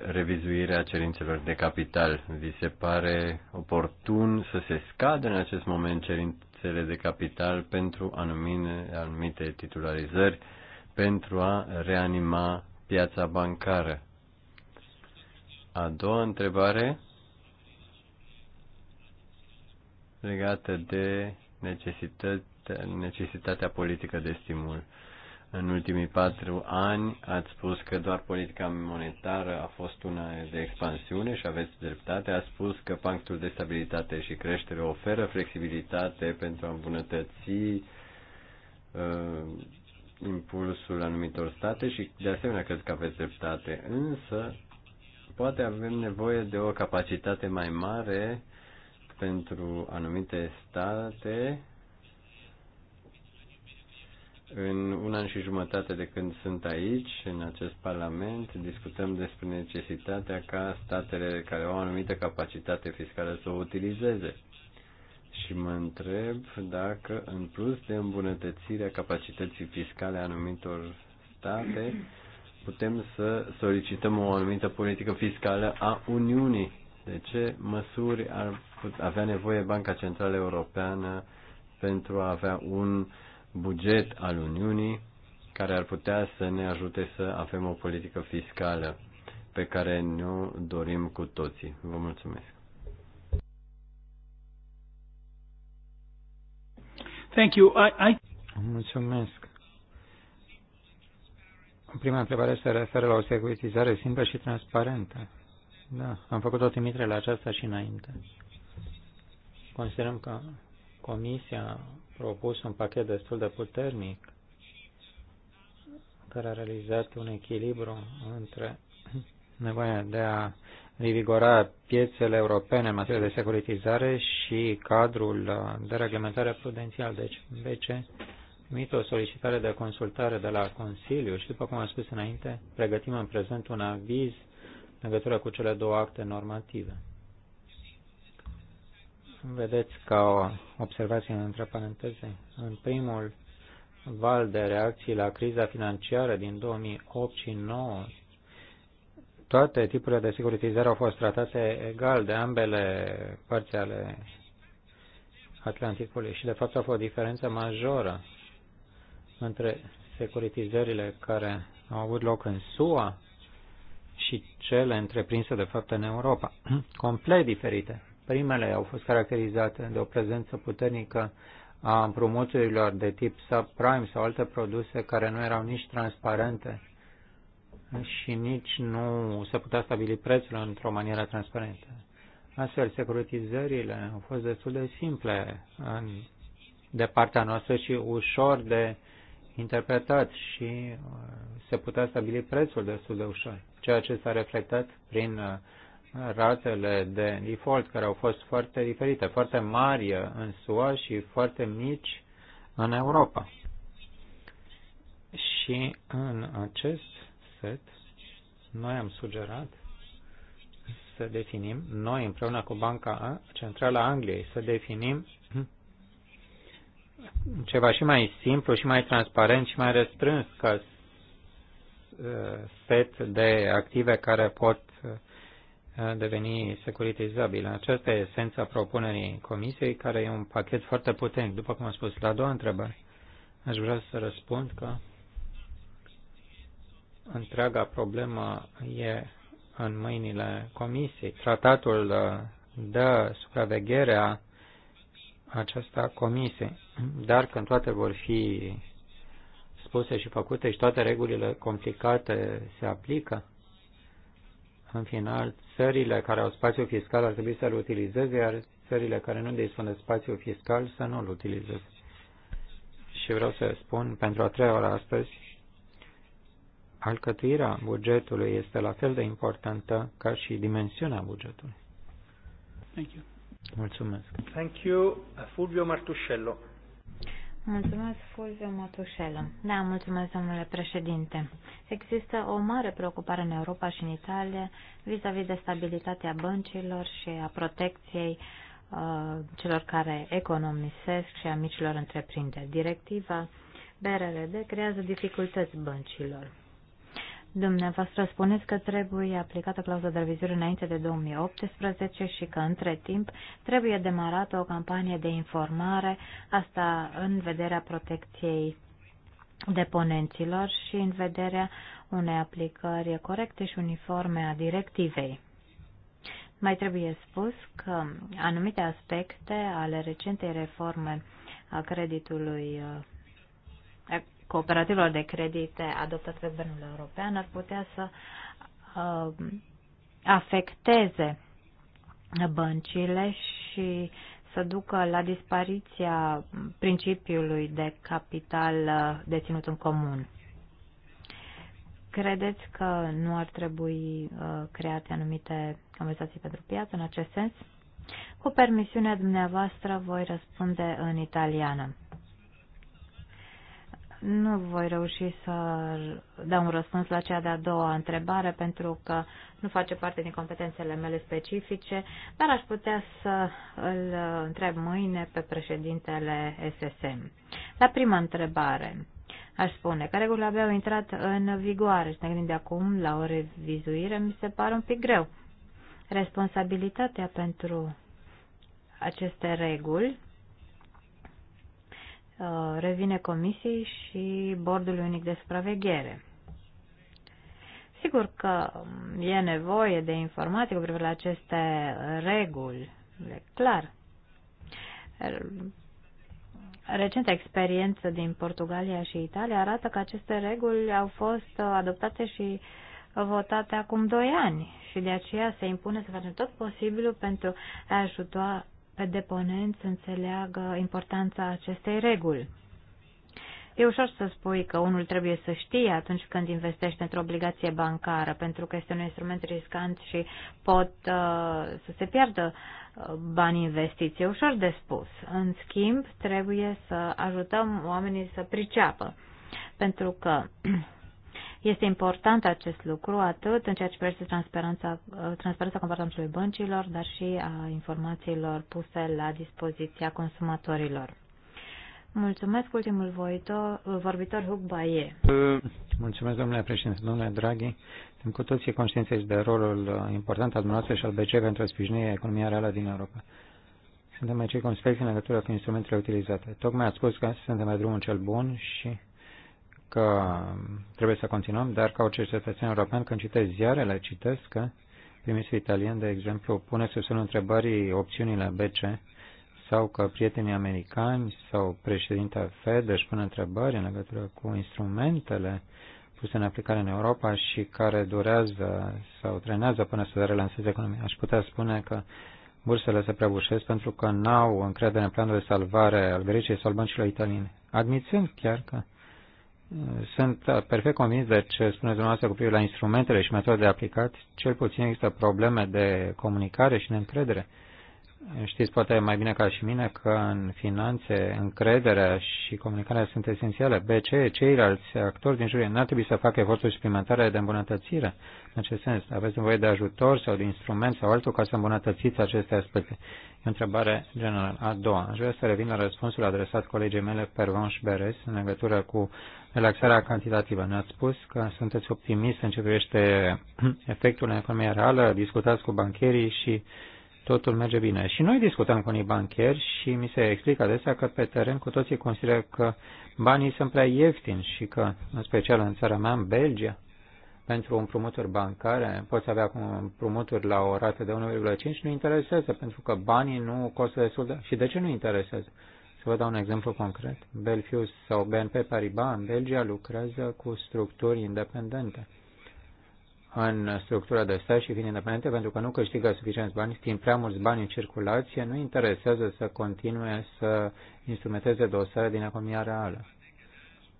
revizuirea cerințelor de capital. Vi se pare oportun să se scadă în acest moment cerin, taxele de capital pentru anumite, anumite titularizări pentru a reanima piața bancară. A doua întrebare legată de necesitatea, necesitatea politică de stimul. În ultimii patru ani ați spus că doar politica monetară a fost una de expansiune și aveți dreptate. Ați spus că Pactul de Stabilitate și Creștere oferă flexibilitate pentru a îmbunătăți uh, impulsul anumitor state și de asemenea cred că aveți dreptate. Însă, poate avem nevoie de o capacitate mai mare pentru anumite state în un an și jumătate de când sunt aici, în acest Parlament, discutăm despre necesitatea ca statele care au o anumită capacitate fiscală să o utilizeze. Și mă întreb dacă, în plus de îmbunătățirea capacității fiscale a anumitor state, putem să solicităm o anumită politică fiscală a Uniunii. De ce măsuri ar avea nevoie Banca Centrală Europeană pentru a avea un uh, buget al Uniunii care ar putea să ne ajute să avem o politică fiscală pe care ne-o dorim cu toții. Vă mulțumesc. Thank you. I, I... Mulțumesc. Prima întrebare se referă la o securitizare simplă și transparentă. Da, am făcut o trimitere la aceasta și înainte. Considerăm că Comisia a propus un pachet destul de puternic care a realizat un echilibru între nevoia de a revigora piețele europene în materie de securitizare și cadrul de reglementare prudențial. Deci, BC a o solicitare de consultare de la Consiliu și, după cum am spus înainte, pregătim în prezent un aviz în legătură cu cele două acte normative vedeți ca o observație între paranteze. În primul val de reacții la criza financiară din 2008 și 2009, toate tipurile de securitizare au fost tratate egal de ambele părți ale Atlanticului și de fapt a fost o diferență majoră între securitizările care au avut loc în SUA și cele întreprinse de fapt în Europa, [clears throat] complet diferite. Primele au fost caracterizate de o prezență puternică a împrumuturilor de tip subprime sau alte produse care nu erau nici transparente și nici nu se putea stabili prețul într-o manieră transparentă. Astfel, securitizările au fost destul de simple în, de partea noastră și ușor de interpretat și uh, se putea stabili prețul destul de ușor, ceea ce s-a reflectat prin uh, ratele de default care au fost foarte diferite, foarte mari în SUA și foarte mici în Europa. Și în acest set noi am sugerat să definim, noi împreună cu Banca Centrală a Angliei, să definim ceva și mai simplu și mai transparent și mai restrâns ca uh, set de active care pot deveni securitizabilă. Aceasta e esența propunerii Comisiei, care e un pachet foarte puternic. După cum am spus, la a doua întrebare, aș vrea să răspund că întreaga problemă e în mâinile Comisiei. Tratatul uh, dă supravegherea aceasta Comisiei, dar când toate vor fi spuse și făcute și toate regulile complicate se aplică, în final, țările care au spațiu fiscal ar trebui să-l utilizeze, iar țările care nu dispun de spațiu fiscal să nu-l utilizeze. Și vreau să spun pentru a treia oară astăzi, alcătuirea bugetului este la fel de importantă ca și dimensiunea bugetului. Thank you. Mulțumesc. Thank you, Fulvio Martuscello. Mulțumesc, Fulvio Motușelă. Da, mulțumesc, domnule președinte. Există o mare preocupare în Europa și în Italia vis-a-vis -vis de stabilitatea băncilor și a protecției uh, celor care economisesc și a micilor întreprinderi. Directiva BRRD creează dificultăți băncilor. Dumneavoastră spuneți că trebuie aplicată clauza de revizuire înainte de 2018 și că între timp trebuie demarată o campanie de informare, asta în vederea protecției deponenților și în vederea unei aplicări corecte și uniforme a directivei. Mai trebuie spus că anumite aspecte ale recentei reforme a creditului cooperativelor de credite adoptat pe Guvernul European ar putea să uh, afecteze băncile și să ducă la dispariția principiului de capital uh, deținut în comun. Credeți că nu ar trebui uh, create anumite conversații pentru piață în acest sens? Cu permisiunea dumneavoastră voi răspunde în italiană. Nu voi reuși să dau un răspuns la cea de-a doua întrebare pentru că nu face parte din competențele mele specifice, dar aș putea să îl întreb mâine pe președintele SSM. La prima întrebare, aș spune că regulile abia au intrat în vigoare și ne gândim de acum la o revizuire, mi se pare un pic greu. Responsabilitatea pentru aceste reguli Uh, revine Comisiei și Bordului Unic de Supraveghere. Sigur că um, e nevoie de informații cu privire la aceste reguli, e clar. Er, Recenta experiență din Portugalia și Italia arată că aceste reguli au fost uh, adoptate și votate acum 2 ani și de aceea se impune să facem tot posibilul pentru a ajuta deponent să înțeleagă importanța acestei reguli. E ușor să spui că unul trebuie să știe atunci când investește într-o obligație bancară, pentru că este un instrument riscant și pot uh, să se pierdă uh, bani investiți. E ușor de spus. În schimb, trebuie să ajutăm oamenii să priceapă, pentru că [clears throat] Este important acest lucru atât în ceea ce privește transparența, uh, transparența comportamentului băncilor, dar și a informațiilor puse la dispoziția consumatorilor. Mulțumesc ultimul voitor, uh, vorbitor Huc Baie. Uh, mulțumesc, domnule președinte, domnule Draghi. Sunt cu toții conștienți de rolul important al dumneavoastră și al BC pentru a sprijini economia reală din Europa. Suntem mai cei în legătură cu instrumentele utilizate. Tocmai ați spus că suntem pe drumul cel bun și că trebuie să continuăm, dar ca orice cetățean european, când citesc ziarele, citesc că primisul italian, de exemplu, pune sub semnul întrebării opțiunile BC sau că prietenii americani sau președintele Fed își pun întrebări în legătură cu instrumentele puse în aplicare în Europa și care durează sau trenează până să relanseze economia. Aș putea spune că bursele se prăbușesc pentru că n-au încredere în planul de salvare al Greciei sau al băncilor italiene, admițând chiar că sunt perfect convins de ce spuneți dumneavoastră cu privire la instrumentele și metodele de aplicat. Cel puțin există probleme de comunicare și de încredere. Știți poate mai bine ca și mine că în finanțe încrederea și comunicarea sunt esențiale. BC, ceilalți actori din jurie, n-ar trebui să facă eforturi suplimentare de îmbunătățire. În acest sens, aveți nevoie de ajutor sau de instrument sau altul ca să îmbunătățiți aceste aspecte. E o întrebare generală. A doua, aș vrea să revin la răspunsul adresat colegii mele și Beres în legătură cu relaxarea cantitativă. Ne-ați spus că sunteți optimist în ce privește [clears throat] efectul în economia reală, discutați cu bancherii și totul merge bine. Și noi discutăm cu unii bancheri și mi se explică adesea că pe teren cu toții consideră că banii sunt prea ieftini și că, în special în țara mea, în Belgia, pentru împrumuturi bancare, poți avea împrumuturi la o rată de 1,5, nu interesează, pentru că banii nu costă destul de... Și de ce nu interesează? Să vă dau un exemplu concret. Belfius sau BNP Paribas în Belgia lucrează cu structuri independente în structura de stat și fiind independente pentru că nu câștigă suficienți bani, fiind prea mulți bani în circulație, nu interesează să continue să instrumenteze dosare din economia reală.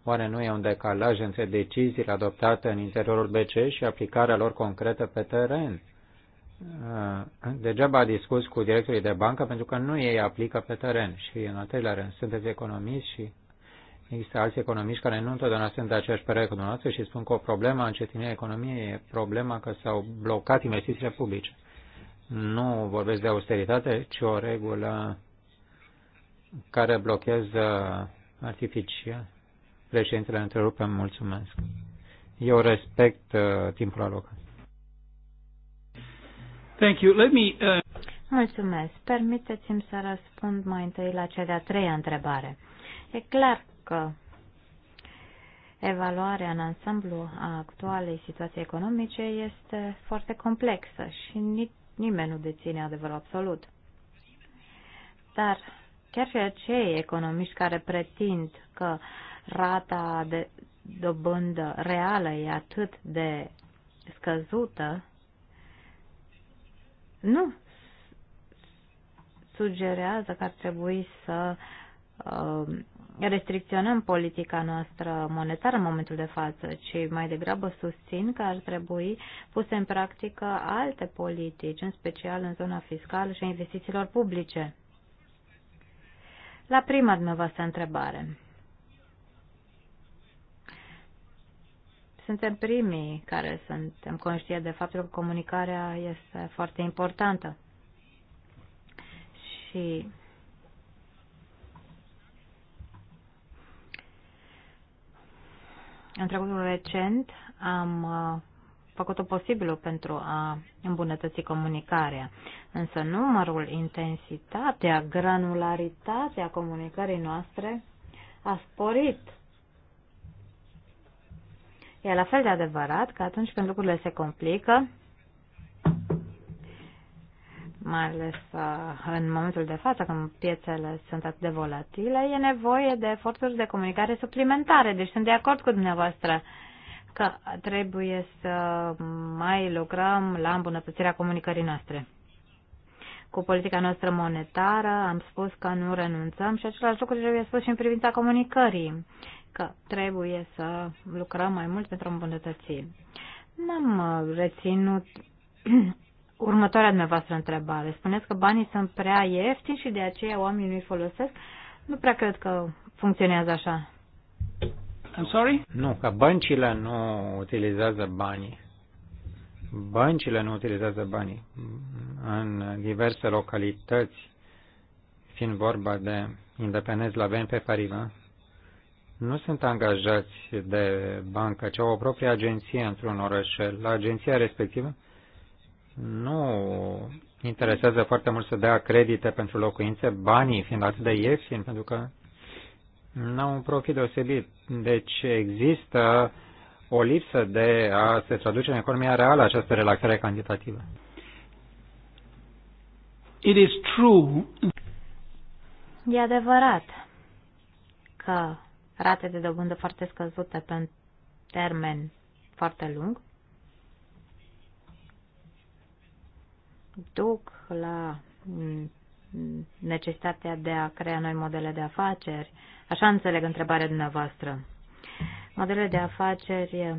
Oare nu e un decalaj între deciziile adoptate în interiorul BCE și aplicarea lor concretă pe teren? Ah, degeaba discuți cu directorii de bancă pentru că nu ei aplică pe teren. Și în al treilea rând, sunteți economiști și există alți economiști care nu întotdeauna sunt de aceeași părere cu dumneavoastră și spun că o problemă a încetinirea economiei e problema că s-au blocat investițiile publice. Nu vorbesc de austeritate, ci o regulă care blochează artificial. Președintele, întrerupe, mulțumesc. Eu respect uh, timpul alocat. Thank you. Let me, uh... Mulțumesc. Permiteți-mi să răspund mai întâi la cea de-a treia întrebare. E clar că evaluarea în ansamblu a actualei situații economice este foarte complexă și ni- nimeni nu deține adevărul absolut. Dar chiar și acei economiști care pretind că rata de dobândă reală e atât de scăzută, nu sugerează că ar trebui să um, restricționăm politica noastră monetară în momentul de față, ci mai degrabă susțin că ar trebui puse în practică alte politici, în special în zona fiscală și a investițiilor publice. La prima dumneavoastră întrebare, suntem primii care suntem conștienți de faptul că comunicarea este foarte importantă. Și în trecutul recent am uh, făcut-o posibilă pentru a îmbunătăți comunicarea. Însă numărul, intensitatea, granularitatea comunicării noastre a sporit E la fel de adevărat că atunci când lucrurile se complică, mai ales uh, în momentul de față, când piețele sunt atât de volatile, e nevoie de eforturi de comunicare suplimentare. Deci sunt de acord cu dumneavoastră că trebuie să mai lucrăm la îmbunătățirea comunicării noastre. Cu politica noastră monetară am spus că nu renunțăm și același lucru trebuie spus și în privința comunicării că trebuie să lucrăm mai mult pentru a N-am uh, reținut [clears throat] următoarea dumneavoastră întrebare. Spuneți că banii sunt prea ieftini și de aceea oamenii nu-i folosesc. Nu prea cred că funcționează așa. I'm sorry? Nu, că băncile nu utilizează banii. Băncile nu utilizează banii. În diverse localități, fiind vorba de independenți la BNP Paribas, nu sunt angajați de bancă, ci au o proprie agenție într-un oraș. La agenția respectivă nu interesează foarte mult să dea credite pentru locuințe, banii fiind atât de ieftini, pentru că nu au un profit deosebit. Deci există o lipsă de a se traduce în economia reală această relaxare cantitativă. It is true. E adevărat că rate de dobândă foarte scăzute pe termen foarte lung, duc la necesitatea de a crea noi modele de afaceri. Așa înțeleg întrebarea dumneavoastră. Modele de afaceri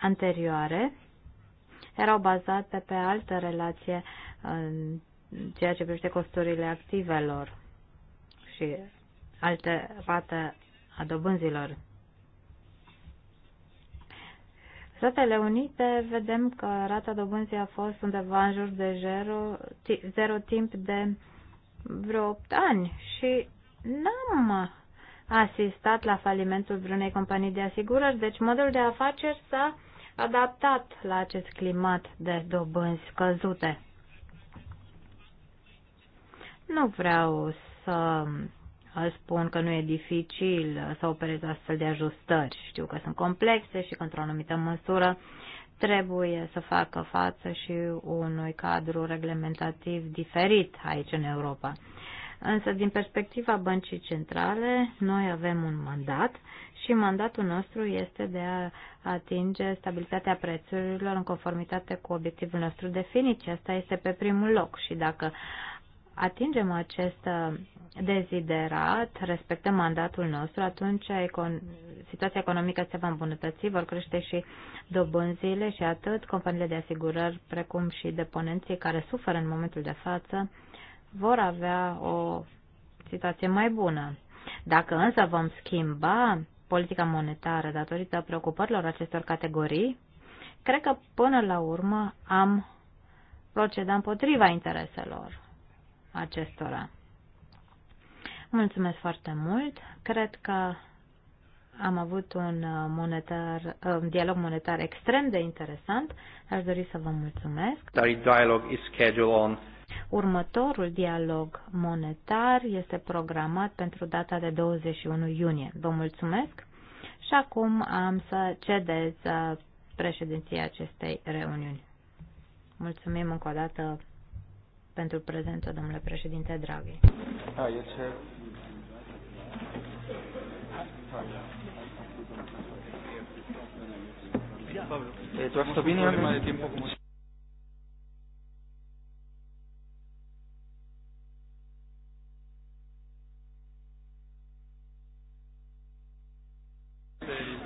anterioare erau bazate pe altă relație în ceea ce privește costurile activelor și alte poate a dobânzilor. Statele Unite vedem că rata dobânzii a fost undeva în jur de zero, zero timp de vreo 8 ani și n-am asistat la falimentul vreunei companii de asigurări, deci modelul de afaceri s-a adaptat la acest climat de dobânzi căzute. Nu vreau să spun că nu e dificil să operez astfel de ajustări. Știu că sunt complexe și că într-o anumită măsură trebuie să facă față și unui cadru reglementativ diferit aici în Europa. Însă, din perspectiva băncii centrale, noi avem un mandat și mandatul nostru este de a atinge stabilitatea prețurilor în conformitate cu obiectivul nostru definit și asta este pe primul loc. Și dacă atingem acest uh, deziderat, respectăm mandatul nostru, atunci situația economică se va îmbunătăți, vor crește și dobânzile și atât companiile de asigurări, precum și deponenții care suferă în momentul de față, vor avea o situație mai bună. Dacă însă vom schimba politica monetară datorită preocupărilor acestor categorii, cred că până la urmă am procedat împotriva intereselor acestora. Mulțumesc foarte mult. Cred că am avut un, uh, monetar, uh, un dialog monetar extrem de interesant. Aș dori să vă mulțumesc. Următorul dialog monetar este programat pentru data de 21 iunie. Vă mulțumesc și acum am să cedez uh, președinția acestei reuniuni. Mulțumim încă o dată pentru prezență, domnule președinte Draghi. Da, e ce...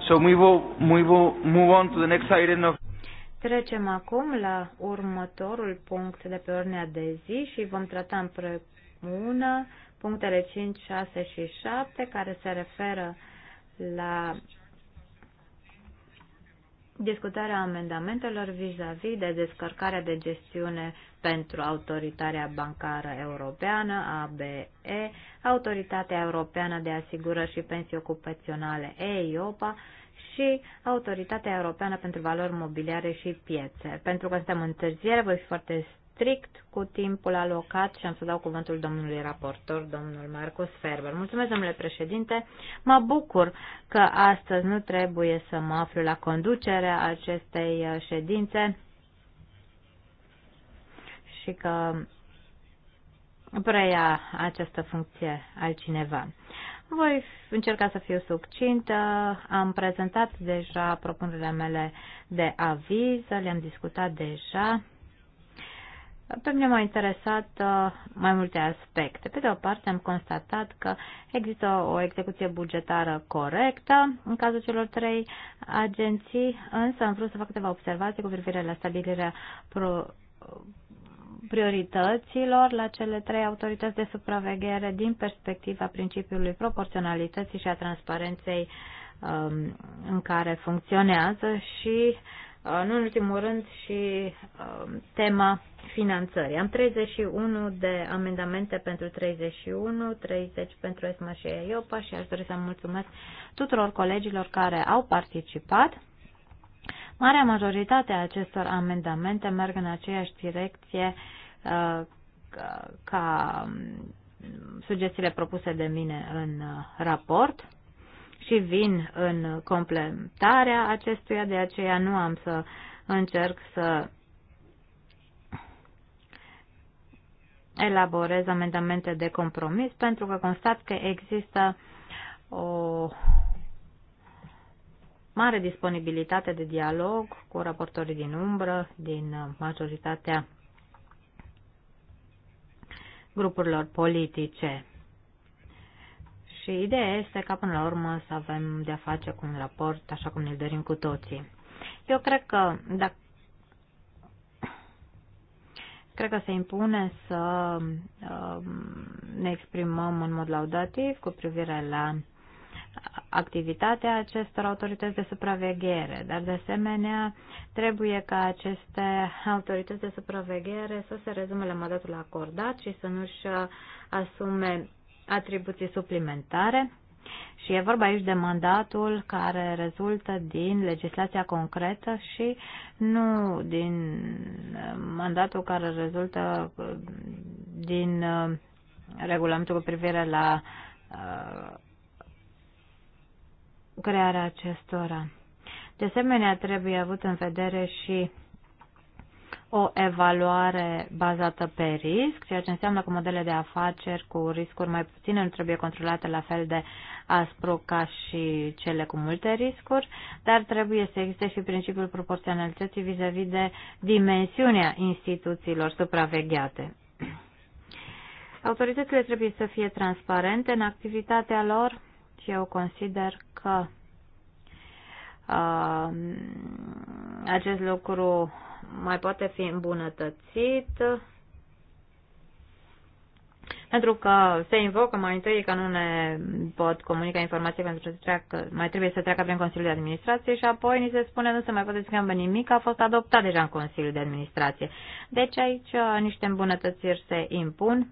So we will, we will move on to the next item of Trecem acum la următorul punct de pe ordinea de zi și vom trata împreună punctele 5, 6 și 7 care se referă la discutarea amendamentelor vis-a-vis -vis de descărcarea de gestiune pentru Autoritatea Bancară Europeană, ABE, Autoritatea Europeană de Asigurări și Pensii Ocupaționale, EIOPA și Autoritatea Europeană pentru Valori Mobiliare și Piețe. Pentru că suntem întârziere, voi fi foarte strict cu timpul alocat și am să dau cuvântul domnului raportor, domnul Marcus Ferber. Mulțumesc, domnule președinte. Mă bucur că astăzi nu trebuie să mă aflu la conducerea acestei ședințe și că preia această funcție altcineva. Voi încerca să fiu succintă. Am prezentat deja propunerile mele de aviz, le-am discutat deja. Pe mine m-au interesat uh, mai multe aspecte. Pe de o parte, am constatat că există o execuție bugetară corectă în cazul celor trei agenții, însă am vrut să fac câteva observații cu privire la stabilirea pro priorităților la cele trei autorități de supraveghere din perspectiva principiului proporționalității și a transparenței um, în care funcționează și, uh, nu în ultimul rând, și um, tema finanțării. Am 31 de amendamente pentru 31, 30 pentru ESMA și EIOPA și aș dori să mulțumesc tuturor colegilor care au participat Marea majoritate a acestor amendamente merg în aceeași direcție uh, ca um, sugestiile propuse de mine în uh, raport și vin în completarea acestuia, de aceea nu am să încerc să elaborez amendamente de compromis pentru că constat că există o mare disponibilitate de dialog cu raportorii din umbră, din uh, majoritatea grupurilor politice. Și ideea este ca până la urmă să avem de-a face cu un raport așa cum ne-l dorim cu toții. Eu cred că dacă cred că se impune să uh, ne exprimăm în mod laudativ cu privire la activitatea acestor autorități de supraveghere, dar de asemenea trebuie ca aceste autorități de supraveghere să se rezume la mandatul acordat și să nu-și uh, asume atribuții suplimentare. Și e vorba aici de mandatul care rezultă din legislația concretă și nu din uh, mandatul care rezultă uh, din regulamentul cu privire la crearea acestora. De asemenea, trebuie avut în vedere și o evaluare bazată pe risc, ceea ce înseamnă că modele de afaceri cu riscuri mai puține nu trebuie controlate la fel de aspru ca și cele cu multe riscuri, dar trebuie să existe și principiul proporționalității vis-a-vis -vis de dimensiunea instituțiilor supravegheate. Autoritățile trebuie să fie transparente în activitatea lor, și eu consider că uh, acest lucru mai poate fi îmbunătățit pentru că se invocă mai întâi că nu ne pot comunica informații pentru că treacă, mai trebuie să treacă prin Consiliul de Administrație și apoi ni se spune nu se mai poate schimba nimic, a fost adoptat deja în Consiliul de Administrație. Deci aici uh, niște îmbunătățiri se impun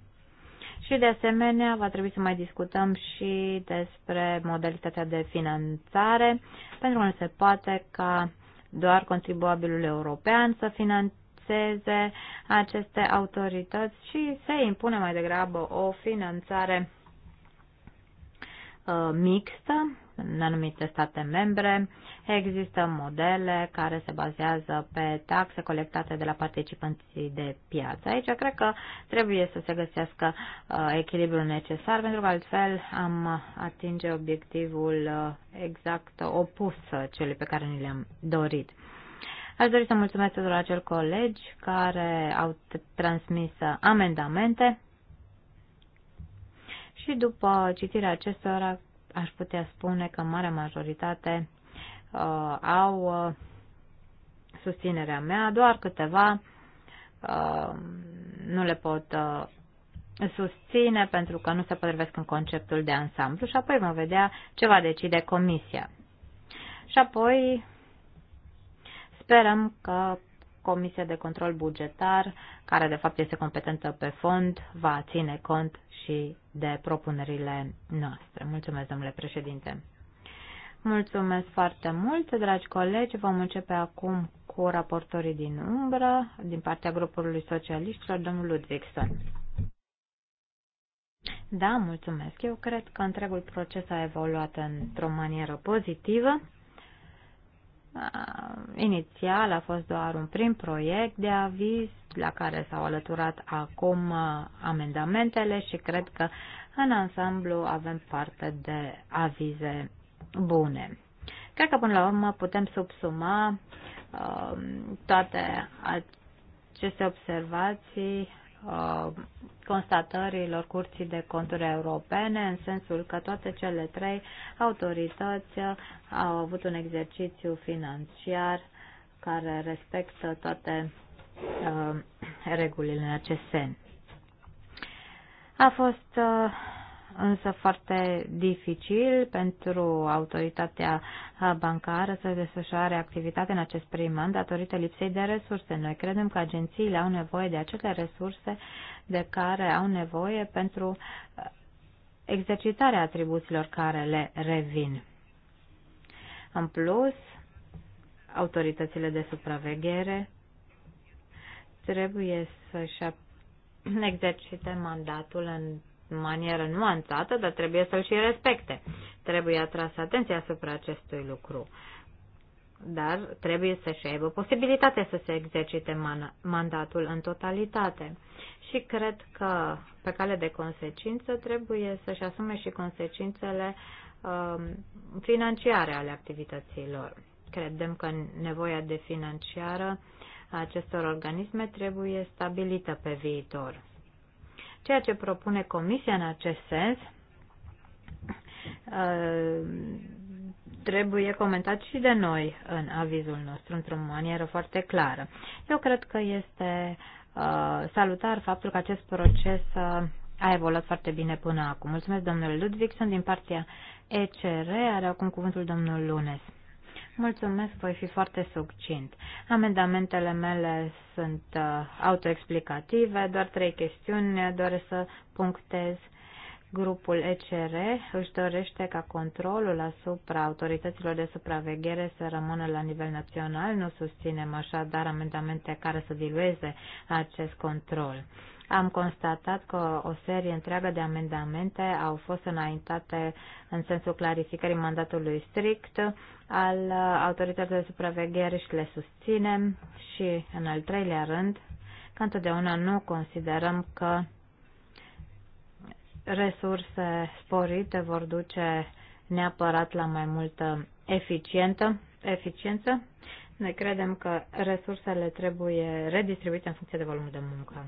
și de asemenea va trebui să mai discutăm și despre modalitatea de finanțare, pentru că nu se poate ca doar contribuabilul european să finanțeze aceste autorități și se impune mai degrabă o finanțare Uh, mixtă în anumite state membre. Există modele care se bazează pe taxe colectate de la participanții de piață. Aici cred că trebuie să se găsească uh, echilibrul necesar, pentru că altfel am atinge obiectivul uh, exact opus celui pe care ni l-am dorit. Aș dori să mulțumesc tuturor acel colegi care au transmis amendamente și după citirea acestora aș putea spune că marea majoritate uh, au uh, susținerea mea, doar câteva uh, nu le pot uh, susține pentru că nu se potrivesc în conceptul de ansamblu și apoi vom vedea ce va decide comisia. Și apoi sperăm că Comisia de Control Bugetar, care de fapt este competentă pe fond, va ține cont și de propunerile noastre. Mulțumesc, domnule președinte. Mulțumesc foarte mult, dragi colegi. Vom începe acum cu raportorii din umbră, din partea grupului socialiștilor, domnul Ludvigson. Da, mulțumesc. Eu cred că întregul proces a evoluat într-o manieră pozitivă. Uh, inițial a fost doar un prim proiect de aviz la care s-au alăturat acum uh, amendamentele și cred că în ansamblu avem parte de avize bune. Cred că până la urmă putem subsuma uh, toate aceste observații Uh, constatărilor Curții de Conturi Europene, în sensul că toate cele trei autorități uh, au avut un exercițiu financiar care respectă toate uh, regulile în acest sens. A fost uh, însă foarte dificil pentru autoritatea bancară să desfășoare activitate în acest prim an datorită lipsei de resurse. Noi credem că agențiile au nevoie de acele resurse de care au nevoie pentru exercitarea atribuțiilor care le revin. În plus, autoritățile de supraveghere trebuie să-și exercite mandatul în în manieră nuanțată, dar trebuie să-l și respecte. Trebuie atras atenția asupra acestui lucru. Dar trebuie să-și aibă posibilitatea să se exercite man- mandatul în totalitate. Și cred că, pe cale de consecință, trebuie să-și asume și consecințele uh, financiare ale activităților. Credem că nevoia de financiară a acestor organisme trebuie stabilită pe viitor. Ceea ce propune Comisia în acest sens uh, trebuie comentat și de noi în avizul nostru într-o manieră foarte clară. Eu cred că este uh, salutar faptul că acest proces uh, a evoluat foarte bine până acum. Mulțumesc, domnule Ludvigson, din partea ECR. Are acum cuvântul domnul Lunes. Mulțumesc, voi fi foarte succint. Amendamentele mele sunt uh, autoexplicative, doar trei chestiuni doresc să punctez. Grupul ECR își dorește ca controlul asupra autorităților de supraveghere să rămână la nivel național. Nu susținem așadar amendamente care să dilueze acest control. Am constatat că o serie întreagă de amendamente au fost înaintate în sensul clarificării mandatului strict al autorităților de supraveghere și le susținem și, în al treilea rând, că întotdeauna nu considerăm că resurse sporite vor duce neapărat la mai multă eficientă, eficiență. Ne credem că resursele trebuie redistribuite în funcție de volumul de muncă.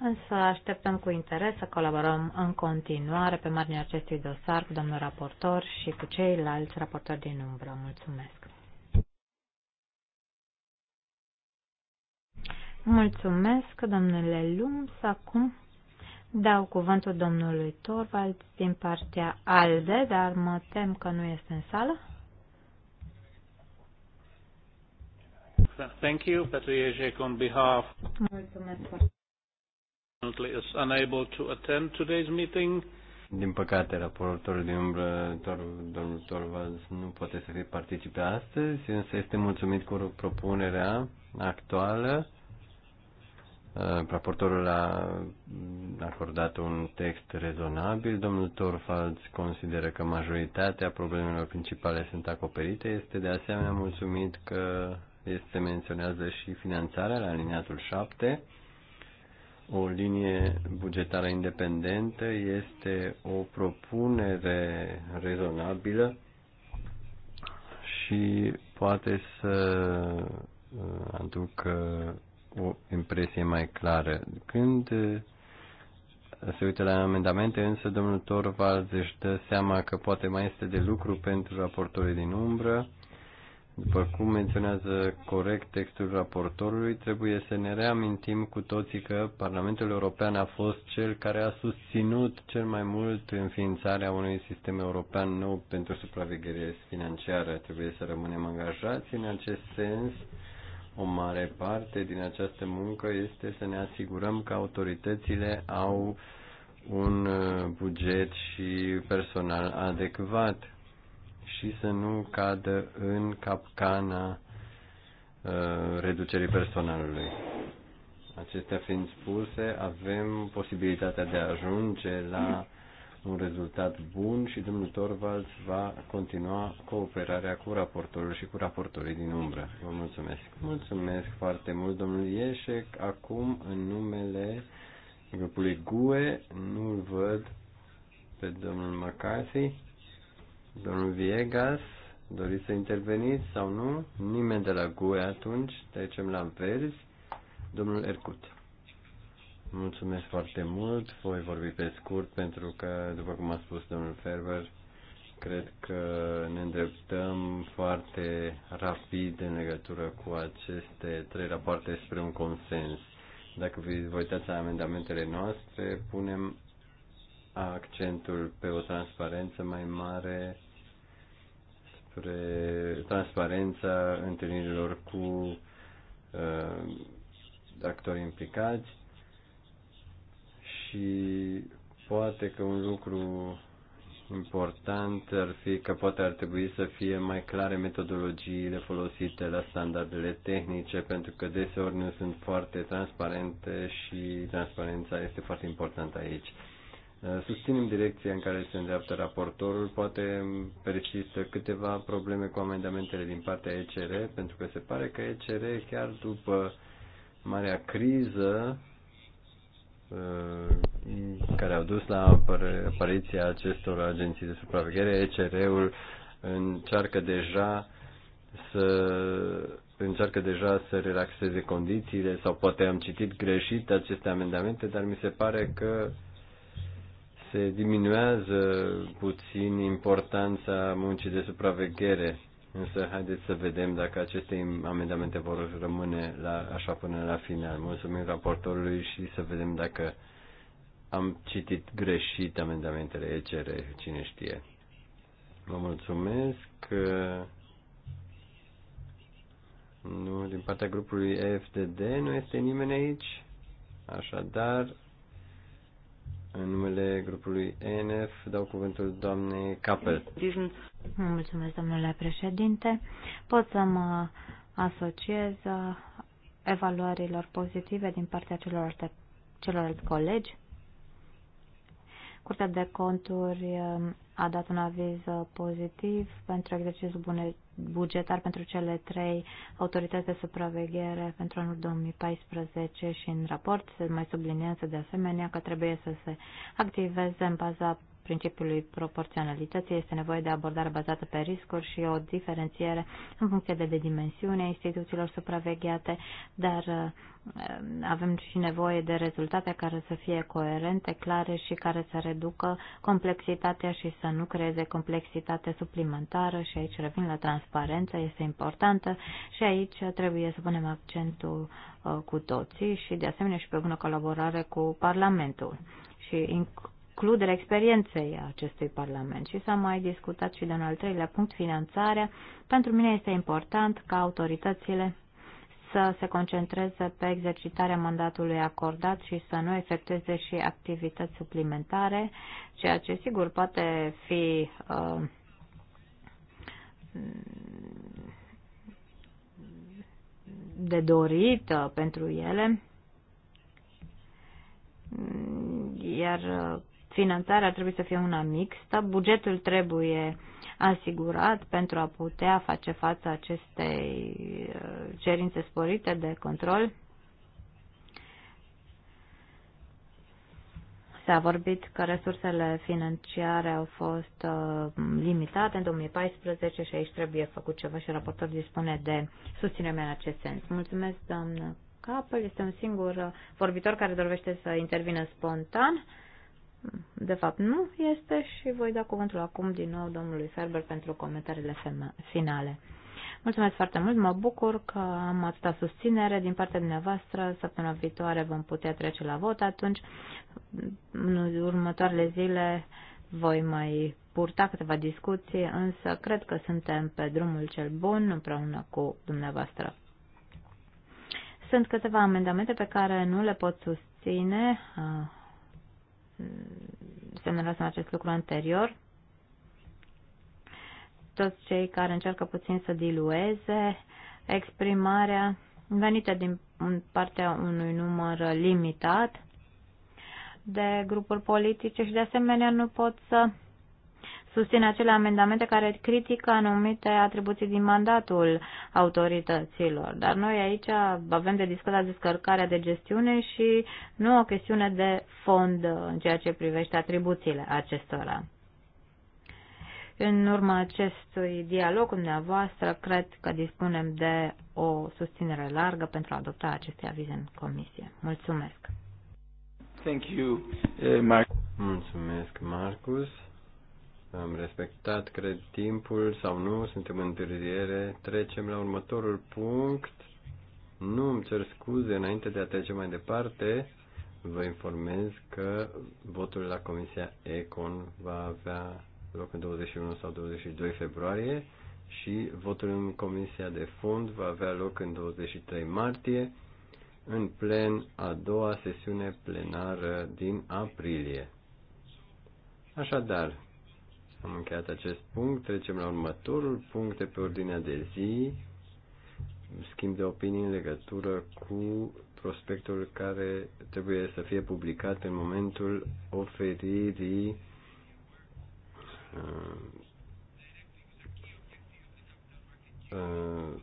Însă așteptăm cu interes să colaborăm în continuare pe marginea acestui dosar cu domnul raportor și cu ceilalți raportori din umbră. Mulțumesc! Mulțumesc, domnule Lums. Acum dau cuvântul domnului Torvald din partea ALDE, dar mă tem că nu este în sală. Thank you, Petru on behalf. Mulțumesc foarte is unable to attend today's meeting. Din păcate, raportorul din umbră, domnul Torvalds, nu poate să fie participe astăzi, însă este mulțumit cu propunerea actuală. Uh, raportorul a acordat un text rezonabil. Domnul Torvalds consideră că majoritatea problemelor principale sunt acoperite. Este de asemenea mulțumit că este menționează și finanțarea la aliniatul 7 o linie bugetară independentă este o propunere rezonabilă și poate să uh, aducă o impresie mai clară. Când uh, se uită la amendamente, însă domnul Torvald își dă seama că poate mai este de lucru pentru raportorii din umbră după cum menționează corect textul raportorului, trebuie să ne reamintim cu toții că Parlamentul European a fost cel care a susținut cel mai mult înființarea unui sistem european nou pentru supraveghere financiară. Trebuie să rămânem angajați în acest sens. O mare parte din această muncă este să ne asigurăm că autoritățile au un uh, buget și personal adecvat și să nu cadă în capcana uh, reducerii personalului. Acestea fiind spuse, avem posibilitatea de a ajunge la un rezultat bun și domnul Torvalds va continua cooperarea cu raportorul și cu raportorii din umbră. Vă mulțumesc. Mulțumesc foarte mult, domnul Ieșec. Acum, în numele grupului GUE, nu-l văd pe domnul McCarthy. Domnul Viegas, doriți să interveniți sau nu? Nimeni de la GUE atunci, trecem la verzi. Domnul Ercut. Mulțumesc foarte mult, voi vorbi pe scurt pentru că, după cum a spus domnul Ferber, cred că ne îndreptăm foarte rapid în legătură cu aceste trei rapoarte spre un consens. Dacă vă uitați la amendamentele noastre, punem accentul pe o transparență mai mare spre transparența întâlnirilor cu uh, actori implicați și poate că un lucru important ar fi că poate ar trebui să fie mai clare metodologiile folosite la standardele tehnice, pentru că deseori nu sunt foarte transparente și transparența este foarte importantă aici. Uh, susținem direcția în care se îndreaptă raportorul. Poate persistă câteva probleme cu amendamentele din partea ECR, pentru că se pare că ECR, chiar după marea criză uh, care au dus la apariția acestor agenții de supraveghere, ECR-ul încearcă deja să încearcă deja să relaxeze condițiile sau poate am citit greșit aceste amendamente, dar mi se pare că se diminuează puțin importanța muncii de supraveghere, însă haideți să vedem dacă aceste amendamente vor rămâne la, așa până la final. Mulțumim raportorului și să vedem dacă am citit greșit amendamentele ECR, cine știe. Vă mulțumesc. Nu, din partea grupului FDD nu este nimeni aici. Așadar, în numele grupului ENF dau cuvântul doamnei Capel. Mulțumesc, domnule președinte. Pot să mă asociez uh, evaluărilor pozitive din partea celorlalte, celorlalți colegi. Curtea de conturi uh, a dat un aviz uh, pozitiv pentru exercițiul bugetar pentru cele trei autorități de supraveghere pentru anul 2014 și în raport se mai subliniază de asemenea că trebuie să se activeze în baza principiului proporționalității este nevoie de abordare bazată pe riscuri și o diferențiere în funcție de, de dimensiunea instituțiilor supravegheate, dar uh, avem și nevoie de rezultate care să fie coerente, clare și care să reducă complexitatea și să nu creeze complexitate suplimentară și aici revin la transparență, este importantă și aici trebuie să punem accentul uh, cu toții și de asemenea și pe bună colaborare cu Parlamentul și includerea experienței acestui Parlament. Și s-a mai discutat și de un al treilea punct, finanțarea. Pentru mine este important ca autoritățile să se concentreze pe exercitarea mandatului acordat și să nu efecteze și activități suplimentare, ceea ce sigur poate fi uh, de dorit uh, pentru ele, iar uh, finanțarea trebuie să fie una mixtă, bugetul trebuie asigurat pentru a putea face față acestei uh, cerințe sporite de control. S-a vorbit că resursele financiare au fost uh, limitate în 2014 și aici trebuie făcut ceva și raportorul dispune de susținere în acest sens. Mulțumesc, doamnă Capel. Este un singur uh, vorbitor care dorește să intervină spontan. De fapt, nu este și voi da cuvântul acum din nou domnului Ferber pentru comentariile finale. Mulțumesc foarte mult, mă bucur că am atâta susținere din partea dumneavoastră. Săptămâna viitoare vom putea trece la vot atunci. În următoarele zile voi mai purta câteva discuții, însă cred că suntem pe drumul cel bun împreună cu dumneavoastră. Sunt câteva amendamente pe care nu le pot susține semnalasem acest lucru anterior, toți cei care încearcă puțin să dilueze exprimarea venită din partea unui număr limitat de grupuri politice și de asemenea nu pot să susțin acele amendamente care critică anumite atribuții din mandatul autorităților. Dar noi aici avem de discutat descărcarea de gestiune și nu o chestiune de fond în ceea ce privește atribuțiile acestora. În urma acestui dialog cu dumneavoastră, cred că dispunem de o susținere largă pentru a adopta aceste avize în comisie. Mulțumesc! Thank you, uh, Mark. Mulțumesc, Marcus. Am respectat, cred, timpul sau nu, suntem în întârziere. Trecem la următorul punct. Nu îmi cer scuze înainte de a trece mai departe. Vă informez că votul la Comisia Econ va avea loc în 21 sau 22 februarie și votul în Comisia de Fond va avea loc în 23 martie, în plen a doua sesiune plenară din aprilie. Așadar, am încheiat acest punct, trecem la următorul punct de pe ordinea de zi, schimb de opinii în legătură cu prospectul care trebuie să fie publicat în momentul oferirii uh,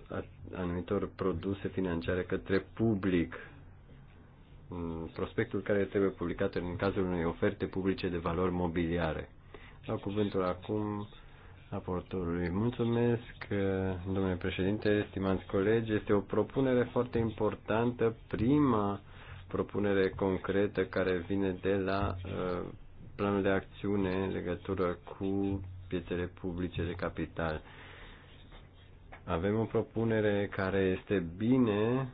uh, anumitor produse financiare către public. Mm, prospectul care trebuie publicat în cazul unei oferte publice de valori mobiliare. Dau cuvântul acum raportorului. Mulțumesc, uh, domnule președinte, stimați colegi. Este o propunere foarte importantă, prima propunere concretă care vine de la uh, planul de acțiune în legătură cu piețele publice de capital. Avem o propunere care este bine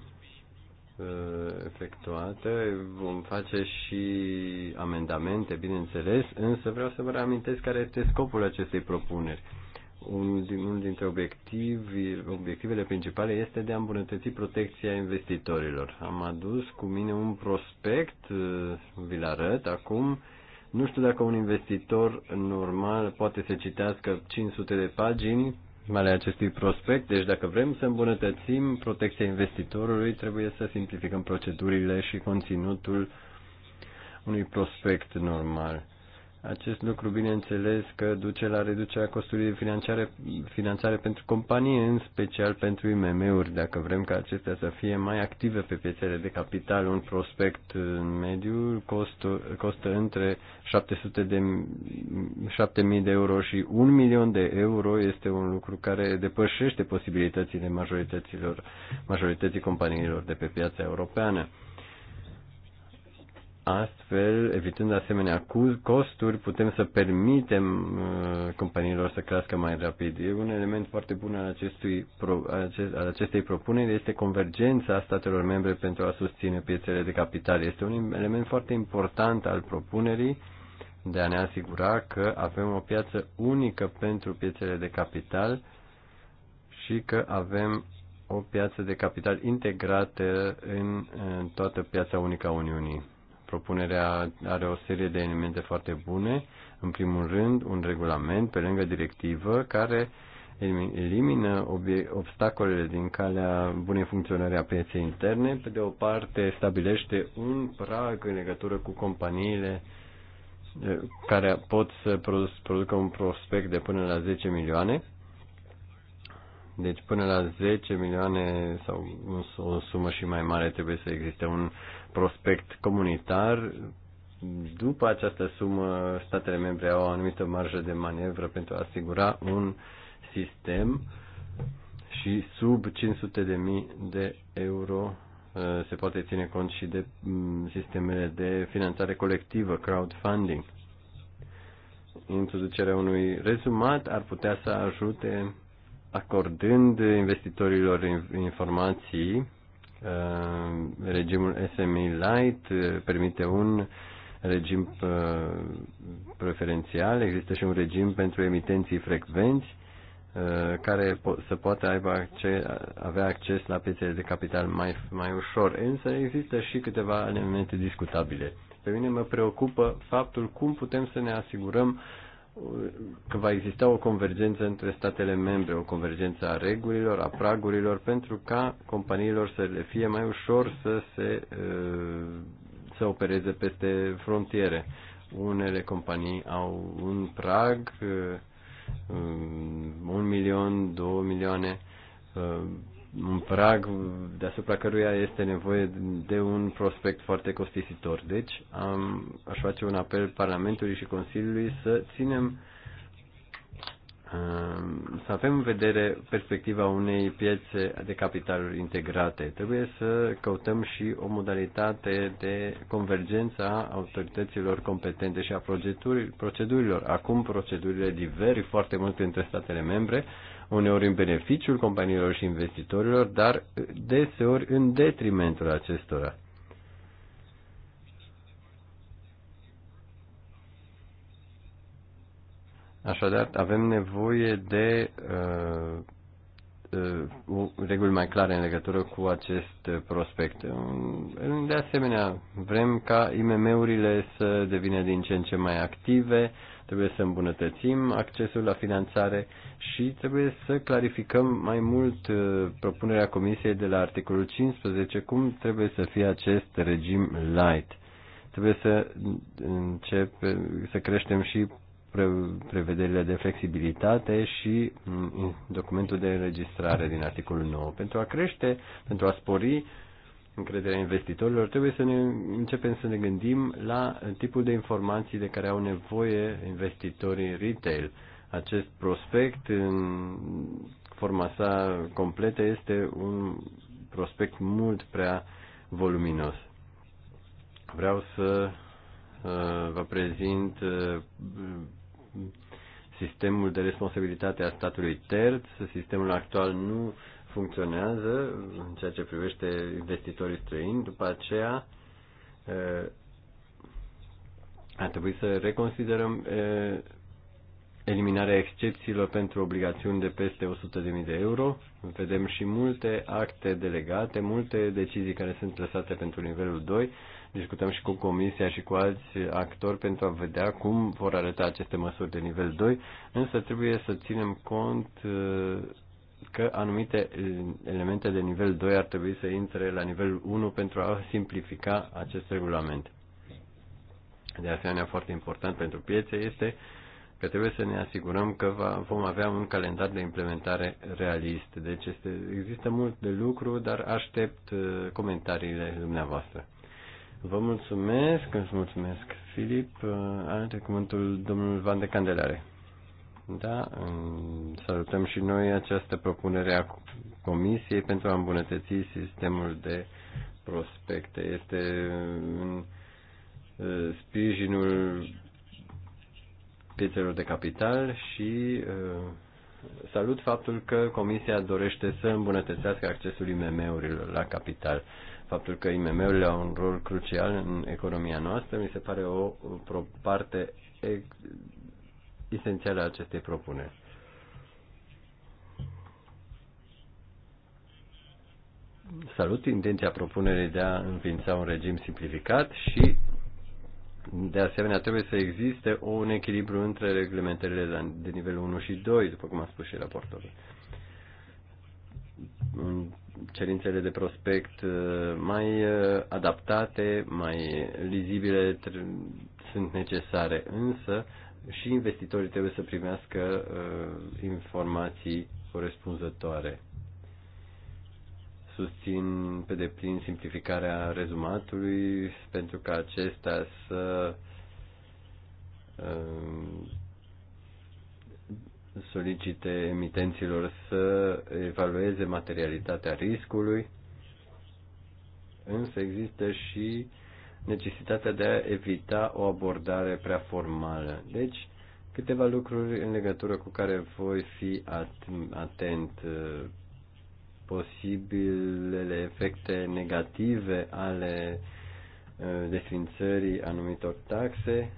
Uh, efectuate. Vom face și amendamente, bineînțeles, însă vreau să vă reamintesc care este scopul acestei propuneri. Unul, din, unul dintre obiectivi, obiectivele principale este de a îmbunătăți protecția investitorilor. Am adus cu mine un prospect, uh, vi-l arăt acum. Nu știu dacă un investitor normal poate să citească 500 de pagini, ale acestui prospect. Deci dacă vrem să îmbunătățim protecția investitorului, trebuie să simplificăm procedurile și conținutul unui prospect normal. Acest lucru, bineînțeles, că duce la reducerea costului de finanțare, finanțare pentru companii, în special pentru IMM-uri, dacă vrem ca acestea să fie mai active pe piețele de capital. Un prospect în mediu costă, costă între 700 de, 7.000 de euro și 1 milion de euro. Este un lucru care depășește posibilitățile majorităților, majorității companiilor de pe piața europeană. Astfel, evitând asemenea costuri, putem să permitem uh, companiilor să crească mai rapid. E un element foarte bun al, acestui, al acestei propuneri, este convergența statelor membre pentru a susține piețele de capital. Este un element foarte important al propunerii de a ne asigura că avem o piață unică pentru piețele de capital și că avem o piață de capital integrată în, în toată piața unică a Uniunii Propunerea are o serie de elemente foarte bune. În primul rând, un regulament pe lângă directivă care elimină obstacolele din calea bunei funcționări a pieței interne. Pe de o parte, stabilește un prag în legătură cu companiile eh, care pot să producă un prospect de până la 10 milioane. Deci până la 10 milioane sau o sumă și mai mare trebuie să existe un prospect comunitar. După această sumă, statele membre au o anumită marjă de manevră pentru a asigura un sistem și sub 500 de mii de euro uh, se poate ține cont și de mm, sistemele de finanțare colectivă, crowdfunding. Introducerea unui rezumat ar putea să ajute acordând investitorilor informații Uh, regimul SMI Light uh, permite un regim uh, preferențial, există și un regim pentru emitenții frecvenți care să poată aibă acces, avea acces la piețele de capital mai, mai ușor, însă există și câteva elemente discutabile. Pe mine mă preocupă faptul cum putem să ne asigurăm că va exista o convergență între statele membre, o convergență a regulilor, a pragurilor, pentru ca companiilor să le fie mai ușor să se să opereze peste frontiere. Unele companii au un prag, un milion, două milioane, un prag deasupra căruia este nevoie de un prospect foarte costisitor. Deci am, aș face un apel Parlamentului și Consiliului să ținem să avem în vedere perspectiva unei piețe de capitaluri integrate. Trebuie să căutăm și o modalitate de convergență a autorităților competente și a procedurilor. Acum procedurile diveri foarte mult între statele membre uneori în beneficiul companiilor și investitorilor, dar deseori în detrimentul acestora. Așadar, avem nevoie de uh, uh, reguli mai clare în legătură cu acest prospect. De asemenea, vrem ca IMM-urile să devină din ce în ce mai active, Trebuie să îmbunătățim accesul la finanțare și trebuie să clarificăm mai mult uh, propunerea Comisiei de la articolul 15, cum trebuie să fie acest regim light. Trebuie să încep să creștem și prevederile de flexibilitate și mm, documentul de înregistrare din articolul 9 pentru a crește, pentru a spori încrederea investitorilor, trebuie să ne începem să ne gândim la tipul de informații de care au nevoie investitorii retail. Acest prospect în forma sa completă este un prospect mult prea voluminos. Vreau să uh, vă prezint uh, sistemul de responsabilitate a statului terț. Sistemul actual nu funcționează în ceea ce privește investitorii străini, după aceea ar trebui să reconsiderăm eliminarea excepțiilor pentru obligațiuni de peste 100.000 de euro. Vedem și multe acte delegate, multe decizii care sunt lăsate pentru nivelul 2. Discutăm și cu Comisia și cu alți actori pentru a vedea cum vor arăta aceste măsuri de nivel 2, însă trebuie să ținem cont că anumite eh, elemente de nivel 2 ar trebui să intre la nivel 1 pentru a [laughs] simplifica acest regulament. De asemenea, foarte important pentru piețe este că trebuie să ne asigurăm că va, vom avea un calendar de implementare realist. Deci este, există mult de lucru, dar aștept eh, comentariile dumneavoastră. Vă mulțumesc, îți mulțumesc, Filip. Eh, are cuvântul domnul Van de Candelare. Da, salutăm și noi această propunere a Comisiei pentru a îmbunătăți sistemul de prospecte. Este în uh, sprijinul piețelor de capital și uh, salut faptul că Comisia dorește să îmbunătățească accesul IMM-urilor la capital. Faptul că IMM-urile au un rol crucial în economia noastră mi se pare o, parte esențiale a acestei propuneri. Salut intenția propunerii de a înființa un regim simplificat și de asemenea, trebuie să existe un echilibru între reglementările de nivel 1 și 2, după cum a spus și raportorul. Cerințele de prospect uh, mai uh, adaptate, mai lizibile sunt necesare, însă și investitorii trebuie să primească uh, informații corespunzătoare. Susțin pe deplin simplificarea rezumatului pentru ca acesta să uh, solicite emitenților să evalueze materialitatea riscului, însă există și uh, necesitatea de a evita o abordare prea formală. Deci, câteva lucruri în legătură cu care voi fi atent posibilele efecte negative ale uh, desfințării anumitor taxe,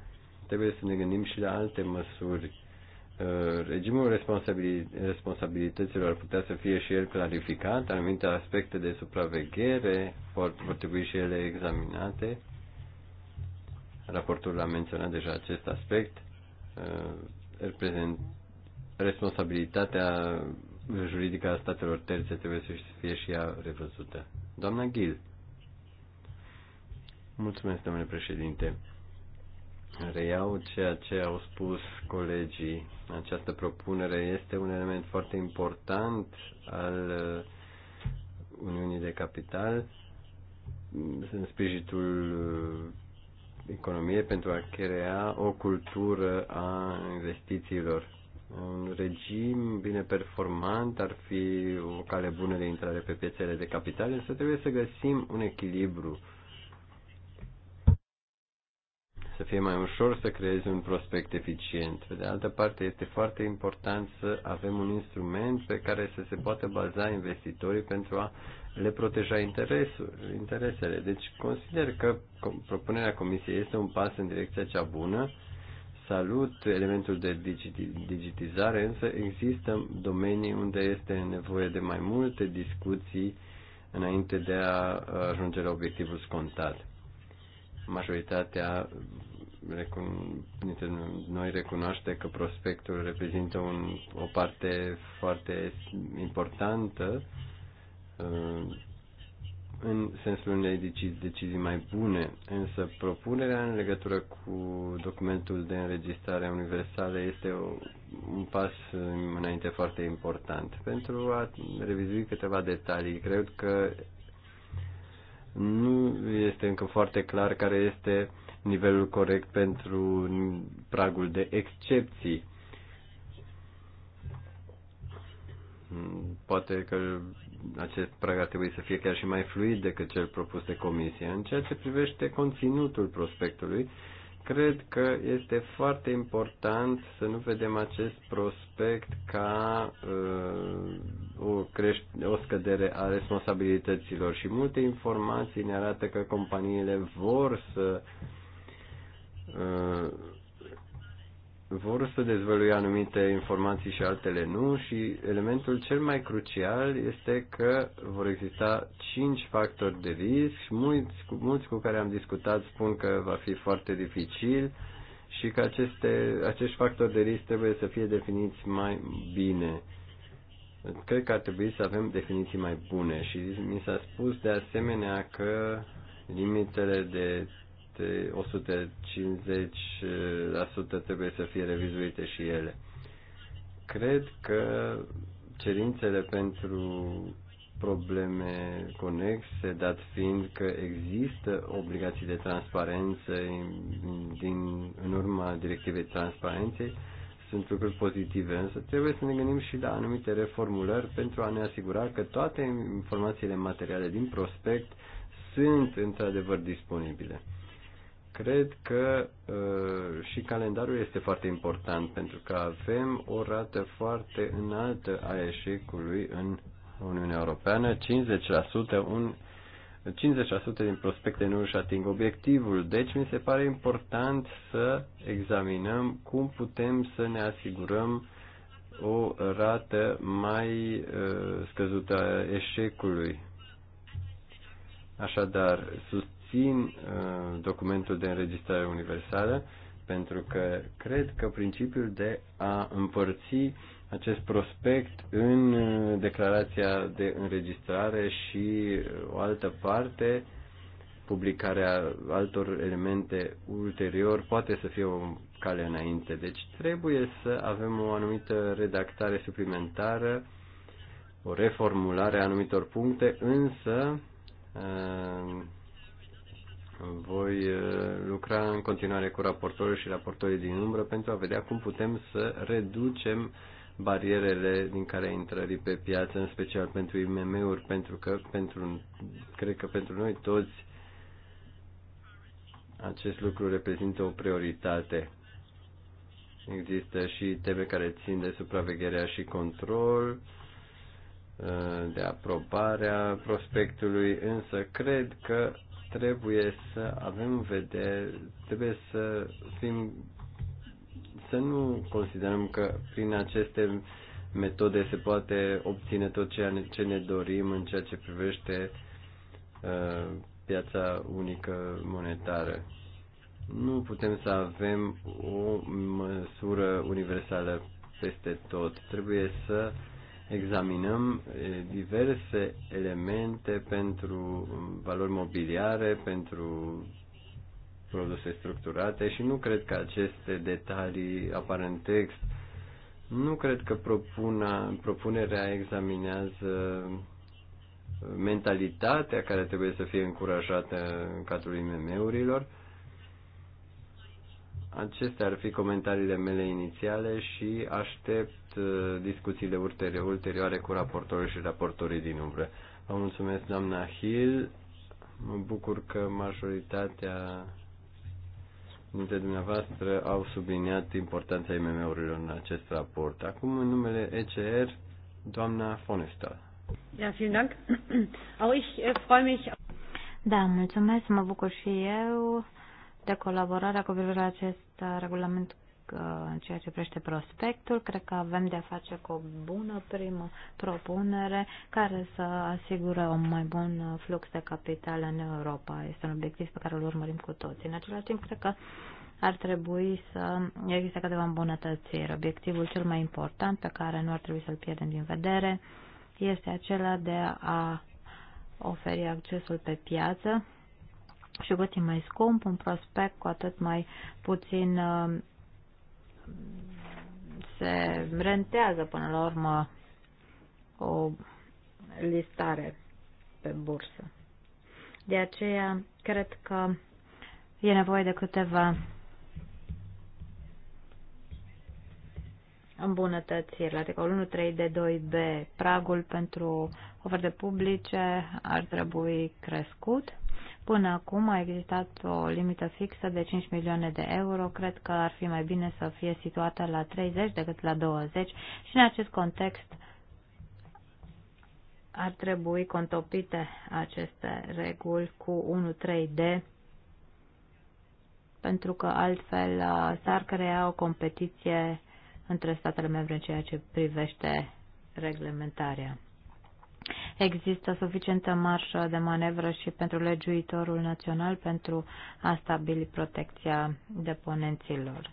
trebuie să ne gândim și la alte măsuri. Uh, regimul responsabilităților ar putea să fie și el clarificat, anumite aspecte de supraveghere vor trebui și ele examinate Raportul a menționat deja acest aspect. Uh, responsabilitatea juridică a statelor terțe trebuie să fie și ea revăzută. Doamna Gil. Mulțumesc, domnule președinte. Reiau ceea ce au spus colegii. Această propunere este un element foarte important al uh, Uniunii de Capital în spiritul uh, economie pentru a crea o cultură a investițiilor. Un regim bine performant ar fi o cale bună de intrare pe piețele de capital, însă trebuie să găsim un echilibru să fie mai ușor să creezi un prospect eficient. Pe de altă parte, este foarte important să avem un instrument pe care să se poată baza investitorii pentru a le proteja interesul, interesele. Deci consider că propunerea Comisiei este un pas în direcția cea bună. Salut elementul de digitizare, însă există domenii unde este nevoie de mai multe discuții înainte de a ajunge la obiectivul scontat majoritatea dintre noi recunoaște că prospectul reprezintă un, o parte foarte importantă uh, în sensul unei decizii, decizii mai bune, însă propunerea în legătură cu documentul de înregistrare universală este o, un pas înainte foarte important. Pentru a revizui câteva detalii, cred că nu este încă foarte clar care este nivelul corect pentru pragul de excepții. Poate că acest prag ar trebui să fie chiar și mai fluid decât cel propus de comisie. În ceea ce privește conținutul prospectului, Cred că este foarte important să nu vedem acest prospect ca uh, o, creș- o scădere a responsabilităților și multe informații ne arată că companiile vor să uh, vor să dezvălui anumite informații și altele nu și elementul cel mai crucial este că vor exista cinci factori de risc și mulți, mulți cu care am discutat spun că va fi foarte dificil și că aceste, acești factori de risc trebuie să fie definiți mai bine. Cred că ar trebui să avem definiții mai bune și mi s-a spus de asemenea că limitele de aceste 150% trebuie să fie revizuite și ele. Cred că cerințele pentru probleme conexe, dat fiind că există obligații de transparență din, în urma directivei transparenței, sunt lucruri pozitive, însă trebuie să ne gândim și la anumite reformulări pentru a ne asigura că toate informațiile materiale din prospect sunt într-adevăr disponibile. Cred că uh, și calendarul este foarte important pentru că avem o rată foarte înaltă a eșecului în Uniunea Europeană, 50%, un, 50% din prospecte nu își ating obiectivul. Deci mi se pare important să examinăm cum putem să ne asigurăm o rată mai uh, scăzută a eșecului. Așadar, sus, susțin uh, documentul de înregistrare universală pentru că cred că principiul de a împărți acest prospect în uh, declarația de înregistrare și o altă parte, publicarea altor elemente ulterior, poate să fie o cale înainte. Deci trebuie să avem o anumită redactare suplimentară, o reformulare a anumitor puncte, însă uh, voi eh, lucra în continuare cu raportorul și raportorii din umbră pentru a vedea cum putem să reducem barierele din care intrării pe piață, în special pentru IMM-uri, pentru că pentru, cred că pentru noi toți acest lucru reprezintă o prioritate. Există și teme care țin de supravegherea și control, eh, de aprobarea prospectului, însă cred că trebuie să avem în vedere, trebuie să fim să nu considerăm că prin aceste metode se poate obține tot ceea ce ne dorim în ceea ce privește uh, piața unică monetară. Nu putem să avem o măsură universală peste tot. Trebuie să uh, examinăm diverse elemente pentru valori mobiliare, pentru produse structurate și nu cred că aceste detalii apar în text. Nu cred că propuna, propunerea examinează mentalitatea care trebuie să fie încurajată în cadrul IMM-urilor. Acestea ar fi comentariile mele inițiale și aștept uh, discuțiile ulterioare cu raportorii și raportorii din umbră. Vă mulțumesc, doamna Hill. Mă bucur că majoritatea dintre dumneavoastră au subliniat importanța IMM-urilor în acest raport. Acum, în numele ECR, doamna Fonestal. Ja, vielen Dank. Auch ich äh, freue mich. Da, mulțumesc, mă bucur și eu de colaborarea cu privire la acest uh, regulament uh, în ceea ce privește prospectul. Cred că avem de-a face cu o bună primă propunere care să asigure un mai bun uh, flux de capital în Europa. Este un obiectiv pe care îl urmărim cu toții. În același timp, cred că ar trebui să există câteva îmbunătățiri. Obiectivul cel mai important pe care nu ar trebui să-l pierdem din vedere este acela de a oferi accesul pe piață și cât e mai scump un prospect, cu atât mai puțin uh, se rentează până la urmă o listare pe bursă. De aceea, cred că e nevoie de câteva îmbunătățiri. adică 1, 3, de 2b, pragul pentru oferte publice ar trebui crescut Până acum a existat o limită fixă de 5 milioane de euro. Cred că ar fi mai bine să fie situată la 30 decât la 20 și în acest context ar trebui contopite aceste reguli cu 1-3D pentru că altfel s-ar crea o competiție între statele membre în ceea ce privește reglementarea există suficientă marșă de manevră și pentru legiuitorul național pentru a stabili protecția deponenților.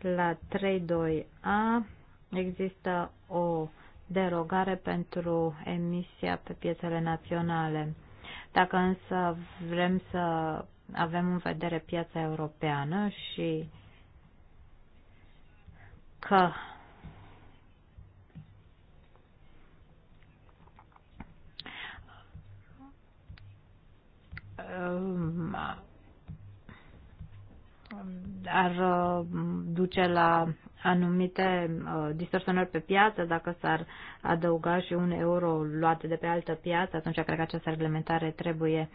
La 3.2a există o derogare pentru emisia pe piețele naționale. Dacă însă vrem să avem în vedere piața europeană și că Ehm, ar ehm, duce la anumite ehm, distorsionări pe piață, dacă s-ar adăuga și un euro luat de pe altă piață, atunci cred că această reglementare trebuie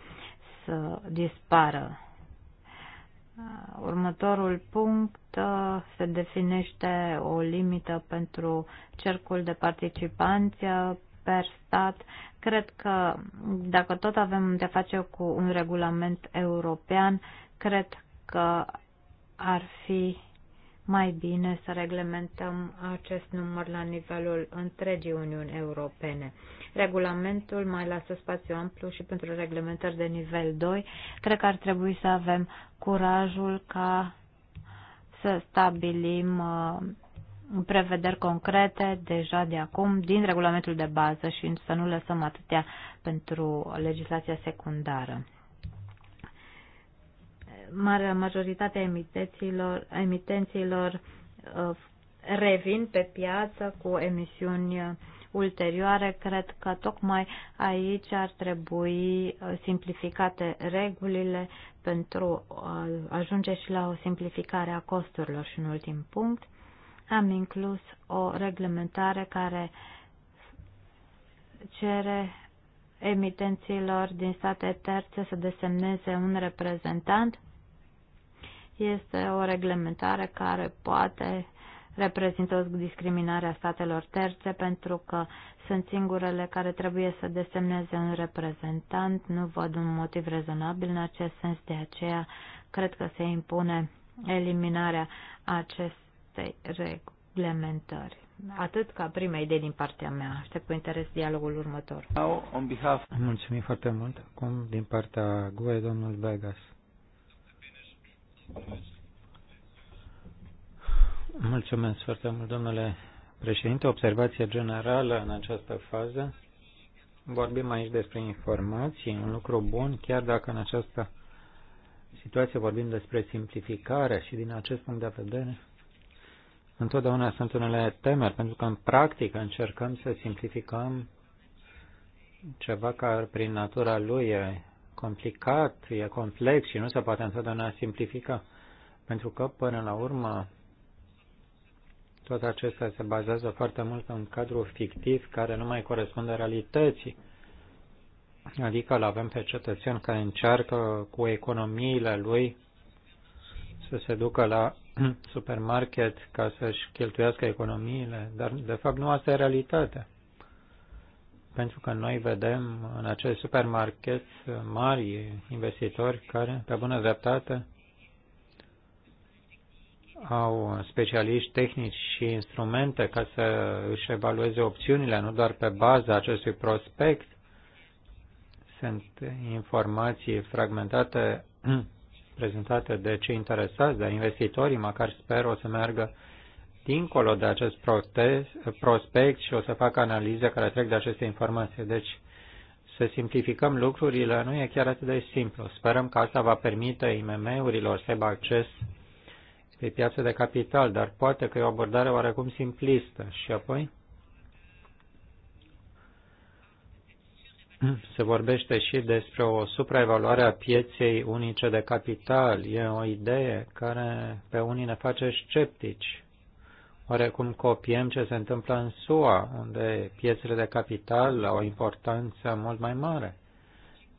să dispară. Ah, următorul punct ă, se definește o limită pentru cercul de participanți ă, per stat. Cred că dacă tot avem de face cu un regulament european, cred că ar fi mai bine să reglementăm acest număr la nivelul întregii Uniuni Europene. Regulamentul mai lasă spațiu amplu și pentru reglementări de nivel 2. Cred că ar trebui să avem curajul ca să stabilim uh, prevederi concrete deja de acum din regulamentul de bază și să nu lăsăm atâtea pentru legislația secundară. Marea majoritatea emitenților, emitenților uh, revin pe piață cu emisiuni ulterioare. Cred că tocmai aici ar trebui uh, simplificate regulile pentru a uh, ajunge și la o simplificare a costurilor. Și în ultim punct, am inclus o reglementare care cere emitenților din state terțe să desemneze un reprezentant. Este o reglementare care poate reprezintă o discriminare a statelor terțe pentru că sunt singurele care trebuie să desemneze un reprezentant. Nu văd un motiv rezonabil în acest sens, de aceea cred că se impune eliminarea acest acestei reglementări. Atât ca prima idee din partea mea. Aștept cu interes dialogul următor. Now, on behalf... Mulțumim foarte mult. Acum, din partea GUE, domnul Vegas. Mulțumesc foarte mult, domnule președinte. Observație generală în această fază. Vorbim aici despre informații, un lucru bun, chiar dacă în această situație vorbim despre simplificare și din acest punct de vedere Întotdeauna sunt unele temeri, pentru că în practică încercăm să simplificăm ceva care prin natura lui e complicat, e complex și nu se poate întotdeauna simplifica. Pentru că, până la urmă, tot acesta se bazează foarte mult în un cadru fictiv care nu mai corespunde realității. Adică îl avem pe cetățean care încearcă cu economiile lui să se ducă la [clears throat] supermarket ca să-și cheltuiască economiile, dar de fapt nu asta e realitatea. Pentru că noi vedem în acest supermarket mari investitori care, pe bună dreptate, au specialiști tehnici și instrumente ca să își evalueze opțiunile, nu doar pe baza acestui prospect. Sunt informații fragmentate [clears throat] prezentate de cei interesați, de investitorii, măcar sper o să meargă dincolo de acest prospect și o să facă analize care trec de aceste informații. Deci, să simplificăm lucrurile nu e chiar atât de simplu. Sperăm că asta va permite IMM-urilor să aibă acces pe piața de capital, dar poate că e o abordare oarecum simplistă. Și apoi, se vorbește și despre o supraevaluare a pieței unice de capital. E o idee care pe unii ne face sceptici. Oarecum copiem ce se întâmplă în SUA, unde piețele de capital au o importanță mult mai mare.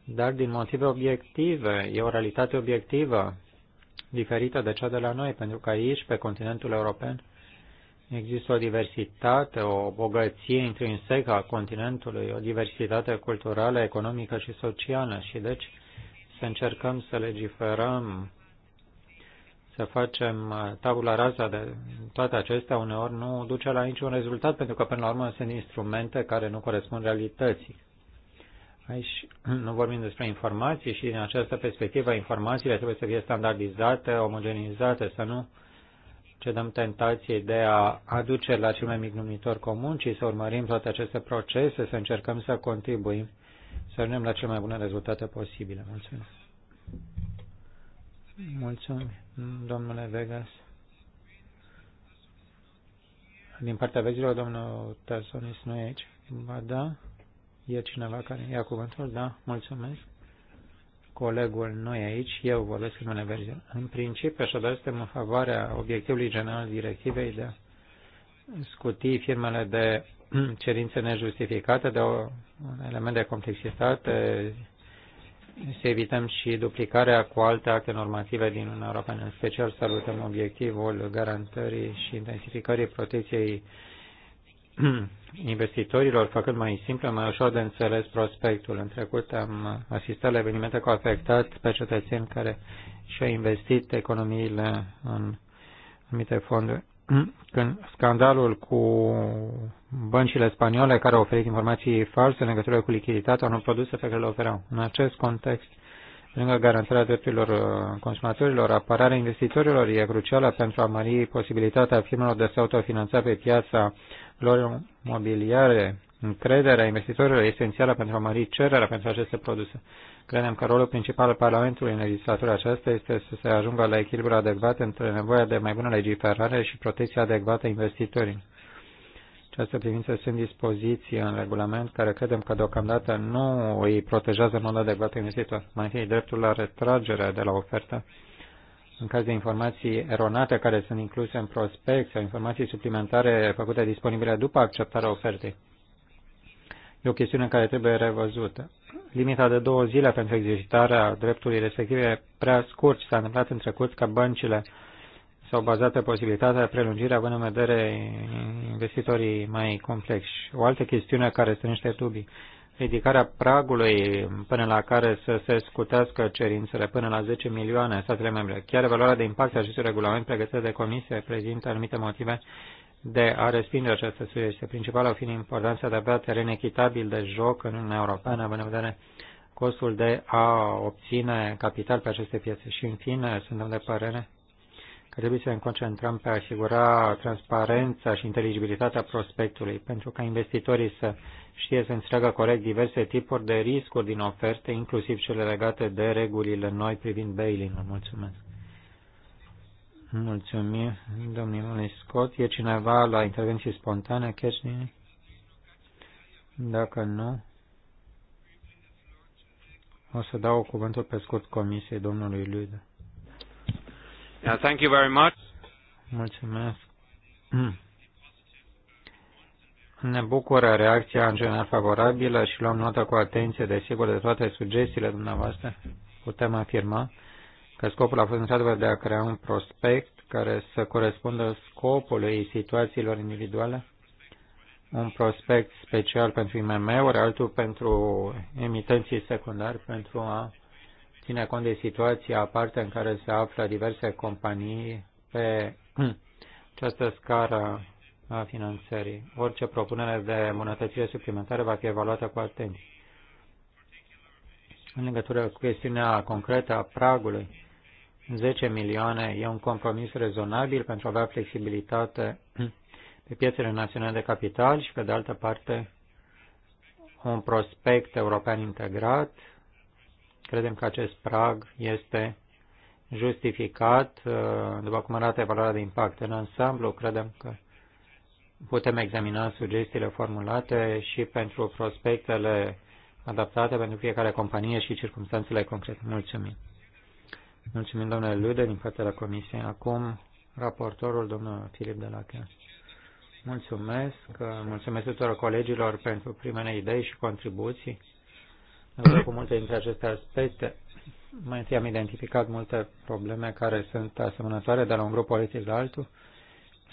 Dar din motive obiective, e o realitate obiectivă diferită de cea de la noi, pentru că aici, pe continentul european, Există o diversitate, o bogăție intrinsecă a continentului, o diversitate culturală, economică și socială și deci să încercăm să legiferăm, să facem uh, tabula rasa de toate acestea, uneori nu duce la niciun rezultat, pentru că până la urmă sunt instrumente care nu corespund realității. Aici [clears throat] nu vorbim despre informații și din această perspectivă informațiile trebuie să fie standardizate, omogenizate, să nu cedăm tentației de a aduce la cel mai mic numitor comun, ci să urmărim toate aceste procese, să încercăm să contribuim, să ajungem la cele mai bune rezultate posibile. Mulțumesc. Mulțumim, domnule Vegas. Din partea vezilor, domnul Tarsonis nu e aici. Ba da, e cineva care ia cuvântul? Da, mulțumesc colegul nu e aici, eu vorbesc în numele În principiu, așadar, suntem în favoarea obiectivului general directivei de a scuti firmele de [clears throat] cerințe nejustificate, de un element de complexitate, să evităm și duplicarea cu alte acte normative din Uniunea Europeană. În special salutăm obiectivul garantării și intensificării protecției [clears throat] investitorilor, făcând mai simplu, mai ușor de înțeles prospectul. În trecut am asistat la evenimente cu afectat pe cetățeni care și-au investit economiile în anumite fonduri. [clears throat] Când scandalul cu băncile spaniole care au oferit informații false în legătură cu lichiditatea unor produse pe care le oferau. În acest context, lângă garantarea drepturilor uh, consumatorilor, apărarea investitorilor e crucială pentru a mări posibilitatea firmelor de a se autofinanța pe piața lor mobiliare, încrederea investitorilor este esențială pentru a mări cererea pentru aceste produse. Credem că rolul principal al Parlamentului în legislatura aceasta este să se ajungă la echilibru adecvat între nevoia de mai bună legiferare și protecția adecvată a investitorilor. Această privință sunt dispoziții în regulament care credem că deocamdată nu îi protejează în mod adecvat investitor. Mai întâi dreptul la retragere de la ofertă în caz de informații eronate care sunt incluse în prospect sau informații suplimentare făcute disponibile după acceptarea ofertei. E o chestiune care trebuie revăzută. Limita de două zile pentru exercitarea dreptului respectiv e prea scurt și s-a întâmplat în trecut ca băncile s-au bazat pe posibilitatea de prelungire având în vedere investitorii mai complexi. O altă chestiune care strânește dubii ridicarea pragului până la care să se scutească cerințele până la 10 milioane statele membre. Chiar valoarea de impact a acestui regulament pregătit de comisie prezintă anumite motive de a respinge această sugestie. Principală fiind importanța de a avea teren echitabil de joc în Uniunea Europeană, având în vedere costul de a obține capital pe aceste piețe. Și, în fine, suntem de părere că trebuie să ne concentrăm pe a asigura transparența și inteligibilitatea prospectului, pentru ca investitorii să știe să înțeleagă corect diverse tipuri de riscuri din oferte, inclusiv cele legate de regulile noi privind bail-in-ul. Mulțumesc! Mulțumim, domnului Scott. E cineva la intervenții spontane, Cashnin? Dacă nu, o să dau cuvântul pe scurt comisiei domnului Luida. Yeah, thank you very much. Mulțumesc. [clears throat] Ne bucură reacția în general favorabilă și luăm notă cu atenție, desigur, de toate sugestiile dumneavoastră. Putem afirma că scopul a fost într-adevăr de a crea un prospect care să corespundă scopului situațiilor individuale, un prospect special pentru IMM-uri, altul pentru emitenții secundari, pentru a ține cont de situația aparte în care se află diverse companii pe [clears throat] această scară a finanțării. Orice propunere de îmbunătățire suplimentară va fi evaluată cu atenție. În legătură cu chestiunea concretă a pragului, 10 milioane e un compromis rezonabil pentru a avea flexibilitate [clears throat] pe piețele naționale de capital și, pe de altă parte, un prospect european integrat Credem că acest prag este justificat, uh, după cum arată valoarea de impact. În ansamblu, credem că putem examina sugestiile formulate și pentru prospectele adaptate pentru fiecare companie și circumstanțele concrete. Mulțumim. Mulțumim, domnule Lude, din partea la Comisie. Acum, raportorul, domnul Filip de la Mulțumesc, mulțumesc tuturor colegilor pentru primele idei și contribuții legătură cu multe dintre aceste aspecte. Mai întâi am identificat multe probleme care sunt asemănătoare de la un grup politic la altul.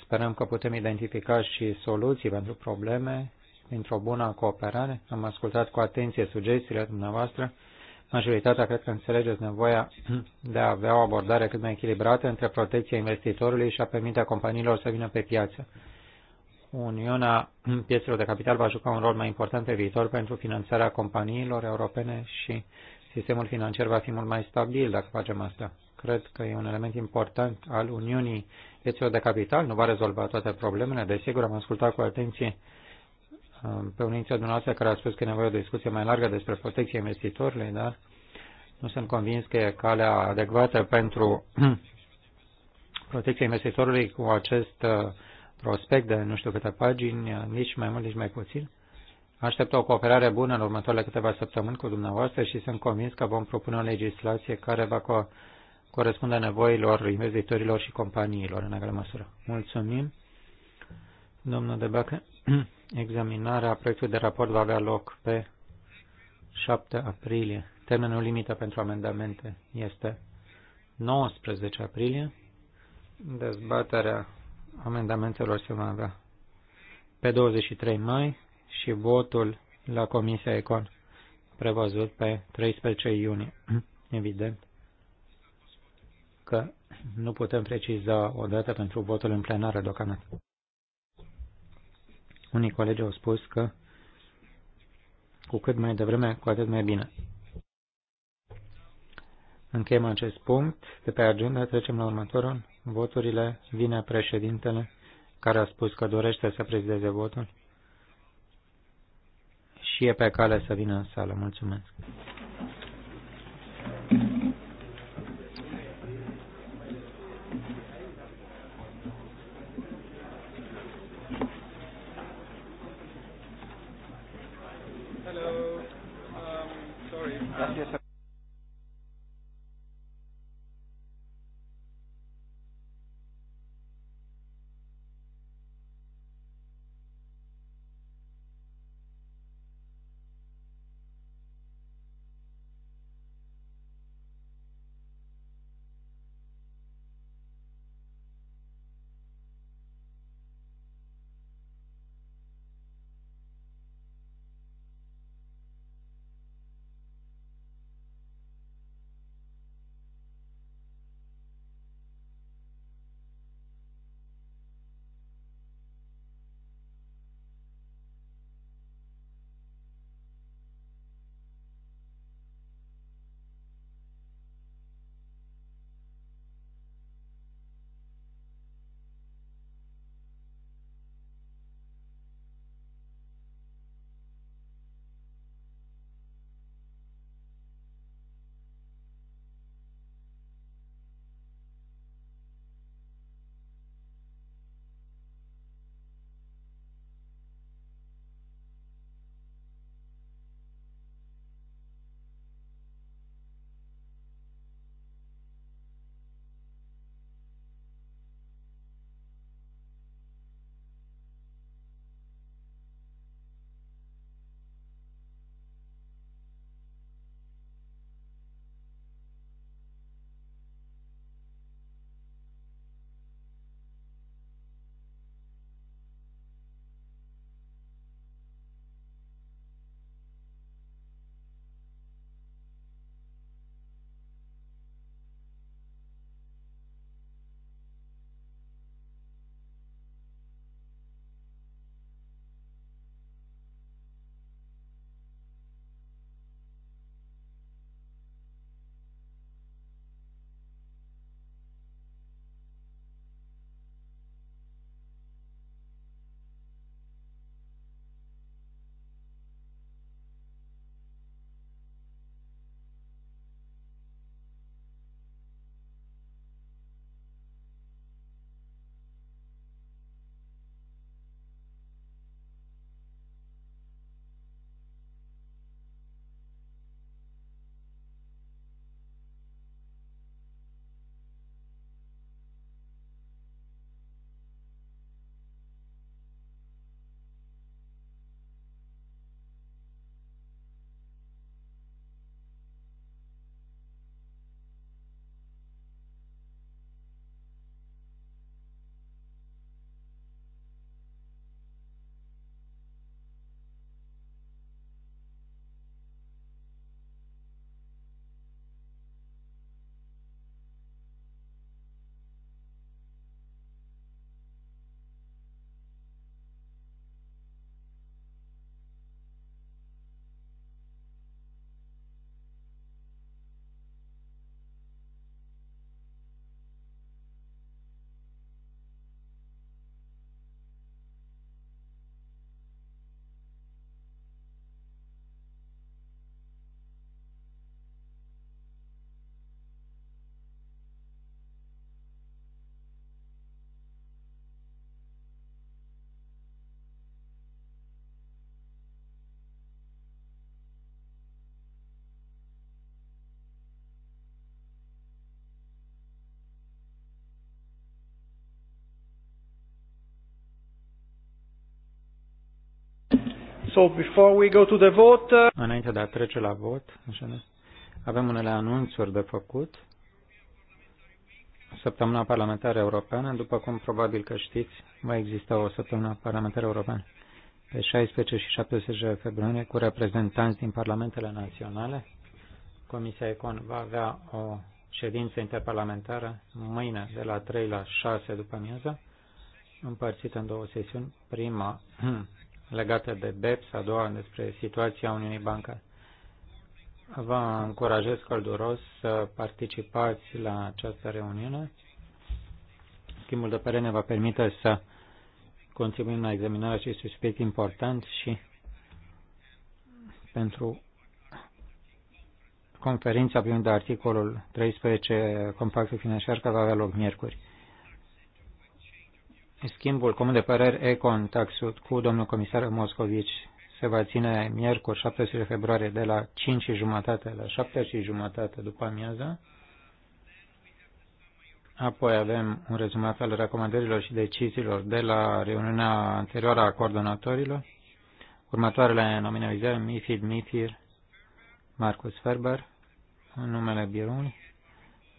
Sperăm că putem identifica și soluții pentru probleme dintr-o bună cooperare. Am ascultat cu atenție sugestiile dumneavoastră. Majoritatea cred că înțelegeți nevoia de a avea o abordare cât mai echilibrată între protecția investitorului și a permite companiilor să vină pe piață. Uniunea piețelor de capital va juca un rol mai important pe viitor pentru finanțarea companiilor europene și sistemul financiar va fi mult mai stabil dacă facem asta. Cred că e un element important al Uniunii piețelor de capital. Nu va rezolva toate problemele. Desigur, am ascultat cu atenție uh, pe unii dintre dumneavoastră care a spus că e nevoie de o discuție mai largă despre protecția investitorilor, dar nu sunt convins că e calea adecvată pentru [clears throat] protecția investitorului cu acest uh, prospect de nu știu câte pagini, nici mai mult, nici mai puțin. Aștept o cooperare bună în următoarele câteva săptămâni cu dumneavoastră și sunt convins că vom propune o legislație care va co- corespunde nevoilor investitorilor și companiilor în egală măsură. Mulțumim. Domnul Debacă, [clears throat] examinarea proiectului de raport va avea loc pe 7 aprilie. Termenul limită pentru amendamente este 19 aprilie. Dezbaterea amendamentelor se va avea pe 23 mai și votul la Comisia Econ prevăzut pe 13 iunie. [clears throat] Evident că nu putem preciza o dată pentru votul în plenară deocamdată. Unii colegi au spus că cu cât mai devreme, cu atât mai bine. Încheiem acest punct de pe agenda, trecem la următorul voturile, vine președintele care a spus că dorește să prezideze votul și e pe cale să vină în sală. Mulțumesc! So before we go to the vote, uh... Înainte de a trece la vot, așa avem unele anunțuri de făcut. Săptămâna parlamentară europeană, după cum probabil că știți, mai există o săptămână parlamentară europeană pe 16 și 17 februarie cu reprezentanți din parlamentele naționale. Comisia Econ va avea o ședință interparlamentară mâine de la 3 la 6 după amiază, împărțită în două sesiuni. Prima [clears throat] legată de BEPS, a doua despre situația Uniunii Bancare. Vă încurajez călduros să participați la această reuniune. Schimbul de părere ne va permite să contribuim la examinarea acestui subiect important și pentru conferința privind articolul 13 Compactul Financiar care va avea loc miercuri. Schimbul comun de păreri e contact cu domnul comisar Moscovici se va ține miercuri 17 februarie de la 5 și jumătate la 7 și jumătate după amiază. Apoi avem un rezumat al recomandărilor și deciziilor de la reuniunea anterioară a coordonatorilor. Următoarele nominalizări, MIFID, MIFIR, Marcus Ferber, în numele biroului,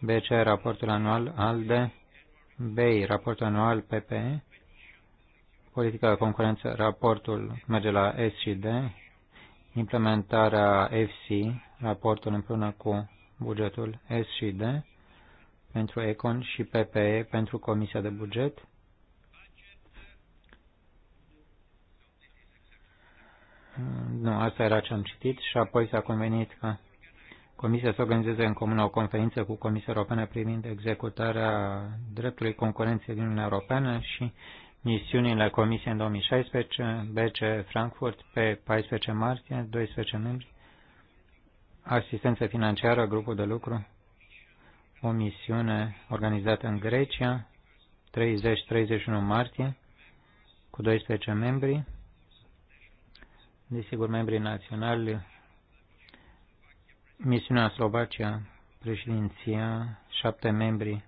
BCR, raportul anual, ALDE, BEI, raport anual PP politica de concurență, raportul merge la S și D, implementarea FC, raportul împreună cu bugetul S și D, pentru Econ și PPE pentru Comisia de Buget. Nu, asta era ce am citit și apoi s-a convenit că Comisia să organizeze în comună o conferință cu Comisia Europeană privind executarea dreptului concurenței din Uniunea Europeană și misiunile Comisiei în 2016, BC Frankfurt, pe 14 martie, 12 membri, asistență financiară, grupul de lucru, o misiune organizată în Grecia, 30-31 martie, cu 12 membri, desigur membrii naționali, Misiunea Slovacia, președinția, șapte membri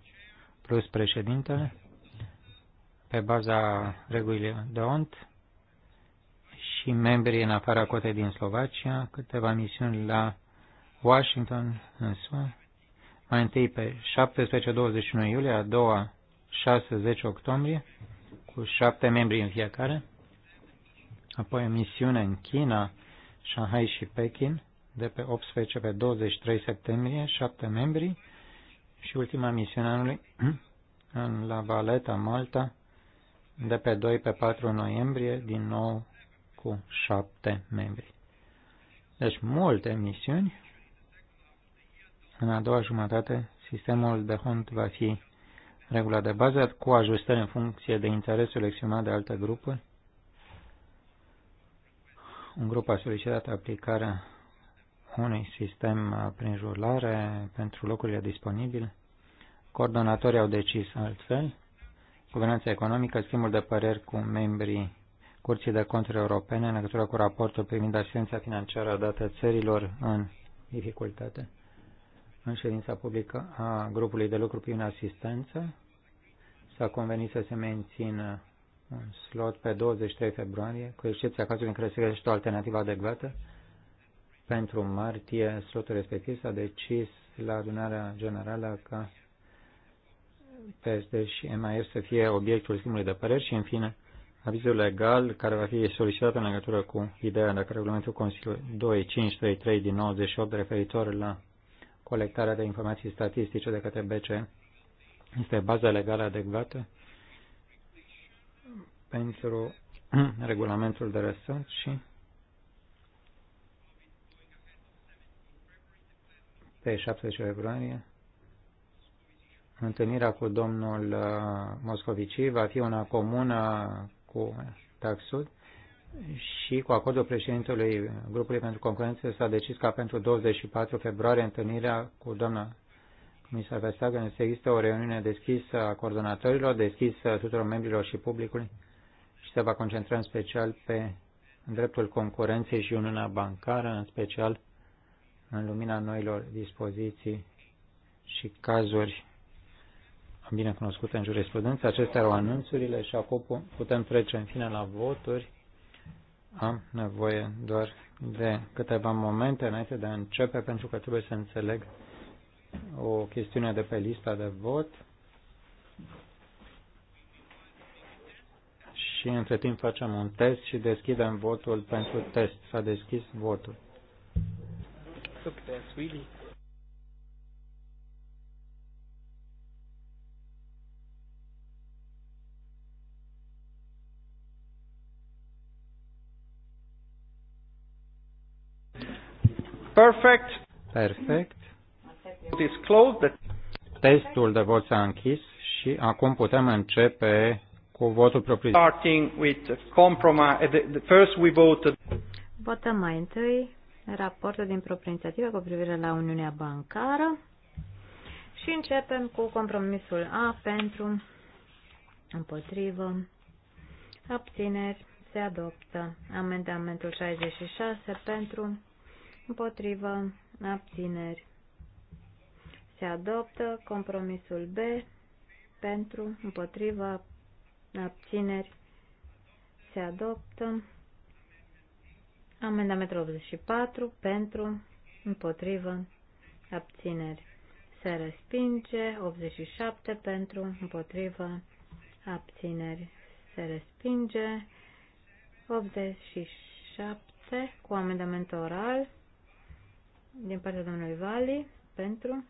plus președintele, pe baza regulilor de ont și membrii în afara cotei din Slovacia, câteva misiuni la Washington în SUA, mai întâi pe 17-21 iulie, a doua 6-10 octombrie, cu șapte membri în fiecare, apoi o misiune în China, Shanghai și Pekin, de pe 18 pe 23 septembrie, șapte membri și ultima misiune anului [clears throat] în La Valeta, Malta, de pe 2 pe 4 noiembrie, din nou cu șapte membri. Deci multe misiuni. În a doua jumătate, sistemul de hunt va fi regula de bază cu ajustări în funcție de interesul exprimat de alte grupuri. Un grup a solicitat aplicarea unui sistem uh, prin jurlare pentru locurile disponibile. Coordonatorii au decis altfel. Guvernanța economică, schimbul de păreri cu membrii Curții de Conturi Europene în legătură cu raportul privind asistența financiară dată țărilor în dificultate. În ședința publică a grupului de lucru privind asistență s-a convenit să se mențină un slot pe 23 februarie, cu excepția cazului în care se găsește o alternativă adecvată pentru martie slotul respectiv s-a decis la adunarea generală ca PSD și MAR să fie obiectul schimbului de păreri și, în fine, avizul legal care va fi solicitat în legătură cu ideea dacă regulamentul Consiliului 2533 din 98 referitor la colectarea de informații statistice de către BCE este baza legală adecvată pentru [clears throat] regulamentul de răsăt și pe 17 februarie. Întâlnirea cu domnul uh, Moscovici va fi una comună cu Taxud și cu acordul președintelui grupului pentru concurență s-a decis ca pentru 24 februarie întâlnirea cu doamna comisar Vestagă să există o reuniune deschisă a coordonatorilor, deschisă tuturor membrilor și publicului și se va concentra în special pe dreptul concurenței și uniunea bancară, în special în lumina noilor dispoziții și cazuri bine cunoscute în jurisprudență. Acestea erau anunțurile și acum putem trece în fine la voturi. Am nevoie doar de câteva momente înainte de a începe, pentru că trebuie să înțeleg o chestiune de pe lista de vot. Și între timp facem un test și deschidem votul pentru test. S-a deschis votul look, there's really Perfect. Perfect. Testul de vot s-a închis și acum putem începe cu votul propriu. Starting with compromise, the, the first we voted. Votăm mai întâi raportul din proprie inițiativă cu privire la Uniunea Bancară și începem cu compromisul A pentru împotrivă abțineri se adoptă amendamentul 66 pentru împotrivă abțineri se adoptă compromisul B pentru împotrivă abțineri se adoptă Amendamentul 84 pentru, împotrivă, abțineri. Se respinge 87 pentru, împotrivă, abțineri. Se respinge 87 cu amendament oral din partea domnului Vali pentru,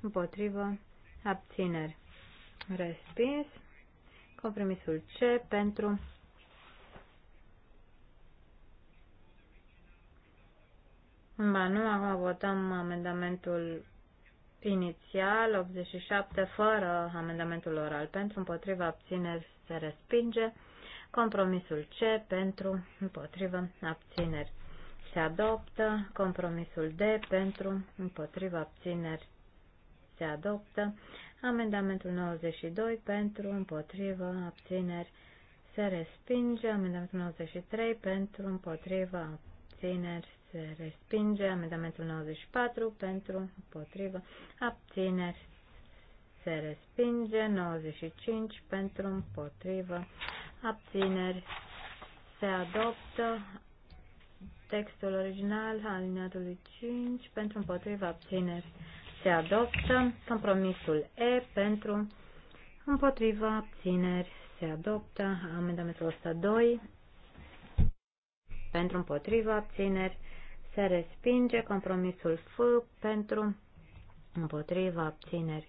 împotrivă, abțineri. Respins. Compromisul C pentru, Ba nu, acum votăm amendamentul inițial, 87, fără amendamentul oral. Pentru, împotriva, abțineri, se respinge. Compromisul C, pentru, împotriva, abțineri, se adoptă. Compromisul D, pentru, împotriva, abțineri, se adoptă. Amendamentul 92, pentru, împotriva, abțineri, se respinge. Amendamentul 93, pentru, împotriva, abțineri, se respinge. Amendamentul 94 pentru, împotrivă, abțineri se respinge. 95 pentru, împotrivă, abțineri se adoptă. Textul original alineatului 5 pentru, împotrivă, abțineri se adoptă. Compromisul E pentru, împotrivă, abțineri se adoptă. Amendamentul 102 pentru împotriva abțineri se respinge. Compromisul F pentru, împotriva, abțineri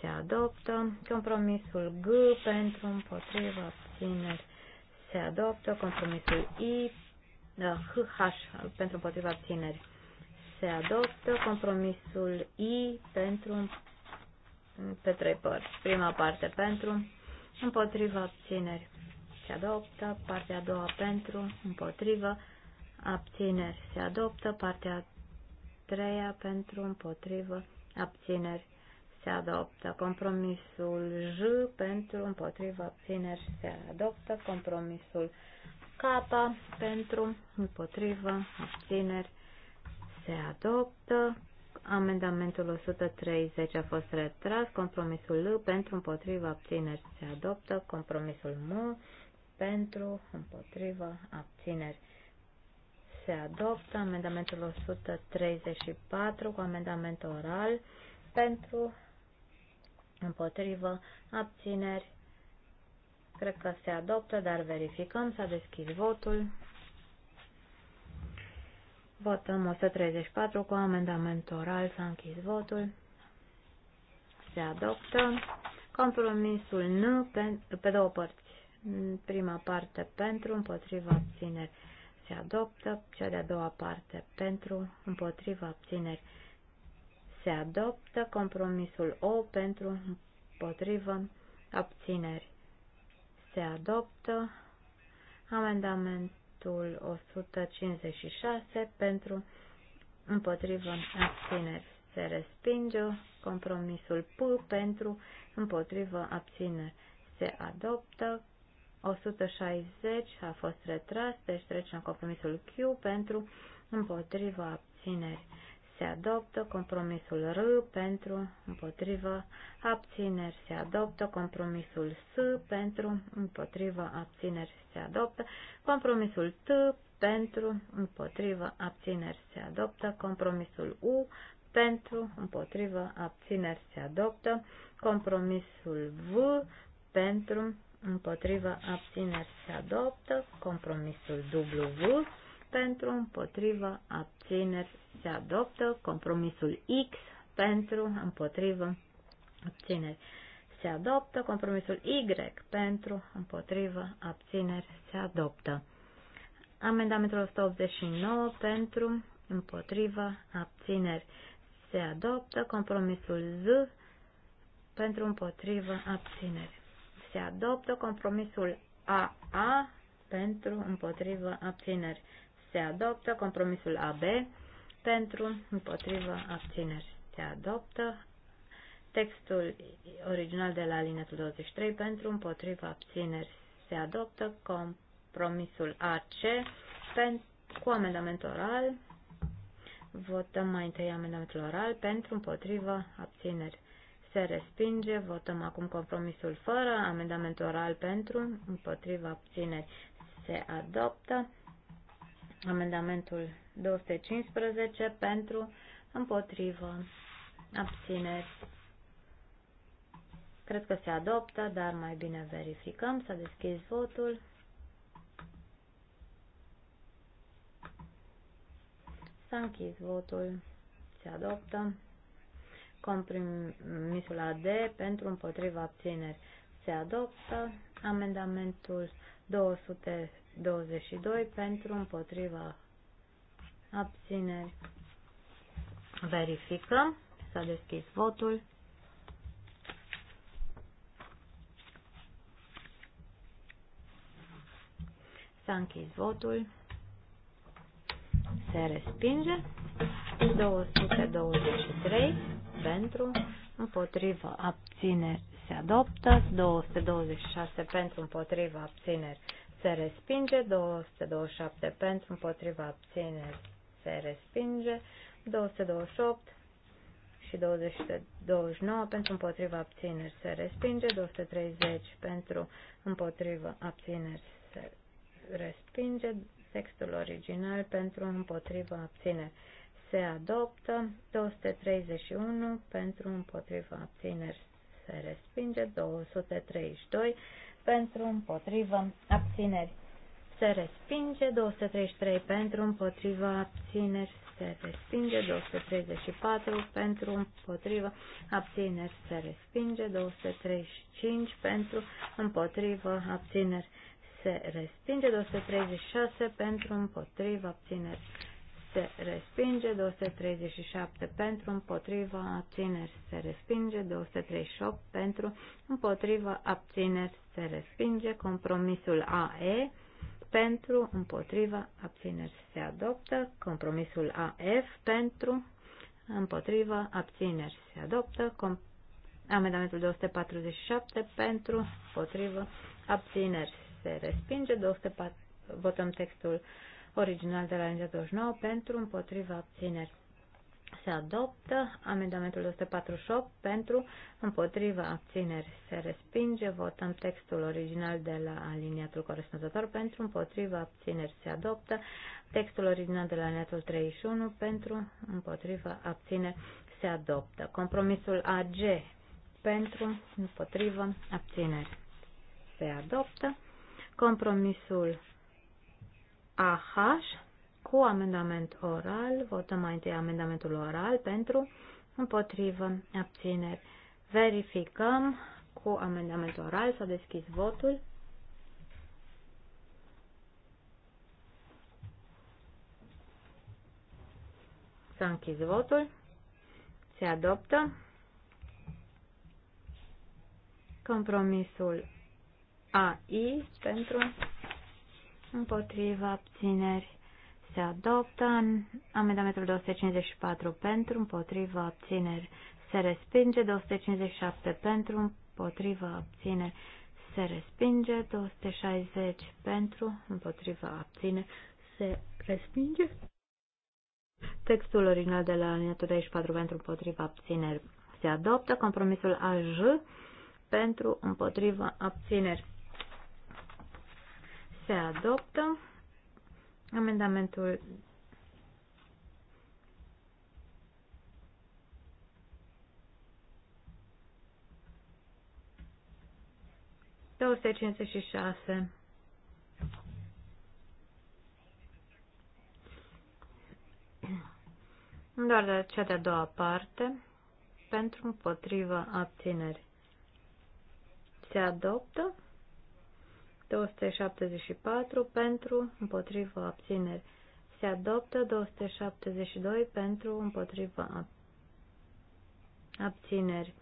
se adoptă. Compromisul G pentru, împotriva, abțineri se adoptă. Compromisul I, da, H, pentru, împotriva, abțineri se adoptă. Compromisul I pentru, pe trei părți. Prima parte pentru, împotriva, abțineri se adoptă. Partea a doua pentru, împotriva, abțineri abțineri se adoptă, partea a treia pentru împotrivă, abțineri se adoptă. Compromisul J pentru împotrivă, abțineri se adoptă. Compromisul K pentru împotrivă, abțineri se adoptă. Amendamentul 130 a fost retras. Compromisul L pentru împotriva abțineri se adoptă. Compromisul M pentru împotriva abțineri se adoptă. Amendamentul 134 cu amendament oral pentru, împotrivă, abțineri. Cred că se adoptă, dar verificăm. S-a deschis votul. Votăm 134 cu amendament oral. S-a închis votul. Se adoptă. Compromisul nu pe, pe două părți. Prima parte pentru, împotriva abțineri se adoptă, cea de-a doua parte pentru, împotriva abțineri se adoptă, compromisul O pentru, împotriva abțineri se adoptă, amendamentul 156 pentru, împotriva abțineri se respinge, compromisul P pentru, împotriva abțineri se adoptă, 160 a fost retras, deci trecem la compromisul Q pentru împotriva abțineri. Se adoptă compromisul R pentru împotriva abțineri. Se adoptă compromisul S pentru împotriva abțineri. Se adoptă compromisul T pentru împotriva abțineri. Se adoptă compromisul U pentru împotriva abțineri. Se adoptă compromisul V pentru împotriva abțineri se adoptă, compromisul W pentru împotriva abțineri se adoptă, compromisul X pentru împotriva abțineri se adoptă, compromisul Y pentru împotriva abțineri se adoptă. Amendamentul 189 pentru împotriva abțineri se adoptă, compromisul Z pentru împotriva abțineri se adoptă. Compromisul AA pentru împotrivă abțineri se adoptă. Compromisul AB pentru împotrivă abțineri se adoptă. Textul original de la alinetul 23 pentru împotrivă abțineri se adoptă. Compromisul AC cu amendament oral Votăm mai întâi amendamentul oral pentru împotrivă abțineri se respinge. Votăm acum compromisul fără, amendament oral pentru, împotriva abțineri se adoptă. Amendamentul 215 pentru, împotrivă, abțineri. Cred că se adoptă, dar mai bine verificăm. Să deschis votul. S-a închis votul. Se adoptă. Compromisul AD pentru împotriva abțineri se adoptă. Amendamentul 222 pentru împotriva abțineri. Verificăm. S-a deschis votul. S-a închis votul. Se respinge. 223 pentru, împotrivă, abțineri se adoptă, 226 pentru, împotrivă, abțineri se respinge, 227 pentru, împotrivă, abțineri se respinge, 228 și 229 pentru împotriva abțineri se respinge, 230 pentru împotriva abțineri se respinge, textul original pentru împotriva abțineri se adoptă, 231 pentru împotriva abțineri se respinge, 232 pentru împotriva abțineri se respinge, 233 pentru împotriva abțineri se respinge, 234 pentru împotriva abțineri se respinge, 235 pentru împotriva abțineri se respinge, 236 pentru împotriva abțineri se respinge, 237 pentru, împotriva, abțineri se respinge, 238 pentru, împotriva, abțineri se respinge, compromisul AE pentru, împotriva, abțineri se adoptă, compromisul AF pentru, împotriva, abțineri se adoptă, com amendamentul 247 pentru, împotriva, abțineri se respinge, 204, votăm textul original de la legea 29 pentru împotriva abțineri. Se adoptă amendamentul 148 pentru împotriva abțineri. Se respinge. Votăm textul original de la aliniatul corespunzător pentru împotriva abțineri. Se adoptă textul original de la aliniatul 31 pentru împotriva abțineri. Se adoptă. Compromisul AG pentru împotriva abțineri. Se adoptă. Compromisul AH cu amendament oral. Votăm mai întâi amendamentul oral pentru, împotrivă, abțineri. Verificăm cu amendament oral. S-a deschis votul. S-a închis votul. Se adoptă. Compromisul AI pentru împotriva abțineri se adoptă. Amendamentul 254 pentru, împotriva abțineri se respinge. 257 pentru, împotriva abțineri se respinge. 260 pentru, împotriva abțineri se respinge. Textul original de la alineatul 24 pentru împotriva abțineri se adoptă. Compromisul AJ pentru împotriva abțineri se adoptă. Amendamentul șase. Doar de cea de-a doua parte, pentru împotriva abțineri. Se adoptă 274 pentru, împotrivă, abțineri. Se adoptă 272 pentru, împotrivă, abțineri.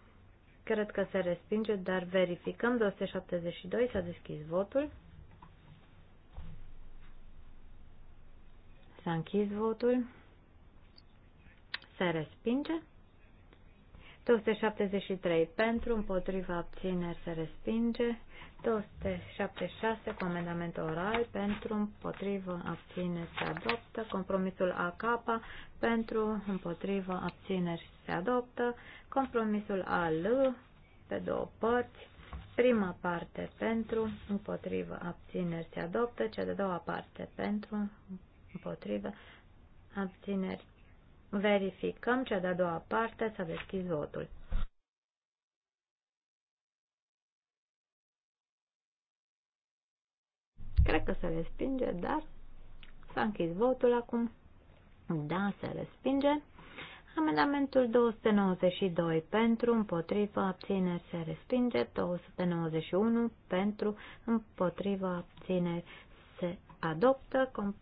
Cred că se respinge, dar verificăm. 272 s-a deschis votul. S-a închis votul. Se respinge. 273 pentru, împotriva abțineri se respinge. 276 cu amendament oral pentru împotrivă abține, se adoptă. Compromisul AK pentru împotrivă abțineri se adoptă. Compromisul AL pe două părți. Prima parte pentru împotrivă abțineri se adoptă. Cea de doua parte pentru împotrivă abțineri. Verificăm cea de-a doua parte. S-a deschis votul. Cred că se respinge, dar s-a închis votul acum. Da, se respinge. Amendamentul 292 pentru, împotrivă, abțineri se respinge, 291 pentru, împotrivă, abțineri se adoptă, com...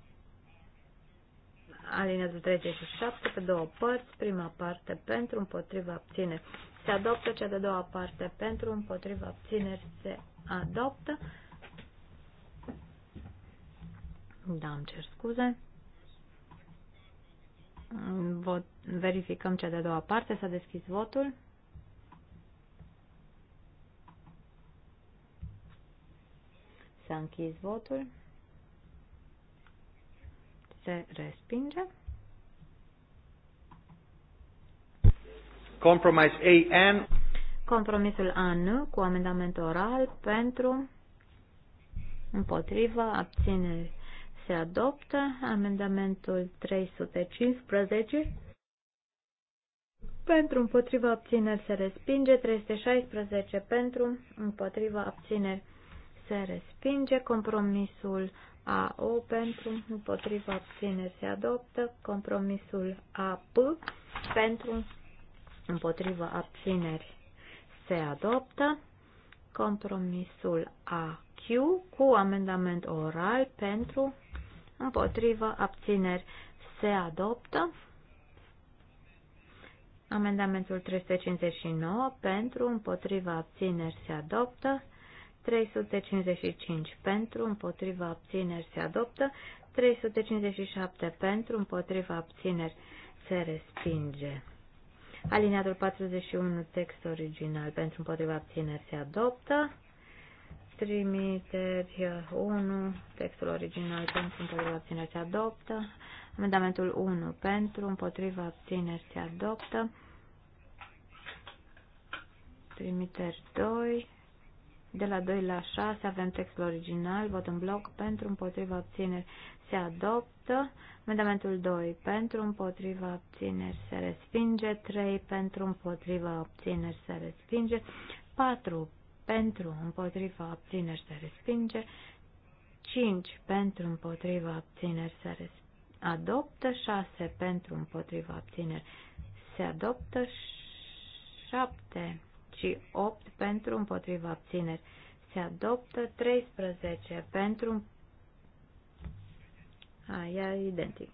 alineatul 37 pe două părți, prima parte pentru, împotrivă, abțineri se adoptă, cea de doua parte pentru, împotrivă, abțineri se adoptă, Da, îmi cer scuze. Vot, verificăm cea de-a doua parte. S-a deschis votul. S-a închis votul. Se respinge. Compromise AN. Compromisul AN cu amendament oral pentru împotriva abțineri se adoptă. Amendamentul 315 pentru împotriva obțineri se respinge. 316 pentru împotriva obțineri se respinge. Compromisul AO pentru împotriva obțineri se adoptă. Compromisul AP pentru împotriva obțineri se adoptă compromisul AQ cu amendament oral pentru împotrivă, abțineri se adoptă. Amendamentul 359 pentru, împotrivă abțineri se adoptă. 355 pentru, împotrivă abțineri se adoptă. 357 pentru, împotrivă abțineri se respinge. Alineatul 41, text original pentru împotriva abțineri se adoptă. Trimiteri 1, textul original pentru împotriva abțineri se adoptă. Amendamentul 1 pentru împotriva abțineri se adoptă. Trimiteri 2. De la 2 la 6 avem textul original, vot în bloc pentru împotriva abțineri se adoptă. Amendamentul 2 pentru împotriva abțineri se respinge. 3 pentru împotriva abțineri se respinge. 4 pentru, împotriva, abțineri se respinge, 5 pentru, împotriva, abțineri se adoptă, 6 pentru, împotriva, abțineri se adoptă, 7 și 8 pentru, împotriva, abțineri se adoptă, 13 pentru, aia e identic.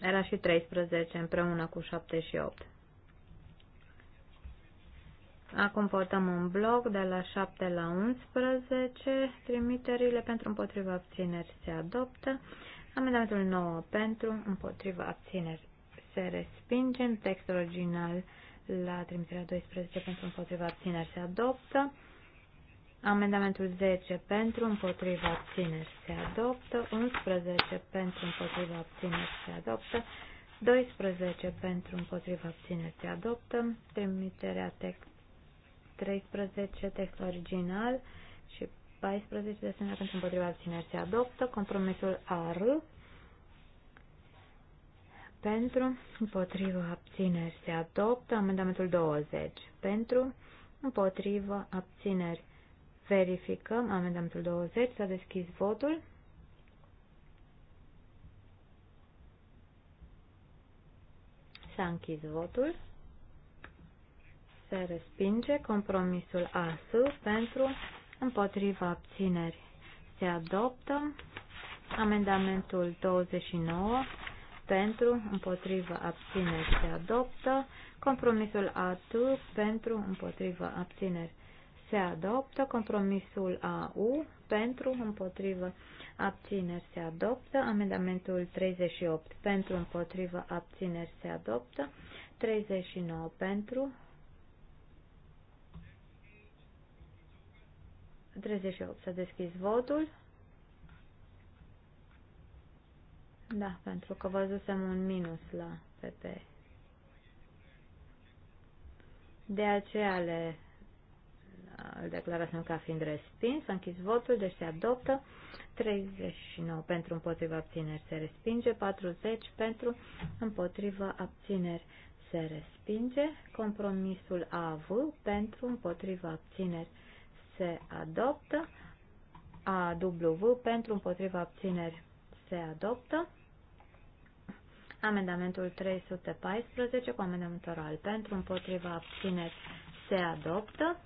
Era și 13 împreună cu 7 și 8. Acum votăm un bloc de la 7 la 11. Trimiterile pentru împotriva abțineri se adoptă. Amendamentul 9 pentru împotriva abțineri se respinge. În textul original la trimiterea 12 pentru împotriva abțineri se adoptă. Amendamentul 10 pentru împotriva abțineri se adoptă. 11 pentru împotriva abțineri se adoptă. 12 pentru împotriva abțineri se adoptă. Trimiterea text 13 text original și 14 de asemenea pentru împotriva abțineri se adoptă. Compromisul AR pentru împotriva abțineri se adoptă. Amendamentul 20 pentru împotriva abțineri. Verificăm amendamentul 20. S-a deschis votul. S-a închis votul se respinge. Compromisul ASU pentru împotriva abțineri se adoptă. Amendamentul 29 pentru împotriva abțineri se adoptă. Compromisul ATU pentru împotriva abțineri se adoptă. Compromisul AU pentru împotriva abțineri se adoptă. Amendamentul 38 pentru împotriva abțineri se adoptă. 39 pentru 38. Să deschizi votul. Da, pentru că văzusem un minus la PP. De aceea le îl declarasem ca fiind respins, a închis votul, deci se adoptă, 39 pentru împotriva abțineri se respinge, 40 pentru împotriva abțineri se respinge, compromisul a avut pentru împotriva abțineri se adoptă. A W pentru împotriva obțineri se adoptă. Amendamentul 314 cu amendament oral pentru împotriva obțineri se adoptă.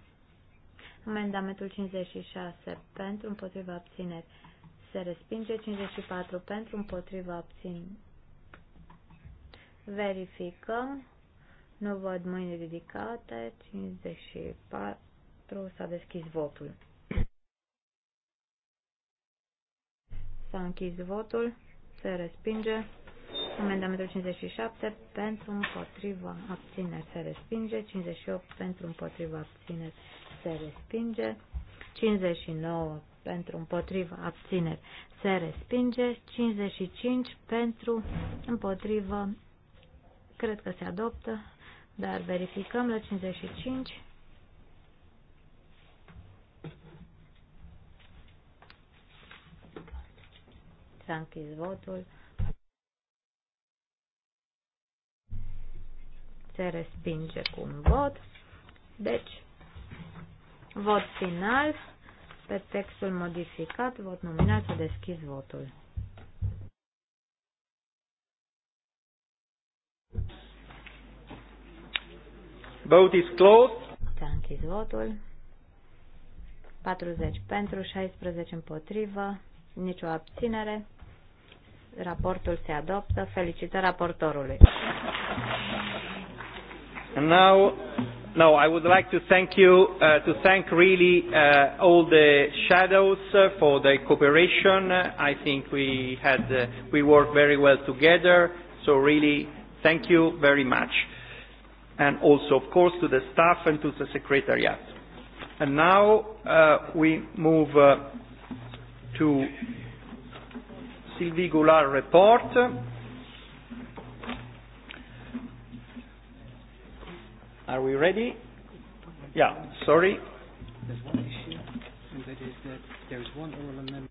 Amendamentul 56 pentru împotriva obțineri se respinge. 54 pentru împotriva obțineri Verificăm. Nu văd mâini ridicate. 54. 4. S-a deschis votul. S-a închis votul. Se respinge. Amendamentul 57 pentru împotriva abțineri se respinge. 58 pentru împotriva abțineri se respinge. 59 pentru împotriva abțineri se respinge. 55 pentru împotriva cred că se adoptă, dar verificăm la 55. S-a închis votul. Se respinge cu un vot. Deci, vot final pe textul modificat, vot nominal, s-a deschis votul. Vote is closed. S-a închis votul. 40 pentru, 16 împotrivă, nicio abținere. Raportul se adoptă. Felicitări raportorului. And now, no, I would like to thank you, uh, to thank really uh, all the shadows uh, for the cooperation. Uh, I think we had, uh, we worked very well together. So really, thank you very much. And also, of course, to the staff and to the secretariat. And now uh, we move uh, to Sylvie Goulard report. Are we ready? Yeah, sorry. There's one issue, and that is that there is one oral amendment.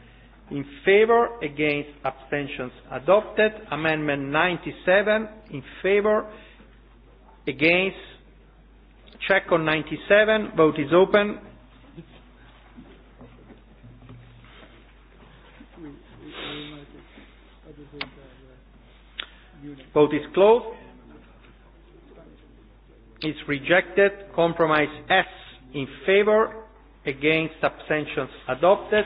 in favor, against, abstentions adopted. Amendment 97, in favor, against, check on 97, vote is open. Vote is closed. It's rejected. Compromise S in favor, against, abstentions adopted.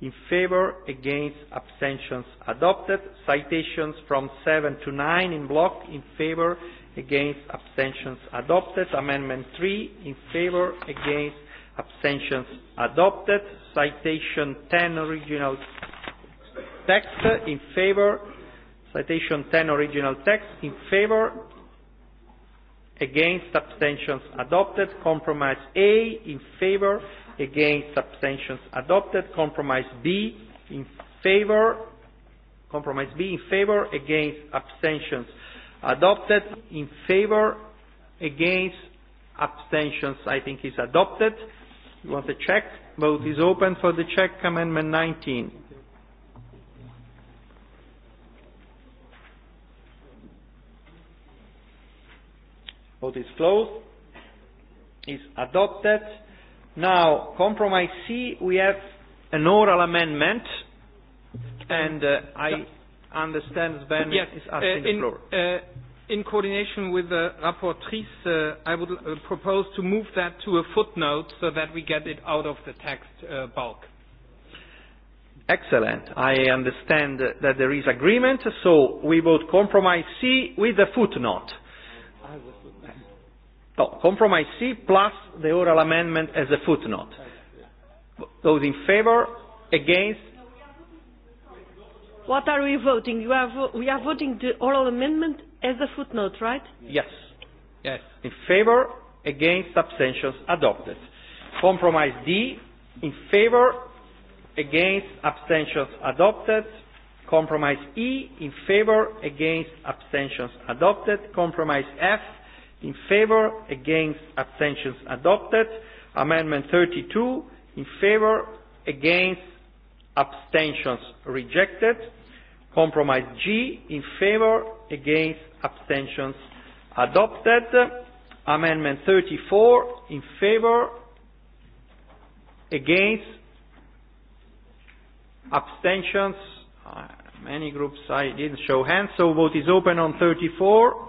in favor, against, abstentions adopted. Citations from 7 to 9 in block, in favor, against, abstentions adopted. Amendment 3, in favor, against, abstentions adopted. Citation 10, original text, in favor. Citation 10, original text, in favor, against, abstentions adopted. Compromise A, in favor, against abstentions adopted. Compromise B in favor. Compromise B in favor against abstentions adopted. In favor against abstentions I think is adopted. You want to check? Vote is open for the check amendment 19. Vote is closed. Is adopted. Now, compromise C, we have an oral amendment, and uh, I understand Sven yes, is asking uh, in, the floor. Uh, in coordination with the rapporteurs, uh, I would uh, propose to move that to a footnote so that we get it out of the text uh, bulk. Excellent. I understand that there is agreement, so we vote compromise C with a footnote. No, compromise C plus the oral amendment as a footnote. Those in favor, against? What are we voting? You are vo we are voting the oral amendment as a footnote, right? Yes. Yes. In favor, against, abstentions, adopted. Compromise D, in favor, against, abstentions, adopted. Compromise E, in favor, against, abstentions, adopted. Compromise F, in favor, against, abstentions adopted. Amendment 32, in favor, against, abstentions rejected. Compromise G, in favor, against, abstentions adopted. Amendment 34, in favor, against, abstentions, uh, many groups I didn't show hands, so vote is open on 34.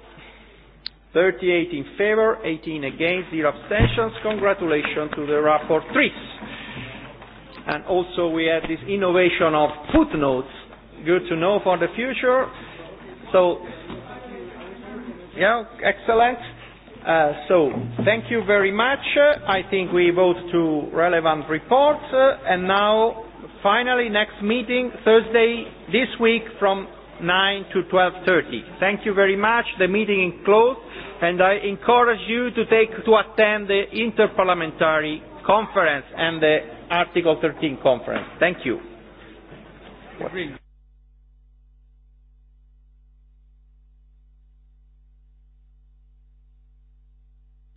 38 in favor, 18 against, 0 abstentions. Congratulations to the rapporteurs. And also we had this innovation of footnotes. Good to know for the future. So, yeah, excellent. Uh, so, thank you very much. I think we vote to relevant reports. Uh, and now, finally, next meeting, Thursday this week from 9 to 12.30. Thank you very much. The meeting is closed and I encourage you to take to attend the Interparliamentary Conference and the Article 13 Conference. Thank you. What?